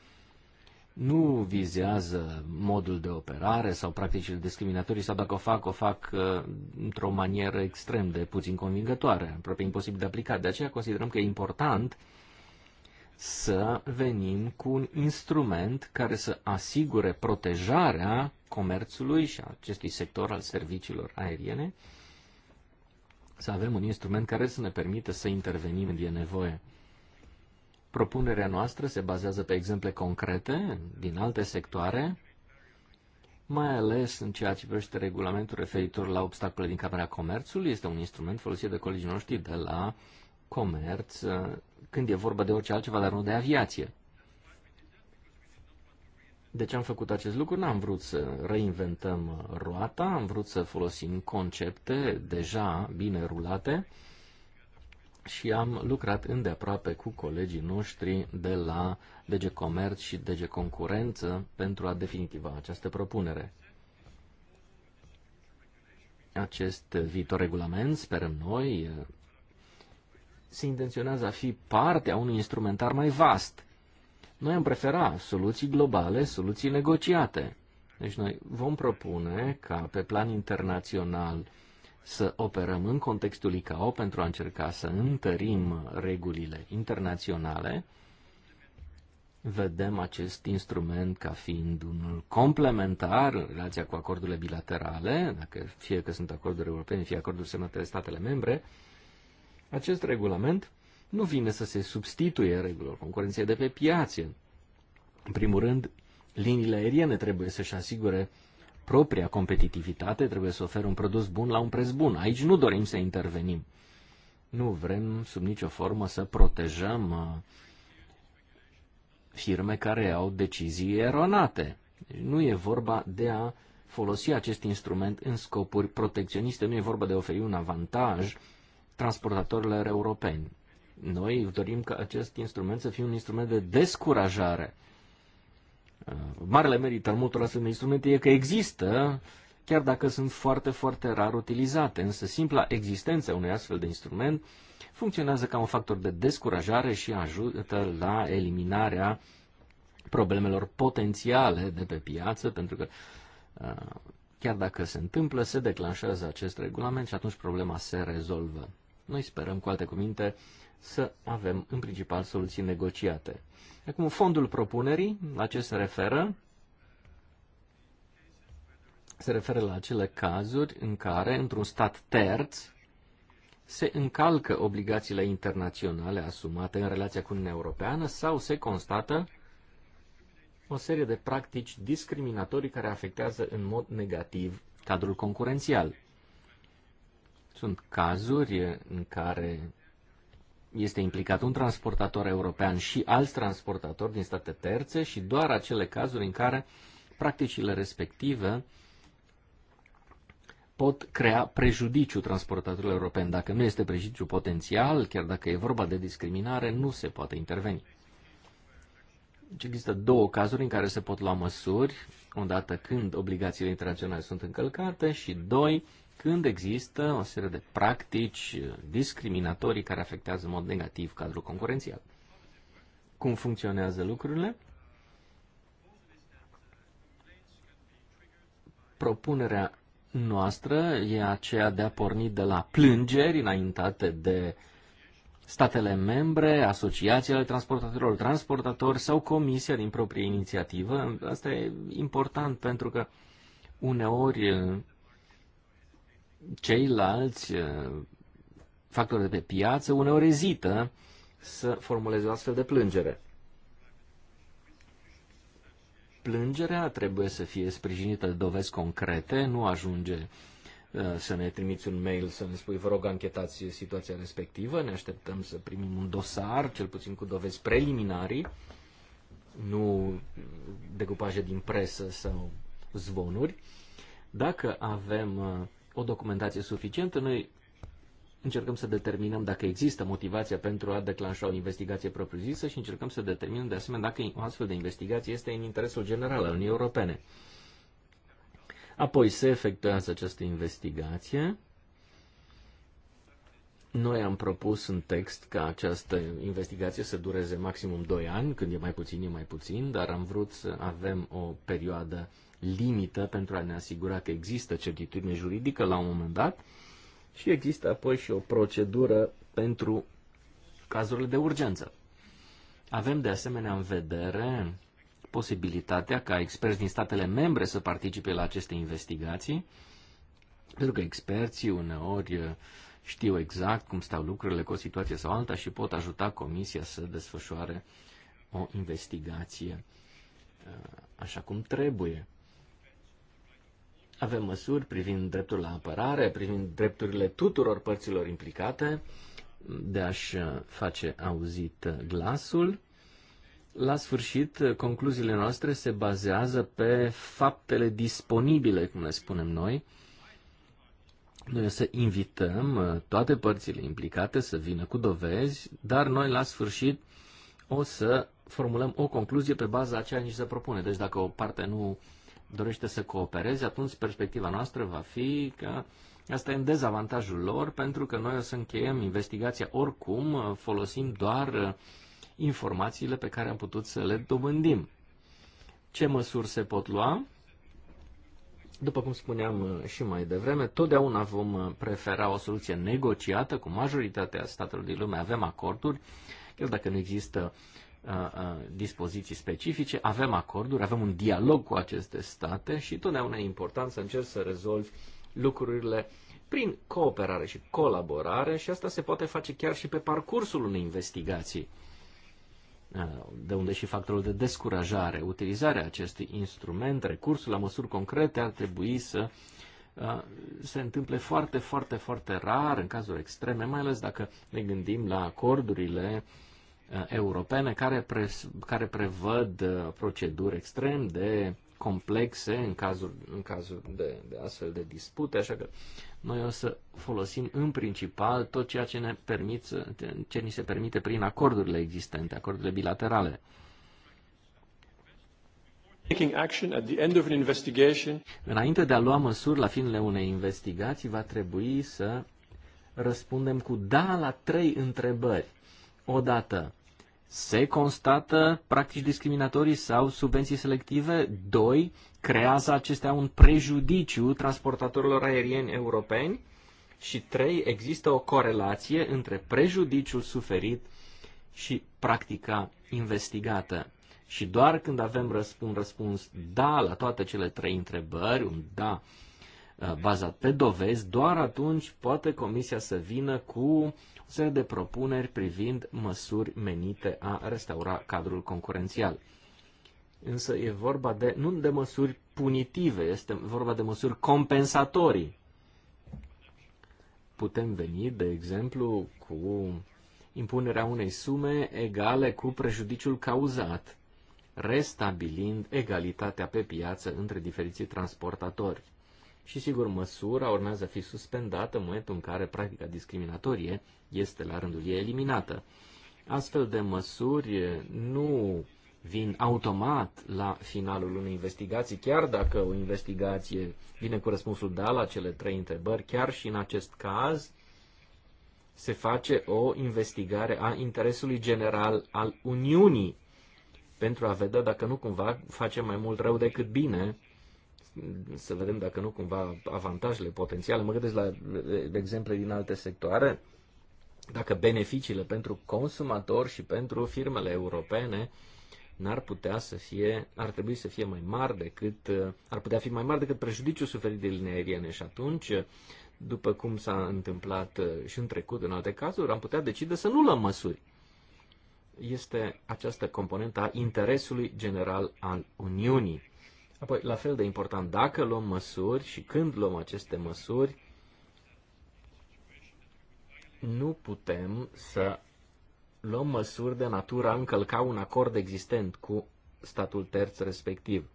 nu vizează modul de operare sau practicile discriminatorii sau dacă o fac, o fac uh, într-o manieră extrem de puțin convingătoare, aproape imposibil de aplicat. De aceea considerăm că e important să venim cu un instrument care să asigure protejarea comerțului și a acestui sector al serviciilor aeriene, să avem un instrument care să ne permită să intervenim când e nevoie. Propunerea noastră se bazează pe exemple concrete din alte sectoare, mai ales în ceea ce privește regulamentul referitor la obstacole din Camera Comerțului. Este un instrument folosit de colegii noștri de la comerț uh, când e vorba de orice altceva, dar nu de aviație. De ce am făcut acest lucru? N-am vrut să reinventăm roata, am vrut să folosim concepte deja bine rulate și am lucrat îndeaproape cu colegii noștri de la DG Comerț și DG Concurență pentru a definitiva această propunere. Acest viitor regulament, sperăm noi, se intenționează a fi parte a unui instrumentar mai vast noi am prefera soluții globale, soluții negociate. Deci noi vom propune ca pe plan internațional să operăm în contextul ICAO pentru a încerca să întărim regulile internaționale. Vedem acest instrument ca fiind unul complementar în relația cu acordurile bilaterale, dacă fie că sunt acorduri europene, fie acorduri semnate de statele membre. Acest regulament nu vine să se substituie regulilor concurenței de pe piață. În primul rând, liniile aeriene trebuie să-și asigure propria competitivitate, trebuie să ofere un produs bun la un preț bun. Aici nu dorim să intervenim. Nu vrem sub nicio formă să protejăm uh, firme care au decizii eronate. Deci nu e vorba de a folosi acest instrument în scopuri protecționiste, nu e vorba de a oferi un avantaj transportatorilor europeni. Noi dorim ca acest instrument să fie un instrument de descurajare. Uh, marele merit al multor astfel de instrumente e că există, chiar dacă sunt foarte, foarte rar utilizate. Însă simpla existență unui astfel de instrument funcționează ca un factor de descurajare și ajută la eliminarea problemelor potențiale de pe piață, pentru că uh, chiar dacă se întâmplă, se declanșează acest regulament și atunci problema se rezolvă. Noi sperăm, cu alte cuvinte, să avem în principal soluții negociate. Acum, fondul propunerii, la ce se referă? Se referă la acele cazuri în care, într-un stat terț, se încalcă obligațiile internaționale asumate în relația cu Uniunea Europeană sau se constată o serie de practici discriminatorii care afectează în mod negativ cadrul concurențial. Sunt cazuri în care este implicat un transportator european și alți transportatori din state terțe și doar acele cazuri în care practicile respective pot crea prejudiciu transportatorilor europeni. Dacă nu este prejudiciu potențial, chiar dacă e vorba de discriminare, nu se poate interveni. Deci există două cazuri în care se pot lua măsuri, odată când obligațiile internaționale sunt încălcate și doi, când există o serie de practici discriminatorii care afectează în mod negativ cadrul concurențial. Cum funcționează lucrurile? Propunerea noastră e aceea de a porni de la plângeri înaintate de statele membre, asociațiile transportatorilor, transportatori sau comisia din proprie inițiativă. Asta e important pentru că uneori ceilalți eh, factori de pe piață uneori ezită să formuleze o astfel de plângere. Plângerea trebuie să fie sprijinită de dovezi concrete, nu ajunge eh, să ne trimiți un mail să ne spui, vă rog, anchetați situația respectivă, ne așteptăm să primim un dosar, cel puțin cu dovezi preliminarii, nu decupaje din presă sau zvonuri. Dacă avem eh, o documentație suficientă, noi încercăm să determinăm dacă există motivația pentru a declanșa o investigație propriu-zisă și încercăm să determinăm de asemenea dacă o astfel de investigație este în interesul general al Uniunii Europene. Apoi se efectuează această investigație. Noi am propus în text ca această investigație să dureze maximum 2 ani, când e mai puțin, e mai puțin, dar am vrut să avem o perioadă limită pentru a ne asigura că există certitudine juridică la un moment dat și există apoi și o procedură pentru cazurile de urgență. Avem de asemenea în vedere posibilitatea ca experți din statele membre să participe la aceste investigații, pentru că experții uneori uh, știu exact cum stau lucrurile cu o situație sau alta și pot ajuta comisia să desfășoare o investigație uh, așa cum trebuie. Avem măsuri privind dreptul la apărare, privind drepturile tuturor părților implicate de a-și face auzit glasul. La sfârșit, concluziile noastre se bazează pe faptele disponibile, cum le spunem noi. Noi o să invităm uh, toate părțile implicate să vină cu dovezi, dar noi la sfârșit o să formulăm o concluzie pe baza a ceea ce se propune. Deci dacă o parte nu dorește să coopereze, atunci perspectiva noastră va fi că asta e în dezavantajul lor, pentru că noi o să încheiem investigația oricum, uh, folosim doar uh, informațiile pe care am putut să le dobândim. Ce măsuri se pot lua? După cum spuneam uh, și mai devreme, totdeauna vom prefera o soluție negociată cu majoritatea statelor din lume. Avem acorduri, chiar dacă nu există dispoziții specifice, avem acorduri, avem un dialog cu aceste state și totdeauna e important să încerci să rezolvi lucrurile prin cooperare și colaborare și asta se poate face chiar și pe parcursul unei investigații, de unde și factorul de descurajare. Utilizarea acestui instrument, recursul la măsuri concrete ar trebui să se întâmple foarte, foarte, foarte rar în cazuri extreme, mai ales dacă ne gândim la acordurile uh, Uh, europene care, pre, care prevăd uh, proceduri extrem de complexe în cazul, în cazul de, de astfel de dispute, așa că noi o să folosim în principal tot ceea ce ne, permit, ce ni se permite prin acordurile existente, acordurile bilaterale. Înainte de a lua măsuri la finele unei investigații, va trebui să răspundem cu da la trei întrebări. Odată, se constată practici discriminatorii sau subvenții selective. Doi, creează acestea un prejudiciu transportatorilor aerieni europeni. Și trei, există o corelație între prejudiciul suferit și practica investigată. Și doar când avem răspuns răspuns da la toate cele trei întrebări, un da Uh, bazat pe dovezi, doar atunci poate Comisia să vină cu o serie de propuneri privind măsuri menite a restaura cadrul concurențial. Însă e vorba de, nu de măsuri punitive, este vorba de măsuri compensatorii. Putem veni, de exemplu, cu impunerea unei sume egale cu prejudiciul cauzat, restabilind egalitatea pe piață între diferiții transportatori și, sigur, măsura urmează a fi suspendată în momentul în care practica discriminatorie este la rândul ei eliminată. Astfel de măsuri nu vin automat la finalul unei investigații, chiar dacă o investigație vine cu răspunsul da la cele trei întrebări, chiar și în acest caz se face o investigare a interesului general al Uniunii pentru a vedea dacă nu cumva face mai mult rău decât bine să vedem dacă nu cumva avantajele potențiale. Mă gândesc la exemple din alte sectoare. Dacă beneficiile pentru consumatori și pentru firmele europene n-ar putea să fie, ar trebui să fie mai mari decât, ar putea fi mai mari decât prejudiciul suferit de linii aeriene și atunci, după cum s-a întâmplat uh, și în trecut în alte cazuri, am putea decide să nu luăm măsuri. Este această componentă a interesului general al Uniunii. Apoi, la fel de important, dacă luăm măsuri și când luăm aceste măsuri, nu putem să luăm măsuri de natură a încălca un acord existent cu statul terț respectiv.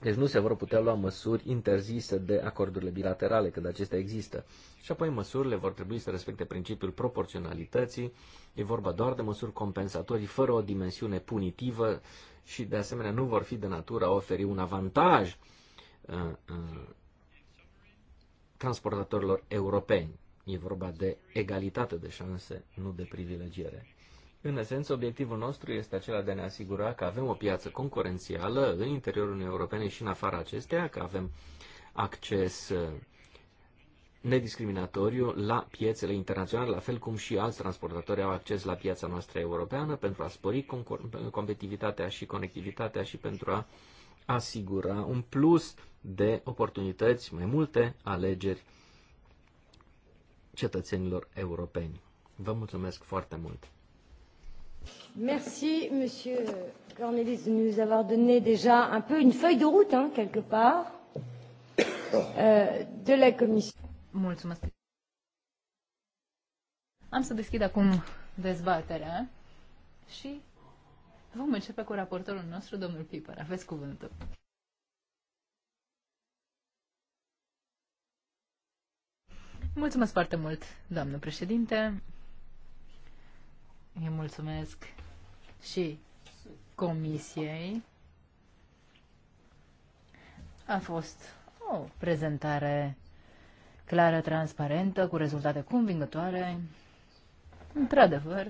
Deci nu se vor putea lua măsuri interzise de acordurile bilaterale, când acestea există. Și apoi măsurile vor trebui să respecte principiul proporționalității. E vorba doar de măsuri compensatorii, fără o dimensiune punitivă și, de asemenea, nu vor fi de natură a oferi un avantaj uh, uh, transportatorilor europeni. E vorba de egalitate de șanse, nu de privilegiere. În esență, obiectivul nostru este acela de a ne asigura că avem o piață concurențială în interiorul Uniunii Europene și în afara acesteia, că avem acces uh, nediscriminatoriu la piețele internaționale, la fel cum și alți transportatori au acces la piața noastră europeană pentru a spori competitivitatea și conectivitatea și pentru a asigura un plus de oportunități, mai multe alegeri cetățenilor europeni. Vă mulțumesc foarte mult! Merci, monsieur Cornelis, de nous avoir donné déjà un peu une feuille de route, hein, quelque part, (coughs) euh, de la Commission. Mulțumesc. Am să deschid acum dezbaterea și vom începe cu raportorul nostru, domnul Piper. Aveți cuvântul. Mulțumesc foarte mult, doamnă președinte. Îi mulțumesc și comisiei. A fost o prezentare clară, transparentă, cu rezultate convingătoare. Într-adevăr,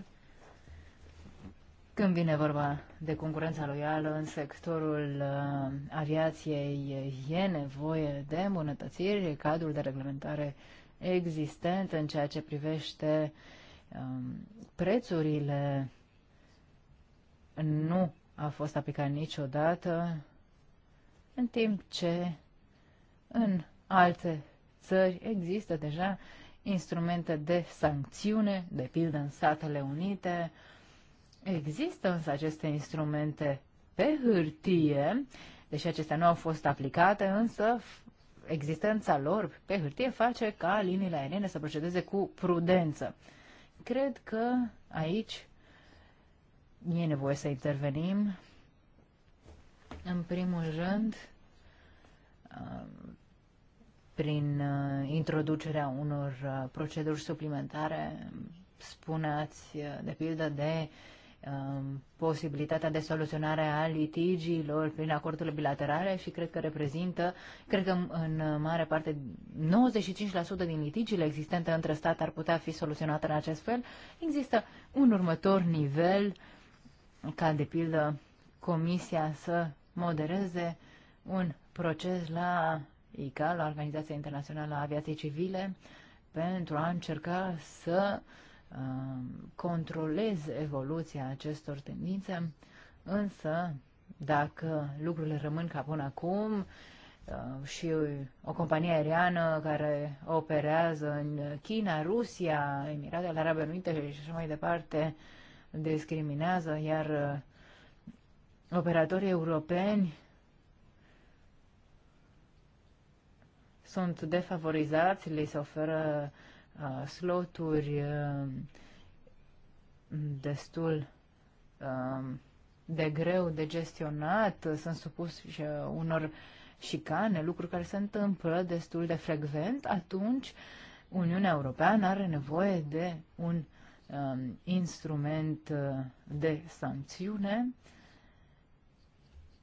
când vine vorba de concurența loială în sectorul uh, aviației, e nevoie de îmbunătățiri, cadrul de reglementare existent în ceea ce privește uh, Um, prețurile nu a fost aplicate niciodată, în timp ce în alte țări există deja instrumente de sancțiune, de pildă în Statele Unite. Există însă aceste instrumente pe hârtie, deși acestea nu au fost aplicate, însă existența lor pe hârtie face ca liniile aeriene să procedeze cu prudență cred că aici e nevoie să intervenim. În primul rând, prin uh, introducerea unor uh, proceduri suplimentare, spuneați uh, de pildă de Um, posibilitatea de soluționare a litigiilor prin acordurile bilaterale și cred că reprezintă, cred că în mare parte 95% din litigiile existente între state ar putea fi soluționate în acest fel. Există un următor nivel ca de pildă Comisia să modereze un proces la ICA, la Organizația Internațională a Aviației Civile, pentru a încerca să uh, Um, controlez evoluția acestor tendințe, însă dacă lucrurile rămân ca până acum uh, și o companie aeriană care operează în China, Rusia, Emiratele Arabe Unite și așa mai departe discriminează, iar uh, operatorii europeni sunt defavorizați, li se oferă uh, Uh, sloturi uh, destul um, de greu de gestionat, sunt supus și uh, unor șicane, lucruri care se întâmplă destul de frecvent, atunci Uniunea Europeană are nevoie de un um, instrument de sancțiune,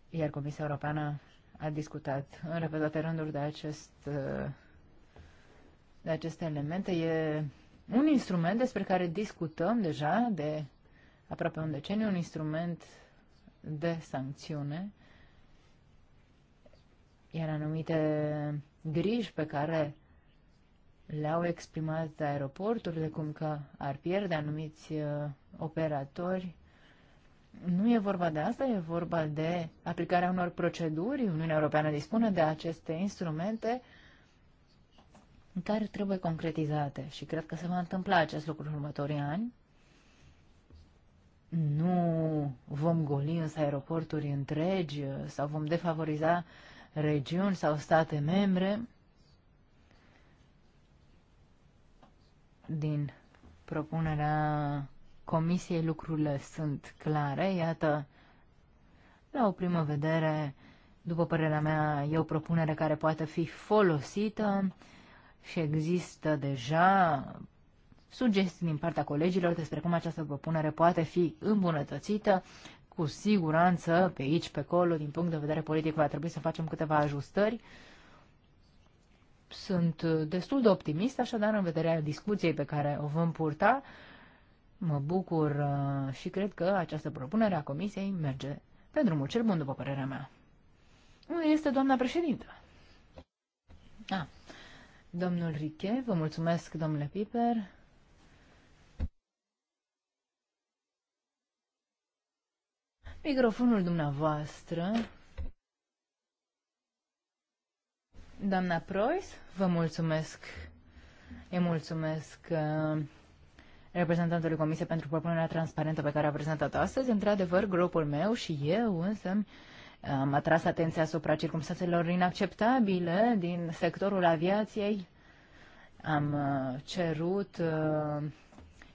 iar Comisia Europeană a discutat în repetate rânduri de acest uh, de aceste elemente. E un instrument despre care discutăm deja de aproape un deceniu, un instrument de sancțiune, iar anumite griji pe care le-au exprimat aeroporturi de cum că ar pierde anumiți uh, operatori. Nu e vorba de asta, e vorba de aplicarea unor proceduri. Uniunea Europeană dispune de aceste instrumente care trebuie concretizate și cred că se va întâmpla acest lucru în următorii ani. Nu vom goli însă aeroporturi întregi sau vom defavoriza regiuni sau state membre. Din propunerea comisiei lucrurile sunt clare. Iată, la o primă vedere, după părerea mea, e o propunere care poate fi folosită și există deja sugestii din partea colegilor despre cum această propunere poate fi îmbunătățită. Cu siguranță, pe aici, pe acolo, din punct de vedere politic, va trebui să facem câteva ajustări. Sunt destul de optimist, așadar, în vederea discuției pe care o vom purta, mă bucur uh, și cred că această propunere a Comisiei merge pe drumul cel bun, după părerea mea. Unde este doamna președintă? Ah, Domnul Riche, vă mulțumesc, domnule Piper. Microfonul dumneavoastră. Doamna Preuss, vă mulțumesc. Îi mulțumesc uh, reprezentantului Comisiei pentru propunerea transparentă pe care a prezentat-o astăzi. Într-adevăr, grupul meu și eu însă am atras atenția asupra circumstanțelor inacceptabile din sectorul aviației. Am uh, cerut uh,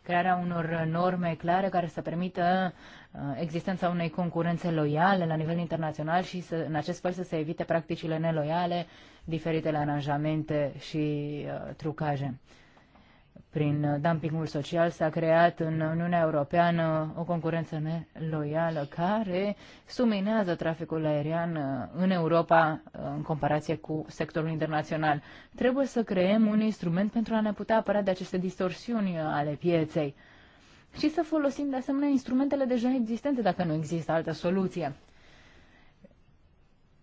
crearea unor norme clare care să permită uh, existența unei concurențe loiale la nivel internațional și să, în acest fel să se evite practicile neloiale, diferitele aranjamente și trucaje prin dumpingul social s-a creat în Uniunea Europeană o concurență neloială care suminează traficul aerian uh, în Europa uh, în comparație cu sectorul internațional. Trebuie să creăm un instrument pentru a ne putea apăra de aceste distorsiuni uh, ale pieței și să folosim de asemenea instrumentele deja existente dacă nu există altă soluție.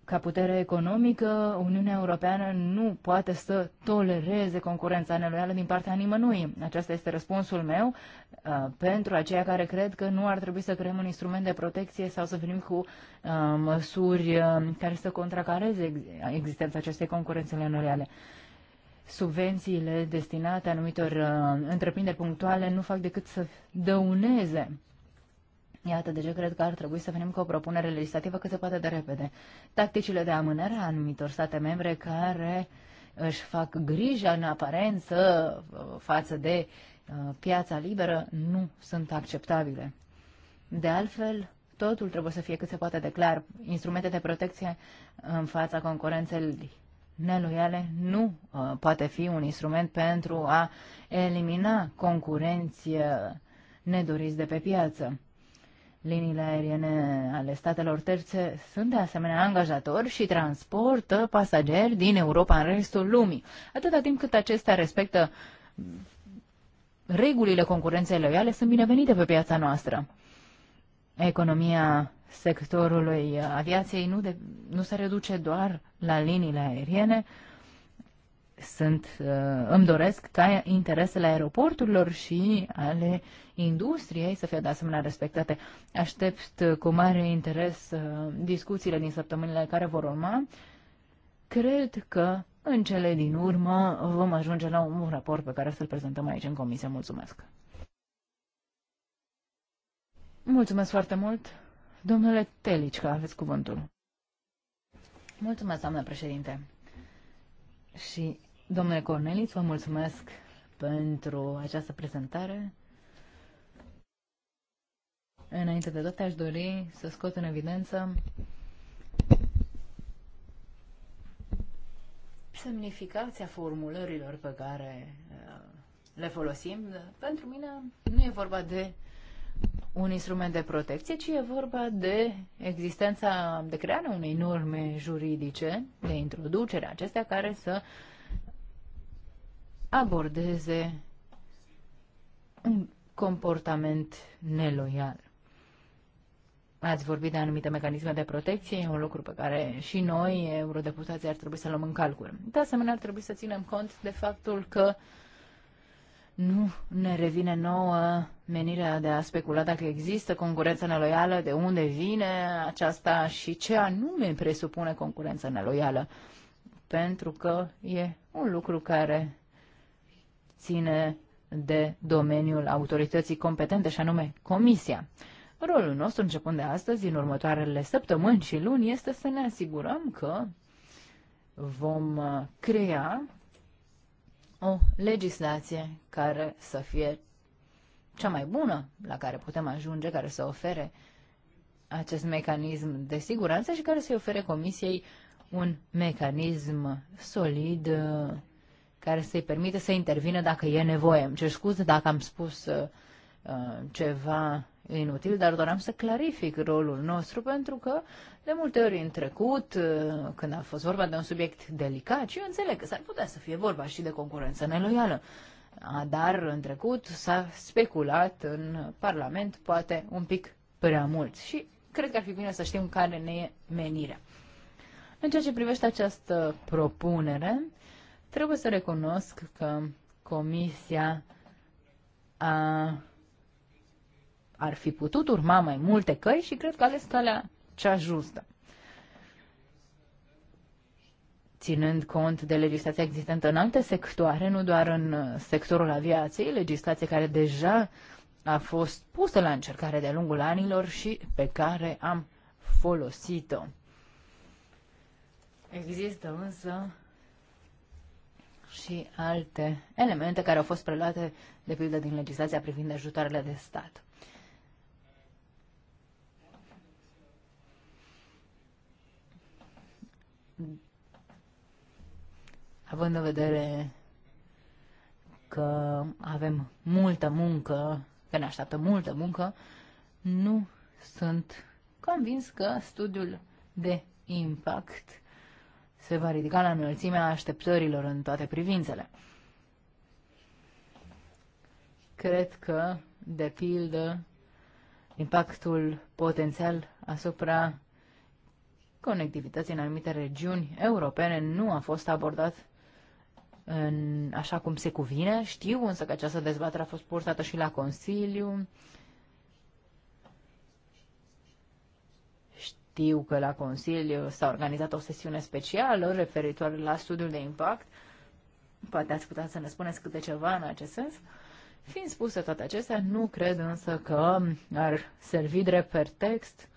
Ca putere economică, Uniunea Europeană nu poate să tolereze concurența neloială din partea nimănui. Acesta este răspunsul meu uh, pentru aceia care cred că nu ar trebui să creăm un instrument de protecție sau să venim cu uh, măsuri uh, care să contracareze ex existența acestei concurențe neloiale. Subvențiile destinate anumitor uh, întreprinderi punctuale nu fac decât să dăuneze Iată deja cred că ar trebui să venim cu o propunere legislativă cât se poate de repede. Tacticile de amânare a anumitor state membre care își fac grija în aparență uh, față de uh, piața liberă nu sunt acceptabile. De altfel, totul trebuie să fie cât se poate de clar. Instrumente de protecție în fața concurenței neloiale nu uh, poate fi un instrument pentru a elimina concurenți uh, nedoriți de pe piață. Liniile aeriene ale statelor terțe sunt de asemenea angajatori și transportă pasageri din Europa în restul lumii. Atâta timp cât acestea respectă regulile concurenței loiale, sunt binevenite pe piața noastră. Economia sectorului aviației nu, de, nu se reduce doar la liniile aeriene, sunt, uh, îmi doresc ca interesele aeroporturilor și ale industriei să fie de asemenea respectate. Aștept uh, cu mare interes uh, discuțiile din săptămânile care vor urma. Cred că în cele din urmă vom ajunge la un raport pe care să-l prezentăm aici în comisie. Mulțumesc! Mulțumesc foarte mult! Domnule că aveți cuvântul. Mulțumesc, doamnă președinte! și Domnule Cornelis, vă mulțumesc pentru această prezentare. Înainte de toate, aș dori să scot în evidență semnificația formulărilor pe care uh, le folosim. Pentru mine nu e vorba de un instrument de protecție, ci e vorba de existența, de crearea unei norme juridice, de introducere, acestea care să uh, abordeze un comportament neloial. Ați vorbit de anumite mecanisme de protecție, e un lucru pe care și noi, eurodeputații, ar trebui să luăm în calcul. De asemenea, ar trebui să ținem cont de faptul că nu ne revine nouă menirea de a specula dacă există concurență neloială, de unde vine aceasta și ce anume presupune concurența neloială. Pentru că e un lucru care ține de domeniul autorității competente, și anume Comisia. Rolul nostru, începând de astăzi, în următoarele săptămâni și luni, este să ne asigurăm că vom uh, crea o legislație care să fie cea mai bună la care putem ajunge, care să ofere acest mecanism de siguranță și care să-i ofere Comisiei un mecanism solid uh, care să-i permită să intervină dacă e nevoie. Îmi cer scuze dacă am spus uh, uh, ceva inutil, dar doream să clarific rolul nostru pentru că de multe ori în trecut, uh, când a fost vorba de un subiect delicat, și eu înțeleg că s-ar putea să fie vorba și de concurență neloială, dar în trecut s-a speculat în Parlament poate un pic prea mult și cred că ar fi bine să știm care ne e menirea. În ceea ce privește această propunere, Trebuie să recunosc că Comisia a, ar fi putut urma mai multe căi și cred că a ales calea cea justă. Ținând cont de legislația existentă în alte sectoare, nu doar în sectorul aviației, legislație care deja a fost pusă la încercare de-a lungul anilor și pe care am folosit-o. Există însă și alte elemente care au fost preluate, de pildă, din legislația privind ajutoarele de stat. Având în vedere că avem multă muncă, că ne așteaptă multă muncă, nu sunt convins că studiul de impact se va ridica la înălțimea așteptărilor în toate privințele. Cred că, de pildă, impactul potențial asupra conectivității în anumite regiuni europene nu a fost abordat în, așa cum se cuvine. Știu însă că această dezbatere a fost purtată și la Consiliu. Știu că la Consiliu s-a organizat o sesiune specială referitoare la studiul de impact. Poate ați putea să ne spuneți câte ceva în acest sens. Fiind spuse toate acestea, nu cred însă că ar servi drept per text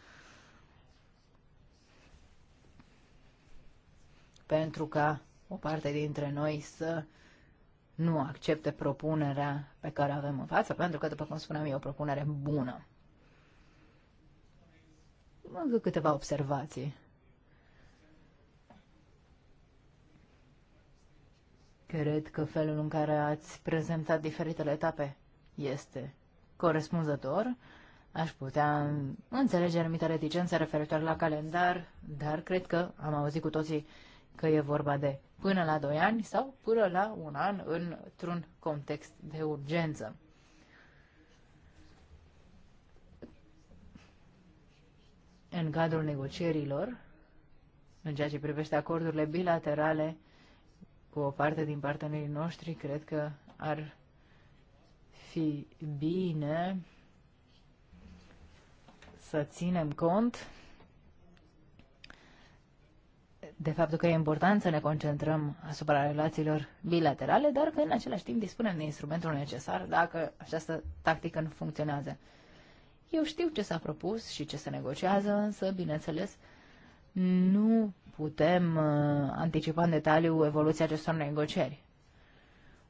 pentru ca o parte dintre noi să nu accepte propunerea pe care o avem în față, pentru că, după cum spuneam, e o propunere bună încă câteva observații. Cred că felul în care ați prezentat diferitele etape este corespunzător. Aș putea înțelege anumite reticențe referitoare la calendar, dar cred că am auzit cu toții că e vorba de până la 2 ani sau până la un an într-un context de urgență. în cadrul negocierilor, în ceea ce privește acordurile bilaterale cu o parte din partenerii noștri, cred că ar fi bine să ținem cont de faptul că e important să ne concentrăm asupra relațiilor bilaterale, dar că în același timp dispunem de instrumentul necesar dacă această tactică nu funcționează. Eu știu ce s-a propus și ce se negociază, însă, bineînțeles, nu putem uh, anticipa în detaliu evoluția acestor negocieri.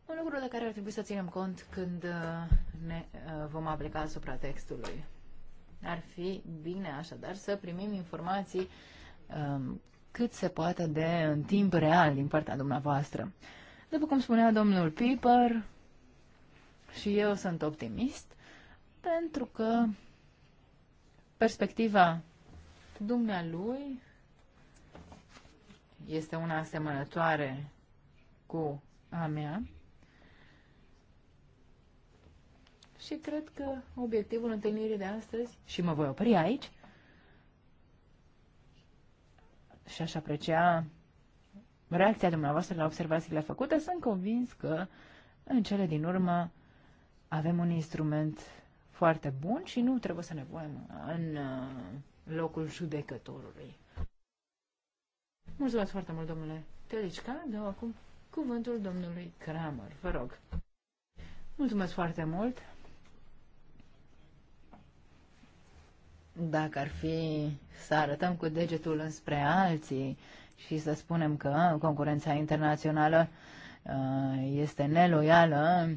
Un lucru de care ar trebui să ținem cont când uh, ne uh, vom aplica asupra textului. Ar fi bine, așadar, să primim informații uh, cât se poate de în timp real din partea dumneavoastră. După cum spunea domnul Piper, și eu sunt optimist, pentru că Perspectiva dumnealui este una asemănătoare cu a mea și cred că obiectivul întâlnirii de astăzi, și mă voi opri aici, și aș aprecia reacția dumneavoastră la observațiile făcute, sunt convins că în cele din urmă avem un instrument foarte bun și nu trebuie să ne punem în uh, locul judecătorului. Mulțumesc foarte mult, domnule Telicica. Dau acum cuvântul domnului Kramer. Vă rog. Mulțumesc foarte mult. Dacă ar fi să arătăm cu degetul înspre alții și să spunem că concurența internațională uh, este neloială,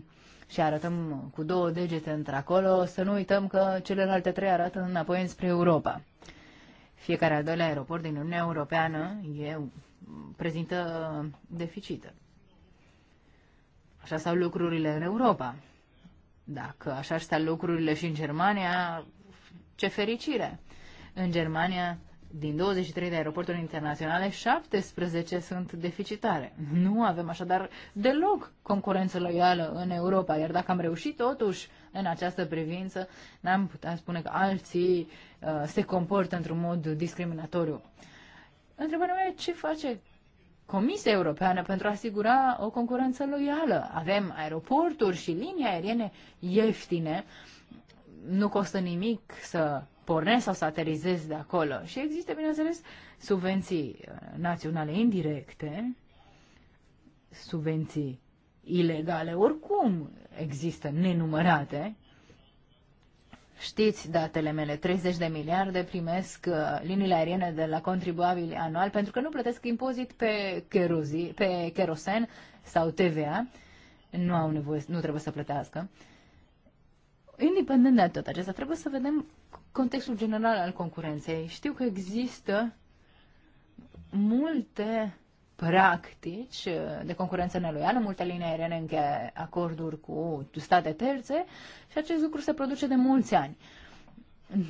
și arătăm cu două degete într-acolo, să nu uităm că celelalte trei arată înapoi înspre Europa. Fiecare al doilea aeroport din Uniunea Europeană e, prezintă deficită. Așa stau lucrurile în Europa. Dacă așa stau lucrurile și în Germania, ce fericire! În Germania din 23 de aeroporturi internaționale, 17 sunt deficitare. Nu avem așadar deloc concurență loială în Europa, iar dacă am reușit totuși în această privință, n-am putea spune că alții uh, se comportă într-un mod discriminatoriu. Întrebarea mea e ce face Comisia Europeană pentru a asigura o concurență loială. Avem aeroporturi și linii aeriene ieftine, nu costă nimic să pornesc sau să aterizezi de acolo. Și există, bineînțeles, subvenții uh, naționale indirecte, subvenții ilegale, oricum există nenumărate. Știți datele mele, 30 de miliarde primesc uh, liniile aeriene de la contribuabili anual pentru că nu plătesc impozit pe, cheruzi, pe kerosen sau TVA, nu, au nevoie, nu trebuie să plătească. Independent de tot acesta, trebuie să vedem contextul general al concurenței. Știu că există multe practici uh, de concurență neloială, multe linii aeriene încheie acorduri cu state terțe și acest lucru se produce de mulți ani.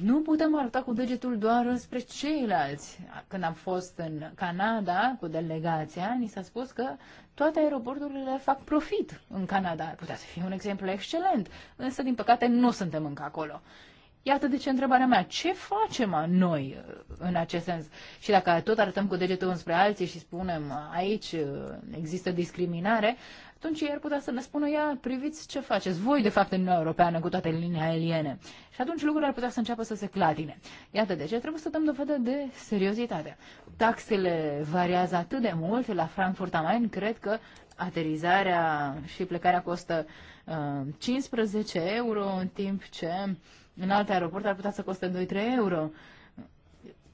Nu putem arăta cu degetul doar spre ceilalți. Când am fost în Canada cu delegația, ni s-a spus că toate aeroporturile fac profit în Canada. putea să fie un exemplu excelent, însă din păcate nu suntem încă acolo. Iată de ce întrebarea mea, ce facem noi uh, în acest sens? Și dacă tot arătăm cu degetul înspre alții și spunem uh, aici uh, există discriminare, atunci ei ar putea să ne spună, ia, priviți ce faceți voi, de fapt, în Uniunea Europeană, cu toate linia aeriene. Și atunci lucrurile ar putea să înceapă să se clatine. Iată de ce trebuie să dăm dovadă de seriozitate. Taxele variază atât de mult, la Frankfurt am Main cred că aterizarea și plecarea costă uh, 15 euro, în timp ce în alte aeroport ar putea să coste 2-3 euro.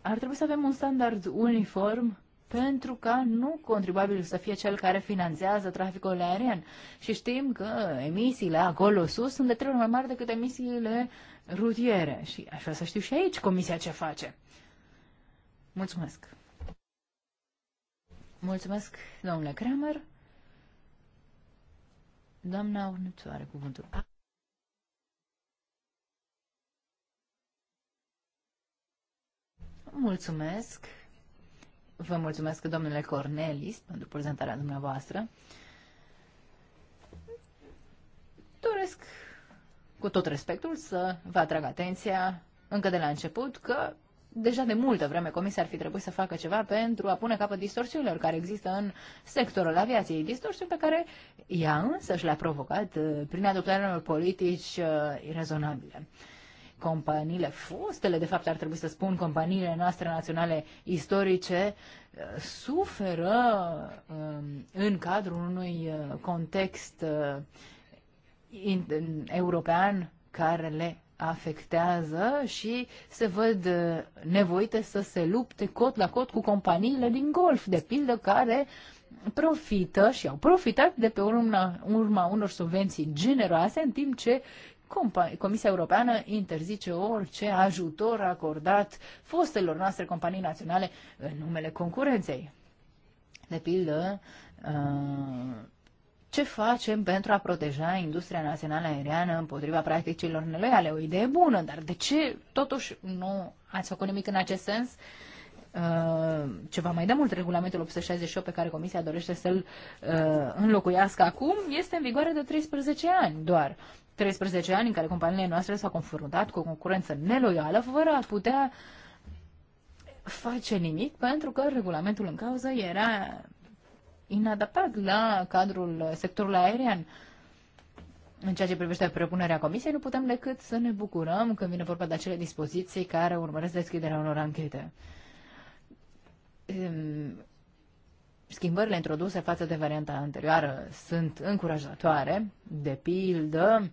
Ar trebui să avem un standard uniform pentru ca nu contribuabilul să fie cel care finanțează traficul aerian. Și știm că emisiile acolo sus sunt de trei ori mai mari decât emisiile rutiere. Și aș vrea să știu și aici comisia ce face. Mulțumesc. Mulțumesc, domnule Kramer. Doamna următoare cuvântul. Mulțumesc. Vă mulțumesc, domnule Cornelis, pentru prezentarea dumneavoastră. Doresc, cu tot respectul, să vă atrag atenția încă de la început că deja de multă vreme Comisia ar fi trebuit să facă ceva pentru a pune capăt distorsiunilor care există în sectorul aviației. Distorsiuni pe care ea însă și le-a provocat uh, prin adoptarea unor politici uh, rezonabile companiile, fostele, de fapt ar trebui să spun, companiile noastre naționale istorice, eh, suferă eh, în cadrul unui eh, context european care le afectează și se văd nevoite să se lupte cot la cot cu companiile din golf, de pildă, care profită și au profitat de pe urma, urma unor subvenții generoase, în timp ce Comisia Europeană interzice orice ajutor acordat fostelor noastre companii naționale în numele concurenței. De pildă, uh, ce facem pentru a proteja industria națională aeriană împotriva practicilor neloiale? O idee bună, dar de ce totuși nu ați făcut nimic în acest sens? Uh, ceva mai de mult, regulamentul 868 pe care Comisia dorește să-l uh, înlocuiască acum, este în vigoare de 13 ani doar. 13 ani în care companiile noastre s-au confruntat cu o concurență neloială fără a putea face nimic pentru că regulamentul în cauză era inadaptat la cadrul sectorului aerian. În ceea ce privește propunerea Comisiei, nu putem decât să ne bucurăm când vine vorba de acele dispoziții care urmăresc deschiderea unor anchete. Ehm, schimbările introduse față de varianta anterioară sunt încurajatoare. De pildă,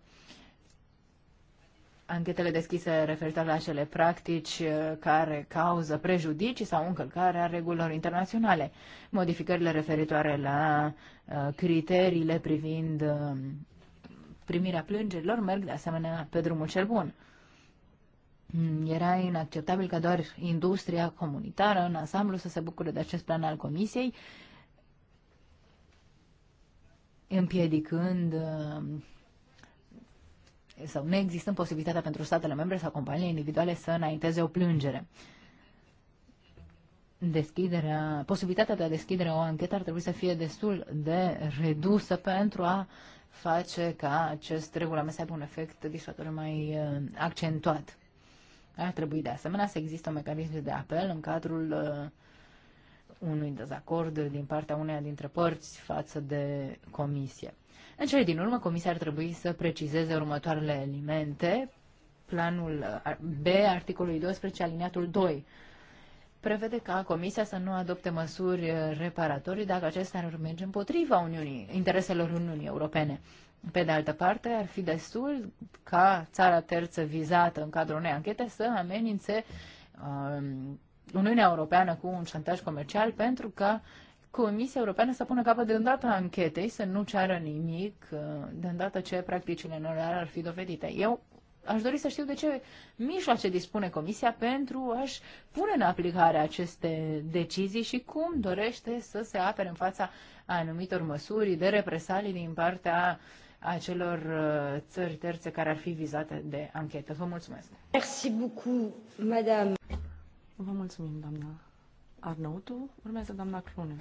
anchetele deschise referitoare la cele practici uh, care cauză prejudicii sau încălcarea regulilor internaționale, modificările referitoare la uh, criteriile privind um, primirea plângerilor merg de asemenea pe drumul cel bun. Mm, era inacceptabil ca doar industria comunitară în ansamblu să se bucure de acest plan al Comisiei, împiedicând um, sau nu există posibilitatea pentru statele membre sau companiile individuale să înainteze o plângere. Deschiderea, posibilitatea de a deschidere o anchetă ar trebui să fie destul de redusă pentru a face ca acest regulament să aibă un efect disuator mai uh, accentuat. Ar trebui de asemenea să există un mecanism de apel în cadrul uh, unui dezacord din partea uneia dintre părți față de comisie. În cele din urmă, Comisia ar trebui să precizeze următoarele elemente. Planul B, articolului 12, aliniatul 2, prevede ca Comisia să nu adopte măsuri reparatorii dacă acestea ar merge împotriva Uniunii, intereselor Uniunii Europene. Pe de altă parte, ar fi destul ca țara terță vizată în cadrul unei anchete să amenințe um, Uniunea Europeană cu un șantaj comercial pentru ca Comisia Europeană să pună capăt de îndată anchetei, să nu ceară nimic uh, de îndată ce practicile noare ar fi dovedite. Eu aș dori să știu de ce mijloace dispune Comisia pentru a-și pune în aplicare aceste decizii și cum dorește să se apere în fața anumitor măsuri de represalii din partea acelor uh, țări terțe care ar fi vizate de anchetă. Vă mulțumesc. Merci beaucoup, madame. Vă mulțumim, doamna Arnautu. Urmează doamna Clune.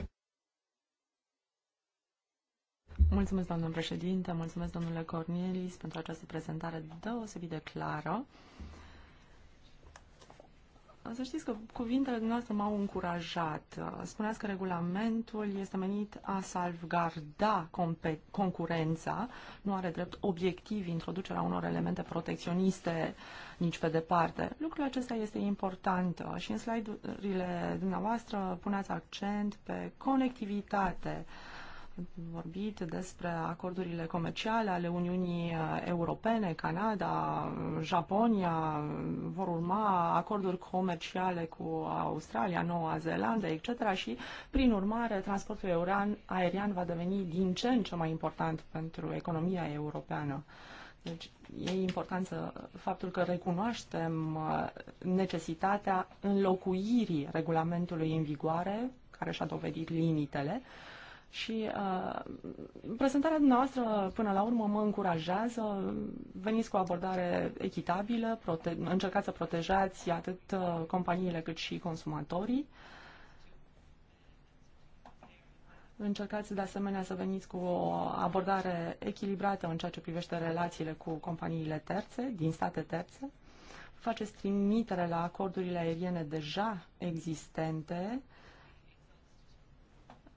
Mulțumesc, domnule președinte, mulțumesc, domnule Cornelis, pentru această prezentare deosebit de clară. Să știți că cuvintele dumneavoastră m-au încurajat. Spuneați că regulamentul este menit a salvgarda concurența, nu are drept obiectiv introducerea unor elemente protecționiste nici pe departe. Lucrul acesta este important și în slide-urile dumneavoastră puneați accent pe conectivitate, uh, vorbit despre acordurile comerciale ale Uniunii uh, Europene, Canada, Japonia, vor urma acorduri comerciale cu Australia, Noua Zeelandă, etc. și, prin urmare, transportul euran, aerian va deveni din ce în ce mai important pentru economia europeană. Deci e important să, faptul că recunoaștem uh, necesitatea înlocuirii regulamentului în vigoare, care și-a dovedit limitele, uh, și uh, prezentarea dumneavoastră, până la urmă, mă încurajează. Veniți cu o abordare echitabilă, prote- încercați să protejați atât uh, companiile cât și consumatorii. Încercați de asemenea să veniți cu o abordare echilibrată în ceea ce privește relațiile cu companiile terțe, din state terțe. Faceți trimitere la acordurile aeriene deja existente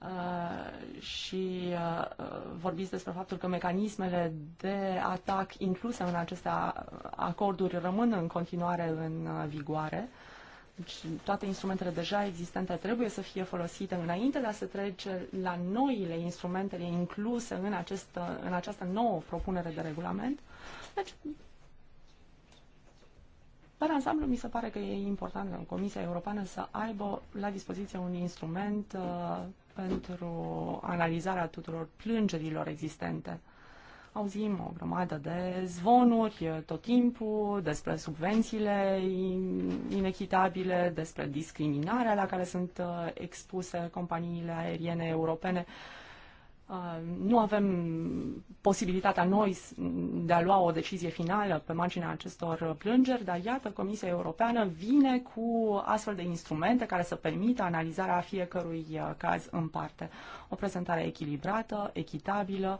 Uh, și uh, uh, vorbiți despre faptul că mecanismele de atac incluse în aceste acorduri rămân în continuare în vigoare. Deci toate instrumentele deja existente trebuie să fie folosite înainte de a se trece la noile instrumentele incluse în, acest, în această nouă propunere de regulament. Deci, dar ansamblu mi se pare că e important ca Comisia Europeană să aibă la dispoziție un instrument uh, pentru analizarea tuturor plângerilor existente. Auzim o grămadă de zvonuri tot timpul despre subvențiile inechitabile, despre discriminarea la care sunt uh, expuse companiile aeriene europene. Uh, Uh, nu avem posibilitatea noi de a lua o decizie finală pe marginea acestor plângeri, dar iată, Comisia Europeană vine cu astfel de instrumente care să permită analizarea fiecărui uh, caz în parte. O prezentare echilibrată, echitabilă.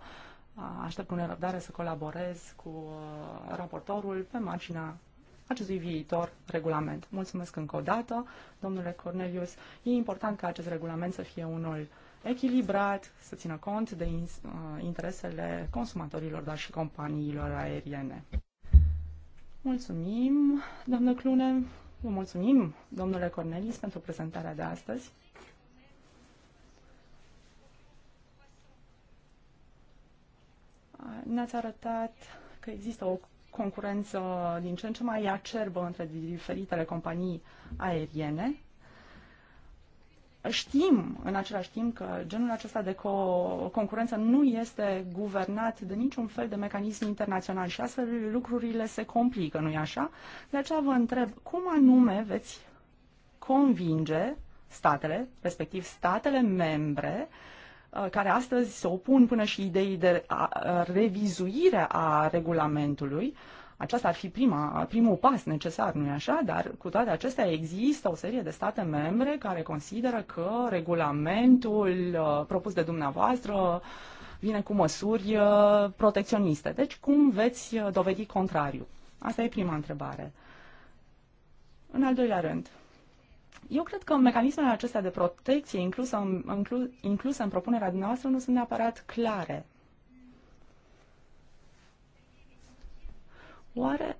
Uh, aștept cu nerăbdare să colaborez cu raportorul pe marginea acestui viitor regulament. Mulțumesc încă o dată, domnule Cornelius. E important ca acest regulament să fie unul uh, echilibrat, să țină cont de uh, interesele consumatorilor, dar și companiilor aeriene. Mulțumim, doamnă Clune, vă mulțumim, domnule Cornelis, pentru prezentarea de astăzi. Ne-ați arătat că există o concurență din ce în ce mai acerbă între diferitele companii aeriene, Știm în același timp că genul acesta de co- concurență nu este guvernat de niciun fel de mecanism internațional și astfel lucrurile se complică, nu-i așa? De aceea vă întreb, cum anume veți convinge statele, respectiv statele membre, uh, care astăzi se opun până și ideii de revizuire a regulamentului, uh, aceasta ar fi prima, primul pas necesar, nu-i așa? Dar cu toate acestea există o serie de state membre care consideră că regulamentul uh, propus de dumneavoastră vine cu măsuri uh, protecționiste. Deci cum veți uh, dovedi contrariu? Asta e prima întrebare. În al doilea rând, eu cred că mecanismele acestea de protecție incluse în, inclu, în propunerea dumneavoastră nu sunt neapărat clare. Oare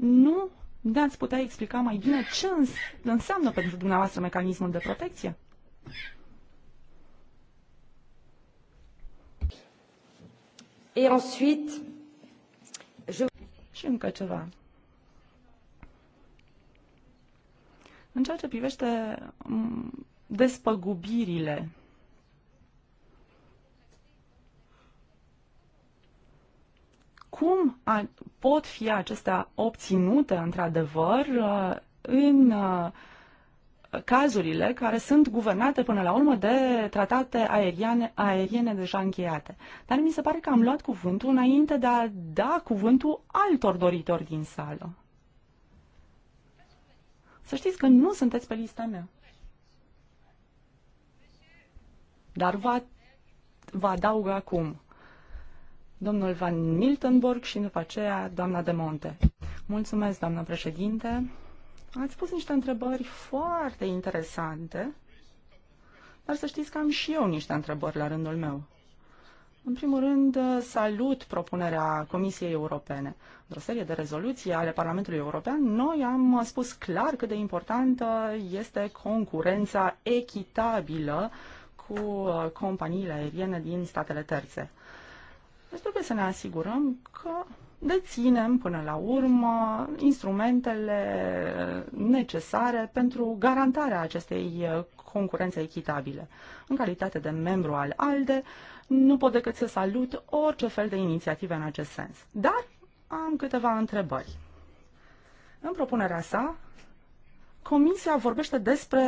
nu ne-ați putea explica mai bine ce înseamnă pentru dumneavoastră mecanismul de protecție? Et ensuite, je... Și încă ceva. În ceea ce privește despăgubirile cum a, pot fi acestea obținute, într-adevăr, uh, în uh, cazurile care sunt guvernate până la urmă de tratate aeriene, aeriene deja încheiate. Dar mi se pare că am luat cuvântul înainte de a da cuvântul altor doritori din sală. Să știți că nu sunteți pe lista mea. Dar vă, vă adaug acum domnul Van Miltenburg și după aceea doamna de Monte. Mulțumesc, doamnă președinte. Ați pus niște întrebări foarte interesante, dar să știți că am și eu niște întrebări la rândul meu. În primul rând, salut propunerea Comisiei Europene. Într-o serie de rezoluții ale Parlamentului European, noi am spus clar cât de importantă este concurența echitabilă cu companiile aeriene din statele terțe. Deci trebuie să ne asigurăm că deținem până la urmă instrumentele necesare pentru garantarea acestei concurențe echitabile. În calitate de membru al ALDE, nu pot decât să salut orice fel de inițiative în acest sens. Dar am câteva întrebări. În propunerea sa, Comisia vorbește despre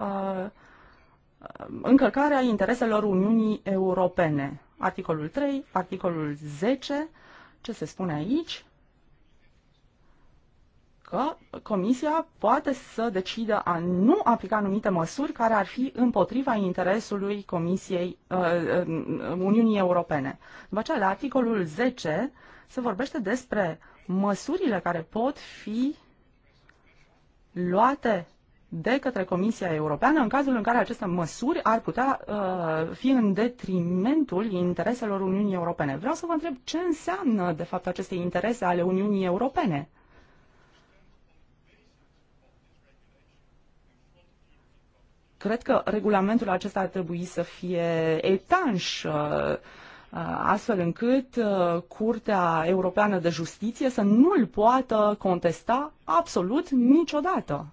uh, încălcarea intereselor Uniunii Europene. Articolul 3, articolul 10, ce se spune aici? Că Comisia poate să decidă a nu aplica anumite măsuri care ar fi împotriva interesului Comisiei uh, uh Uniunii Europene. După aceea, la articolul 10 se vorbește despre măsurile care pot fi luate de către Comisia Europeană în cazul în care aceste măsuri ar putea uh, fi în detrimentul intereselor Uniunii Europene. Vreau să vă întreb ce înseamnă, de fapt, aceste interese ale Uniunii Europene. Cred că regulamentul acesta ar trebui să fie etanș. Uh, uh astfel încât uh, Curtea Europeană de Justiție să nu îl poată contesta absolut niciodată.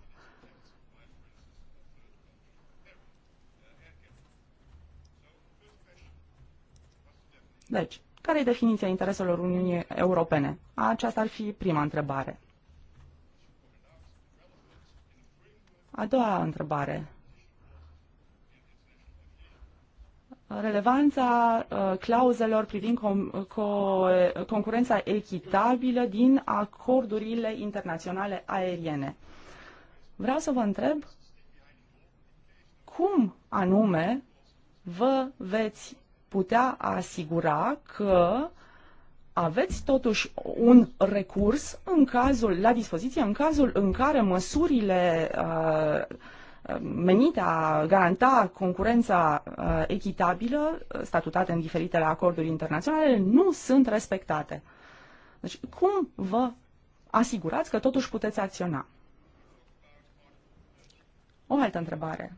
Deci, care e definiția intereselor Uniunii Europene? Aceasta ar fi prima întrebare. A doua întrebare. Relevanța uh, clauzelor privind com- co- concurența echitabilă din acordurile internaționale aeriene. Vreau să vă întreb cum anume vă veți putea asigura că aveți totuși un recurs în cazul, la dispoziție în cazul în care măsurile uh, menite a garanta concurența uh, echitabilă uh, statutate în diferitele acorduri internaționale nu sunt respectate. Deci cum vă asigurați că totuși puteți acționa? O altă întrebare.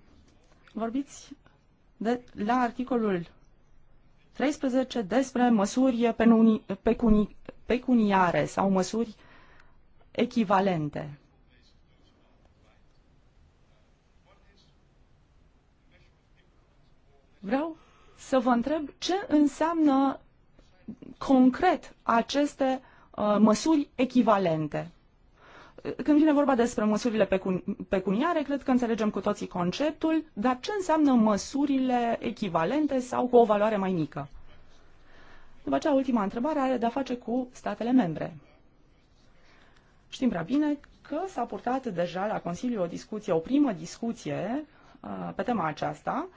Vorbiți de, la articolul 13 despre măsuri pecuni, pecuniare sau măsuri echivalente. Vreau să vă întreb ce înseamnă concret aceste uh, măsuri echivalente când vine vorba despre măsurile pecuniare, cred că înțelegem cu toții conceptul, dar ce înseamnă măsurile echivalente sau cu o valoare mai mică? După aceea, ultima întrebare are de-a face cu statele membre. Știm prea bine că s-a purtat deja la Consiliu o discuție, o primă discuție uh, pe tema aceasta,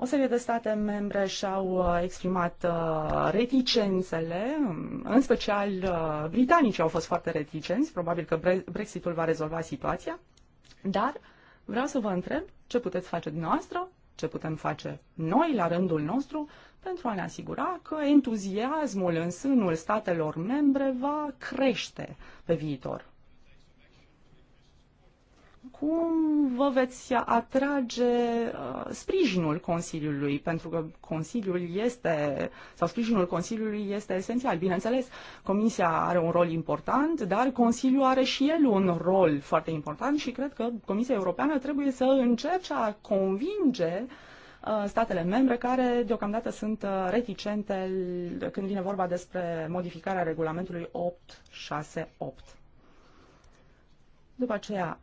o serie de state membre și-au uh, exprimat uh, reticențele, um, în special uh, britanicii au fost foarte reticenți, probabil că Brexitul va rezolva situația, dar vreau să vă întreb ce puteți face dumneavoastră, ce putem face noi la rândul nostru pentru a ne asigura că entuziasmul în sânul statelor membre va crește pe viitor cum vă veți atrage uh, sprijinul Consiliului, pentru că Consiliul este, sau sprijinul Consiliului este esențial. Bineînțeles, Comisia are un rol important, dar Consiliul are și el un rol foarte important și cred că Comisia Europeană trebuie să încerce a convinge uh, statele membre care deocamdată sunt uh, reticente când vine vorba despre modificarea regulamentului 868. După aceea,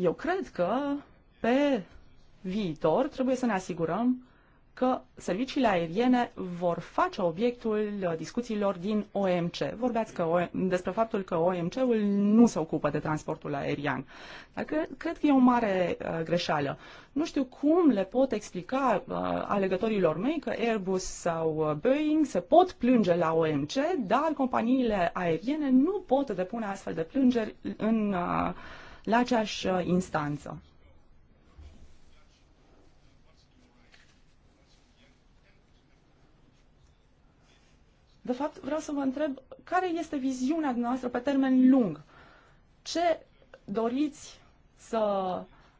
Eu cred că pe viitor trebuie să ne asigurăm că serviciile aeriene vor face obiectul uh, discuțiilor din OMC. Vorbeați că, despre faptul că OMC-ul nu se ocupă de transportul aerian. Dar cred, cred că e o mare uh, greșeală. Nu știu cum le pot explica uh, alegătorilor mei că Airbus sau uh, Boeing se pot plânge la OMC, dar companiile aeriene nu pot depune astfel de plângeri în uh, la aceeași uh, instanță. De fapt, vreau să vă întreb care este viziunea noastră pe termen lung. Ce doriți să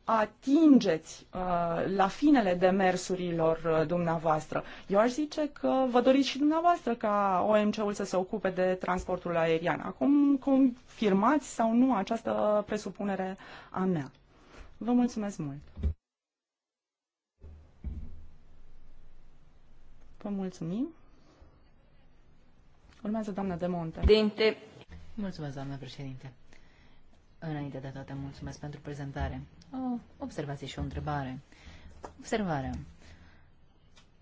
atingeți uh, la finele demersurilor uh, dumneavoastră. Eu aș zice că vă doriți și dumneavoastră ca OMC-ul să se ocupe de transportul aerian. Acum confirmați sau nu această presupunere a mea. Vă mulțumesc mult! Vă mulțumim! Urmează doamna de Monte. Dinte. Mulțumesc, doamna președinte. Înainte de toate, mulțumesc pentru prezentare. O observație și o întrebare. Observarea.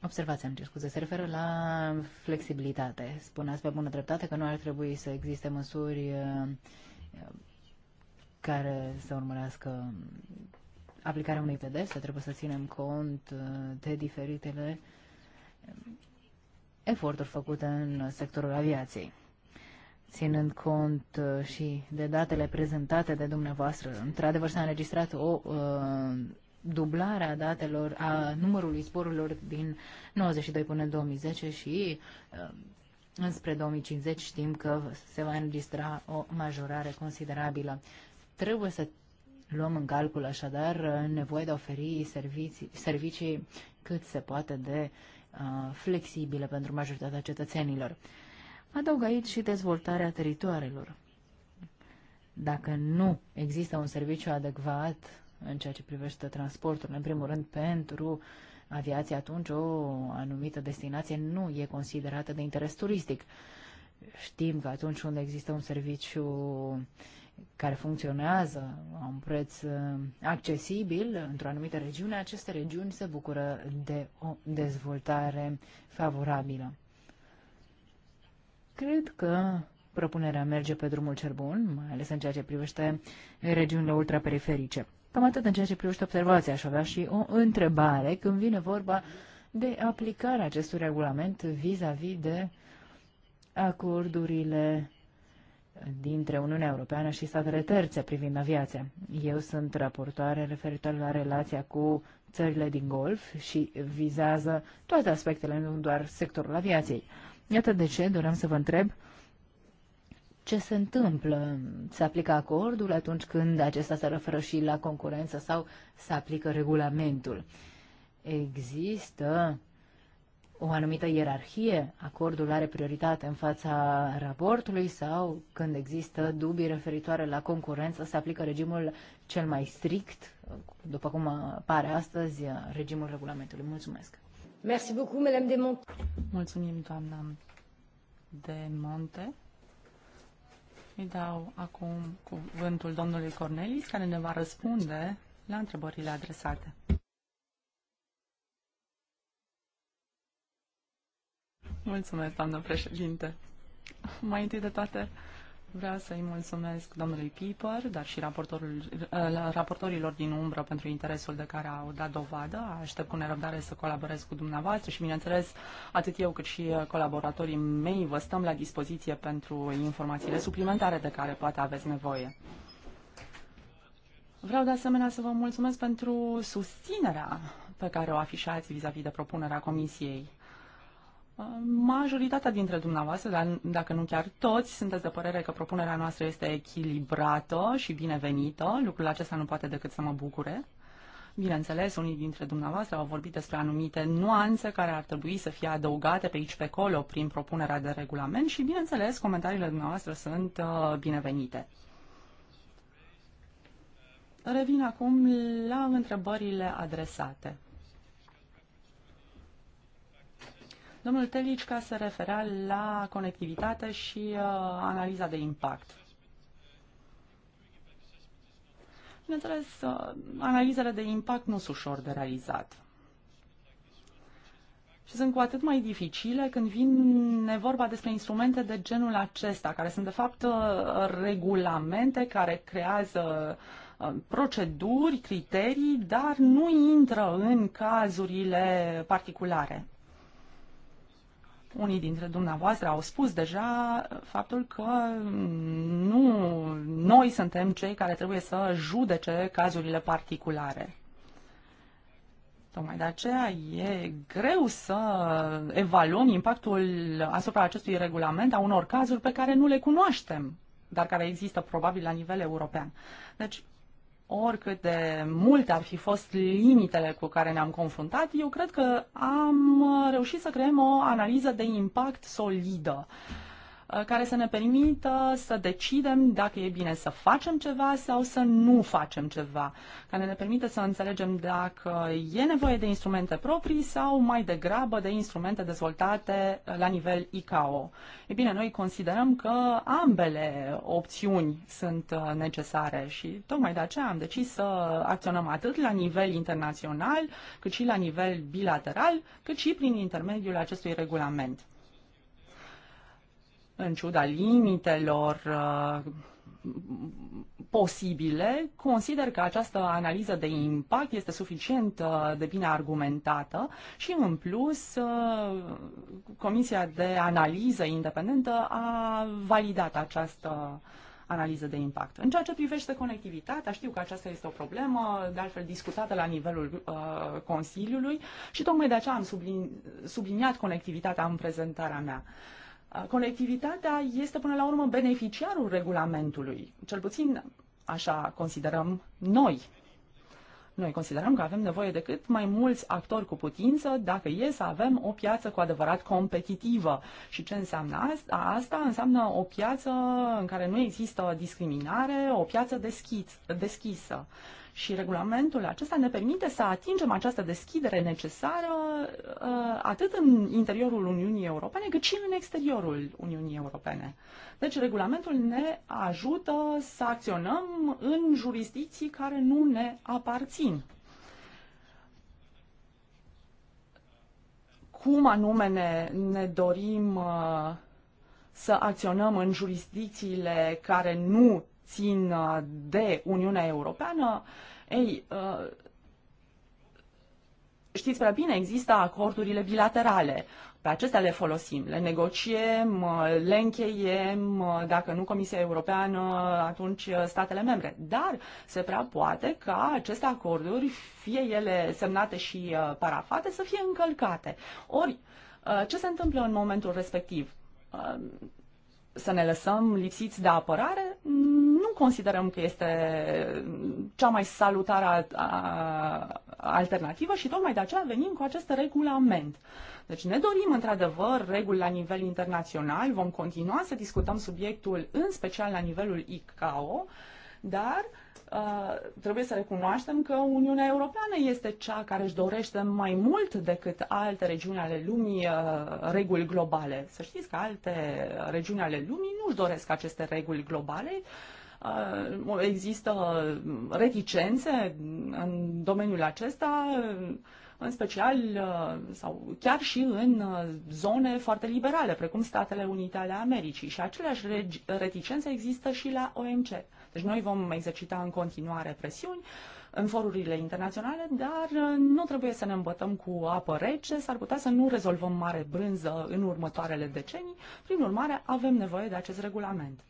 Observația, îmi cer scuze, se referă la flexibilitate. Spuneați pe bună dreptate că nu ar trebui să existe măsuri uh, care să urmărească aplicarea unei să trebuie să ținem cont uh, de diferitele um, eforturi făcute în sectorul aviației ținând cont uh, și de datele prezentate de dumneavoastră. Într-adevăr s-a înregistrat o uh, dublare a datelor, a numărului zborurilor din 92 până în 2010 și uh, înspre 2050 știm că se va înregistra o majorare considerabilă. Trebuie să luăm în calcul așadar uh, nevoia de a oferi servicii, servicii cât se poate de uh, flexibile pentru majoritatea cetățenilor. Adaug aici și dezvoltarea teritoarelor. Dacă nu există un serviciu adecvat în ceea ce privește transportul, în primul rând pentru aviație, atunci o anumită destinație nu e considerată de interes turistic. Știm că atunci unde există un serviciu care funcționează la un preț uh, accesibil într-o anumită regiune, aceste regiuni se bucură de o dezvoltare favorabilă. Cred că propunerea merge pe drumul cel bun, mai ales în ceea ce privește regiunile ultraperiferice. Cam atât în ceea ce privește observația. Aș avea și o întrebare când vine vorba de aplicarea acestui regulament vis-a-vis -vis de acordurile dintre Uniunea Europeană și statele terțe privind aviația. Eu sunt raportoare referitoare la relația cu țările din Golf și vizează toate aspectele, nu doar sectorul aviației. Iată de ce doream să vă întreb ce se întâmplă. Se aplică acordul atunci când acesta se referă și la concurență sau se aplică regulamentul? Există o anumită ierarhie? Acordul are prioritate în fața raportului sau când există dubii referitoare la concurență se aplică regimul cel mai strict, după cum pare astăzi, regimul regulamentului? Mulțumesc! Merci beaucoup, Madame de Monte. Mulțumim, doamna de Monte. Îi dau acum cuvântul domnului Cornelis, care ne va răspunde la întrebările adresate. Mulțumesc, doamnă președinte. Mai întâi de toate, Vreau să-i mulțumesc domnului Piper, dar și raportorul, eh, raportorilor din umbră pentru interesul de care au dat dovadă. Aștept cu nerăbdare să colaborez cu dumneavoastră și, bineînțeles, atât eu cât și eh, colaboratorii mei vă stăm la dispoziție pentru informațiile suplimentare de care poate aveți nevoie. Vreau de asemenea să vă mulțumesc pentru susținerea pe care o afișați vis-a-vis -vis de propunerea Comisiei. Majoritatea dintre dumneavoastră, dar dacă nu chiar toți, sunteți de părere că propunerea noastră este echilibrată și binevenită. Lucrul acesta nu poate decât să mă bucure. Bineînțeles, unii dintre dumneavoastră au vorbit despre anumite nuanțe care ar trebui să fie adăugate pe aici pe acolo prin propunerea de regulament și, bineînțeles, comentariile dumneavoastră sunt uh, binevenite. Revin acum la întrebările adresate. Domnul Telicca se referea la conectivitate și uh, analiza de impact. Bineînțeles, uh, analizele de impact nu sunt ușor de realizat. Și sunt cu atât mai dificile când vine vorba despre instrumente de genul acesta, care sunt de fapt uh, regulamente care creează uh, proceduri, criterii, dar nu intră în cazurile particulare. Unii dintre dumneavoastră au spus deja faptul că nu noi suntem cei care trebuie să judece cazurile particulare. Tocmai de aceea e greu să evaluăm impactul asupra acestui regulament a unor cazuri pe care nu le cunoaștem, dar care există probabil la nivel european. Deci oricât de multe ar fi fost limitele cu care ne-am confruntat, eu cred că am reușit să creăm o analiză de impact solidă. Uh, Uh, care să ne permită să decidem dacă e bine să facem ceva sau să nu facem ceva, care ne permite să înțelegem dacă e nevoie de instrumente proprii sau mai degrabă de instrumente dezvoltate la nivel ICAO. E bine, noi considerăm că ambele opțiuni sunt uh, necesare și tocmai de aceea am decis să acționăm atât la nivel internațional, cât și la nivel bilateral, cât și prin intermediul acestui regulament în ciuda limitelor uh, posibile, consider că această analiză de impact este suficient uh, de bine argumentată și, în plus, uh, Comisia de Analiză Independentă a validat această analiză de impact. În ceea ce privește conectivitatea, știu că aceasta este o problemă, de altfel discutată la nivelul uh, Consiliului și tocmai de aceea am sublin, subliniat conectivitatea în prezentarea mea. Uh, Conectivitatea este până la urmă beneficiarul regulamentului, cel puțin așa considerăm noi. Noi considerăm că avem nevoie de cât mai mulți actori cu putință dacă e să avem o piață cu adevărat competitivă. Și ce înseamnă asta? Asta înseamnă o piață în care nu există discriminare, o piață deschis, deschisă. Și regulamentul acesta ne permite să atingem această deschidere necesară uh, atât în interiorul Uniunii Europene, cât și în exteriorul Uniunii Europene. Deci regulamentul ne ajută să acționăm în jurisdicții care nu ne aparțin. Cum anume ne, ne dorim uh, să acționăm în jurisdicțiile care nu țin uh, de Uniunea Europeană, ei, uh, știți prea bine, există acordurile bilaterale. Pe acestea le folosim, le negociem, uh, le încheiem, dacă nu Comisia Europeană, atunci statele membre. Dar se prea poate ca aceste acorduri, fie ele semnate și parafate, să fie încălcate. Ori, ce se întâmplă în momentul respectiv? să ne lăsăm lipsiți de apărare, nu considerăm că este cea mai salutară alternativă și tocmai de aceea venim cu acest regulament. Deci ne dorim într-adevăr reguli la nivel internațional, vom continua să discutăm subiectul în special la nivelul ICAO, dar uh, Uh, trebuie să recunoaștem că Uniunea Europeană este cea care își dorește mai mult decât alte regiuni ale lumii uh, reguli globale. Să știți că alte regiuni ale lumii nu își doresc aceste reguli globale. Uh, există reticențe în domeniul acesta, în special sau chiar și în zone foarte liberale, precum Statele Unite ale Americii. Și aceleași reticențe există și la OMC. Deci noi vom exercita în continuare presiuni în forurile internaționale, dar uh, nu trebuie să ne îmbătăm cu apă rece, s-ar putea să nu rezolvăm mare brânză în următoarele decenii, prin urmare avem nevoie de acest regulament.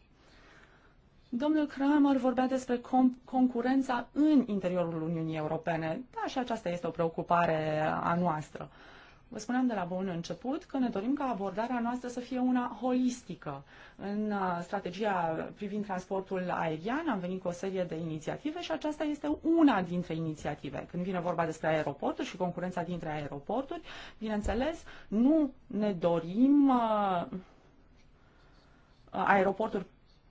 Domnul Kramer vorbea despre com- concurența în interiorul Uniunii Europene. Da, și aceasta este o preocupare a noastră. Uh, Vă spuneam de la bun început că ne dorim ca abordarea noastră să fie una holistică. În uh, strategia privind transportul aerian am venit cu o serie de inițiative și aceasta este una dintre inițiative. Când vine vorba despre aeroporturi și concurența dintre aeroporturi, bineînțeles, nu ne dorim uh, aeroporturi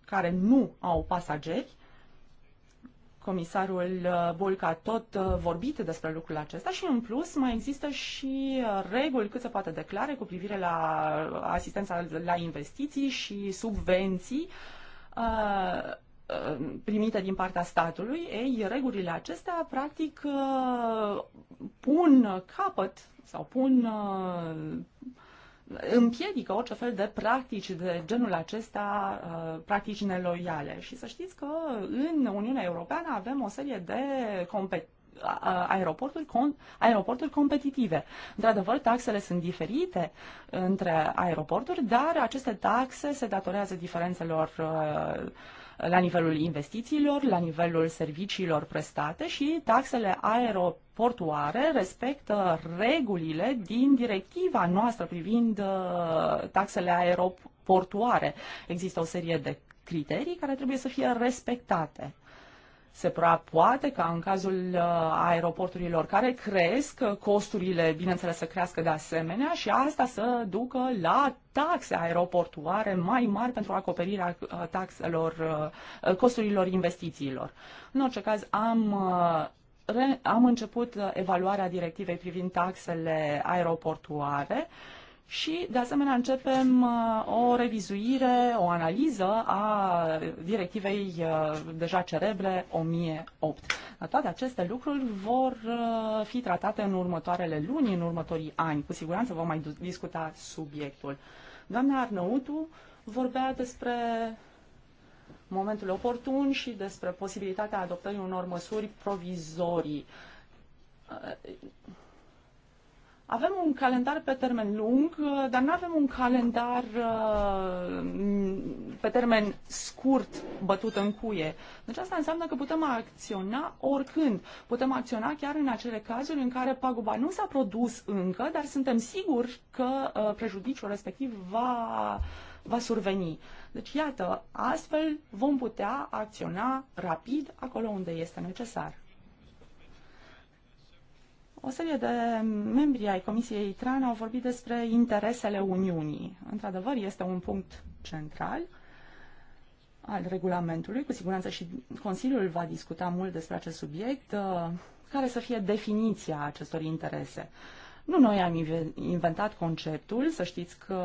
care nu au pasageri, comisarul uh, Bolca a tot uh, vorbit despre lucrul acesta și în plus mai există și uh, reguli cât se poate declare cu privire la asistența la investiții și subvenții primite din partea statului, ei, regulile acestea practic pun capăt sau pun uh, împiedică orice fel de practici de genul acesta, uh, practici neloiale. Și să știți că în Uniunea Europeană avem o serie de competiții aeroporturi, aeroporturi competitive. Într-adevăr, taxele sunt diferite între aeroporturi, dar aceste taxe se datorează diferențelor uh, la nivelul investițiilor, la nivelul serviciilor prestate și taxele aeroportuare respectă regulile din directiva noastră privind uh, taxele aeroportuare. Există o serie de criterii care trebuie să fie respectate. Se prea poate ca în cazul uh, aeroporturilor care cresc, uh, costurile, bineînțeles, să crească de asemenea și asta să ducă la taxe aeroportuare mai mari pentru acoperirea uh, taxelor, costurilor investițiilor. În orice caz, am am început evaluarea directivei privind taxele aeroportuare și, de asemenea, începem uh, o revizuire, o analiză a directivei uh, deja cerebre 1008. Toate aceste lucruri vor uh, fi tratate în următoarele luni, în următorii ani. Cu siguranță vom mai discuta subiectul. Doamna Arnăutu vorbea despre momentul oportun și despre posibilitatea adoptării unor măsuri provizorii avem un calendar pe termen lung, uh, dar nu avem un calendar uh, pe termen scurt bătut în cuie. Deci asta înseamnă că putem acționa oricând. Putem acționa chiar în acele cazuri în care paguba nu s-a produs încă, dar suntem siguri că uh, prejudiciul respectiv va, va surveni. Deci, iată, astfel vom putea acționa rapid acolo unde este necesar. O serie de membri ai Comisiei TRAN au vorbit despre interesele Uniunii. Într-adevăr, este un punct central al regulamentului. Cu siguranță și Consiliul va discuta mult despre acest subiect. Uh, care să fie definiția acestor interese? Nu noi am inventat conceptul, să știți că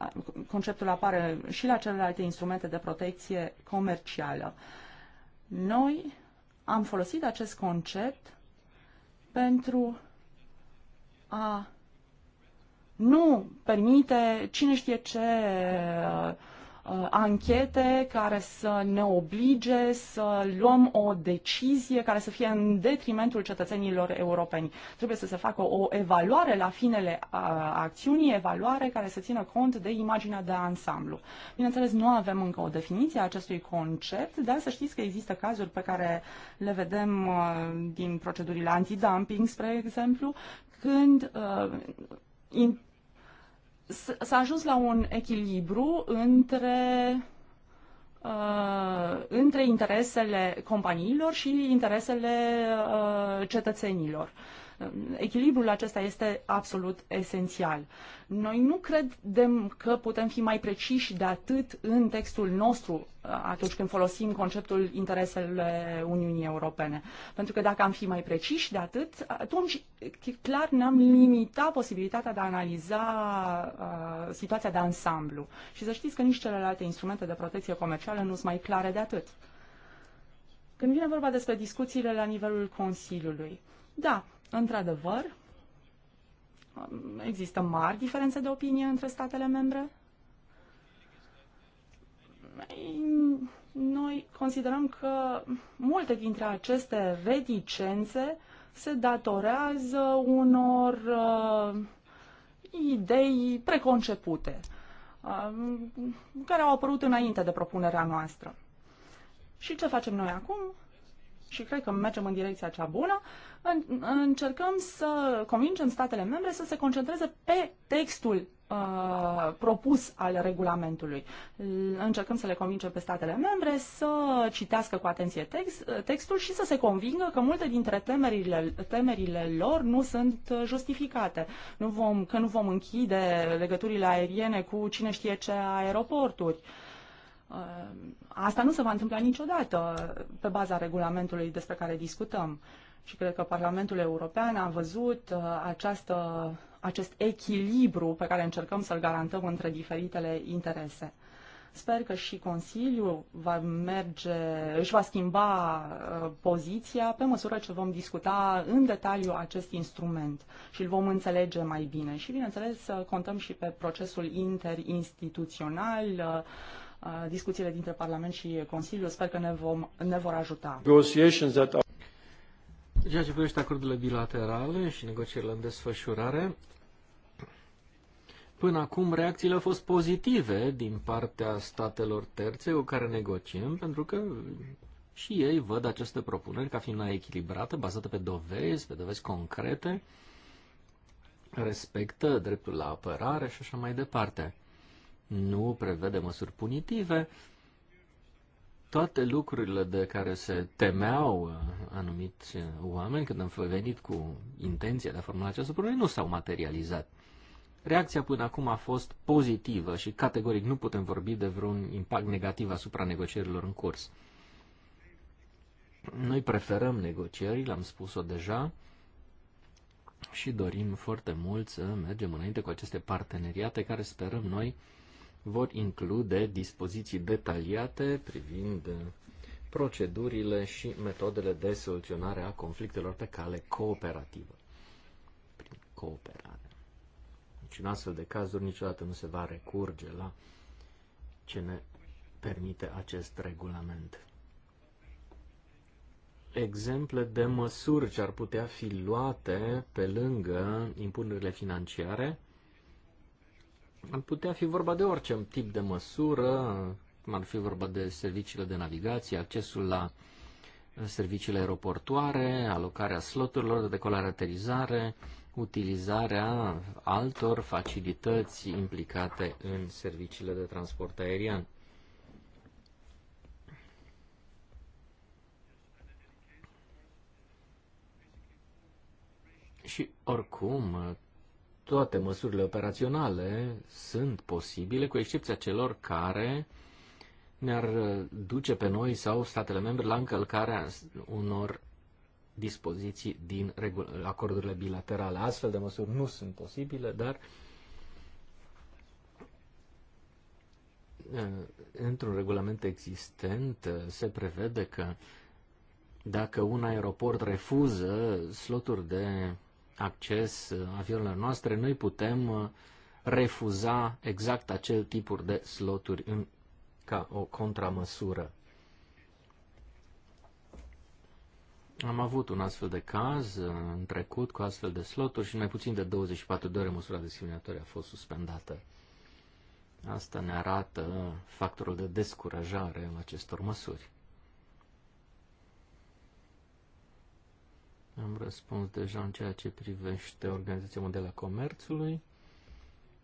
uh, conceptul apare și la celelalte instrumente de protecție comercială. Noi am folosit acest concept pentru a nu permite cine știe ce Uh, anchete care să ne oblige să luăm o decizie care să fie în detrimentul cetățenilor europeni. Trebuie să se facă o evaluare la finele uh, acțiunii, evaluare care să țină cont de imaginea de ansamblu. Bineînțeles, nu avem încă o definiție a acestui concept, dar să știți că există cazuri pe care le vedem uh, din procedurile antidumping, spre exemplu, când uh, s-a ajuns la un echilibru între, uh, între interesele companiilor și interesele uh, cetățenilor. Uh, echilibrul acesta este absolut esențial. Noi nu credem că putem fi mai preciși de atât în textul nostru uh, atunci când folosim conceptul interesele Uniunii Europene. Pentru că dacă am fi mai preciși de atât, atunci clar ne-am limita posibilitatea de a analiza uh, situația de ansamblu. Și să știți că nici celelalte instrumente de protecție comercială nu sunt mai clare de atât. Când vine vorba despre discuțiile la nivelul Consiliului, da, Într-adevăr, există mari diferențe de opinie între statele membre. Noi considerăm că multe dintre aceste reticențe se datorează unor uh, idei preconcepute uh, care au apărut înainte de propunerea noastră. Și ce facem noi acum? și cred că mergem în direcția cea bună, în, încercăm să convingem statele membre să se concentreze pe textul uh, propus al regulamentului. Încercăm să le convingem pe statele membre să citească cu atenție text, textul și să se convingă că multe dintre temerile, temerile lor nu sunt justificate. Nu vom, că nu vom închide legăturile aeriene cu cine știe ce aeroporturi. Uh, Uh, asta nu se va întâmpla niciodată pe baza regulamentului despre care discutăm. Și cred că Parlamentul European a văzut uh, această, acest echilibru pe care încercăm să-l garantăm între diferitele interese. Sper că și Consiliul va merge, își va schimba uh, poziția pe măsură ce vom discuta în detaliu acest instrument și îl vom înțelege mai bine. Și, bineînțeles, contăm și pe procesul interinstituțional, Uh, discuțiile dintre Parlament și Consiliu. Sper că ne, vom, ne vor ajuta. Ceea ce privește acordurile bilaterale și negocierile în desfășurare, Până acum reacțiile au fost pozitive din partea statelor terțe cu care negociem, pentru că și ei văd aceste propuneri ca fiind una echilibrată, bazată pe dovezi, pe dovezi concrete, respectă dreptul la apărare și așa mai departe nu prevede măsuri punitive. Toate lucrurile de care se temeau uh, anumiți uh, oameni când am venit cu intenția de a formula această problemă nu s-au materializat. Reacția până acum a fost pozitivă și categoric nu putem vorbi de vreun impact negativ asupra negocierilor în curs. Noi preferăm negocieri, l-am spus-o deja, și dorim foarte mult să mergem înainte cu aceste parteneriate care sperăm noi vor include dispoziții detaliate privind uh, procedurile și metodele de soluționare a conflictelor pe cale cooperativă. Prin cooperare. Deci în astfel de cazuri niciodată nu se va recurge la ce ne permite acest regulament. Exemple de măsuri ce ar putea fi luate pe lângă impunerile financiare – ar putea fi vorba de orice tip de măsură, cum ar fi vorba de serviciile de navigație, accesul la serviciile aeroportoare, alocarea sloturilor de decolare-aterizare, utilizarea altor facilități implicate în serviciile de transport aerian. Și oricum, toate măsurile operaționale sunt posibile, cu excepția celor care ne-ar duce pe noi sau statele membre la încălcarea unor dispoziții din acordurile bilaterale. Astfel de măsuri nu sunt posibile, dar uh, într-un regulament existent uh, se prevede că dacă un aeroport refuză sloturi de acces uh, avionilor noastre, noi putem uh, refuza exact acel tipuri de sloturi în, ca o contramăsură. Am avut un astfel de caz uh, în trecut cu astfel de sloturi și mai puțin de 24 de ore măsura discriminatorie a fost suspendată. Asta ne arată factorul de descurajare în acestor măsuri. Am răspuns deja în ceea ce privește Organizația modela a Comerțului,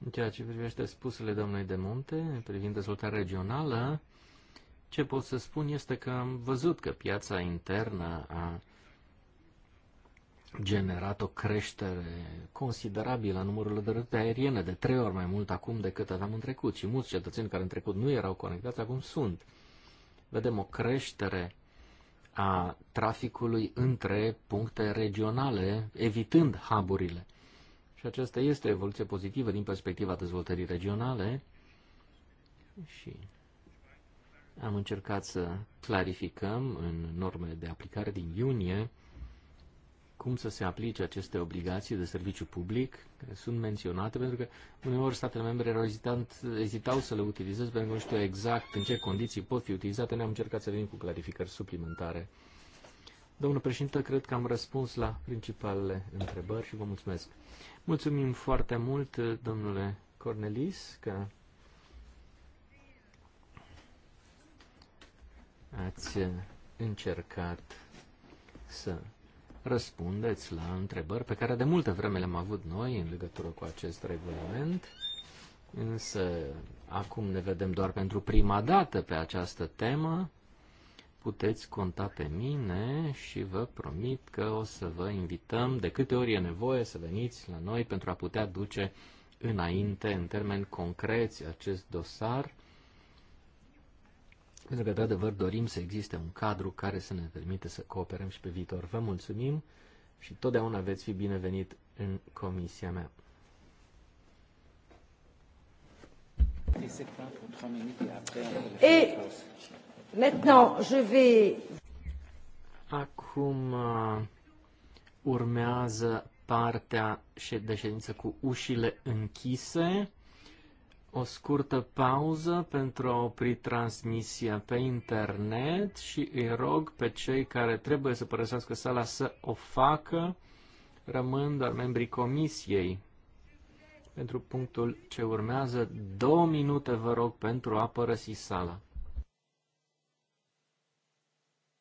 în ceea ce privește spusele doamnei de Monte privind dezvoltarea regională. Ce pot să spun este că am văzut că piața internă a generat o creștere considerabilă a numărului de rute aeriene, de trei ori mai mult acum decât aveam în trecut. Și mulți cetățeni care în trecut nu erau conectați, acum sunt. Vedem o creștere a traficului între puncte regionale, evitând haburile. Și aceasta este o evoluție pozitivă din perspectiva dezvoltării regionale și am încercat să clarificăm în normele de aplicare din iunie cum să se aplice aceste obligații de serviciu public care sunt menționate, pentru că uneori statele membre erau ezitant, ezitau să le utilizeze pentru că nu știu exact în ce condiții pot fi utilizate. Ne-am încercat să venim cu clarificări suplimentare. Domnul președinte, cred că am răspuns la principalele întrebări și vă mulțumesc. Mulțumim foarte mult, domnule Cornelis, că ați încercat să răspundeți la întrebări pe care de multă vreme le-am avut noi în legătură cu acest regulament, însă acum ne vedem doar pentru prima dată pe această temă. Puteți conta pe mine și vă promit că o să vă invităm de câte ori e nevoie să veniți la noi pentru a putea duce înainte, în termeni concreți, acest dosar pentru că, de adevăr, dorim să existe un cadru care să ne permite să cooperăm și pe viitor. Vă mulțumim și totdeauna veți fi binevenit în comisia mea. Et maintenant, je vais... Acum uh, urmează partea de ședință cu ușile închise o scurtă pauză pentru a opri transmisia pe internet și îi rog pe cei care trebuie să părăsească sala să o facă, rămân doar membrii comisiei. Pentru punctul ce urmează, două minute vă rog pentru a părăsi sala.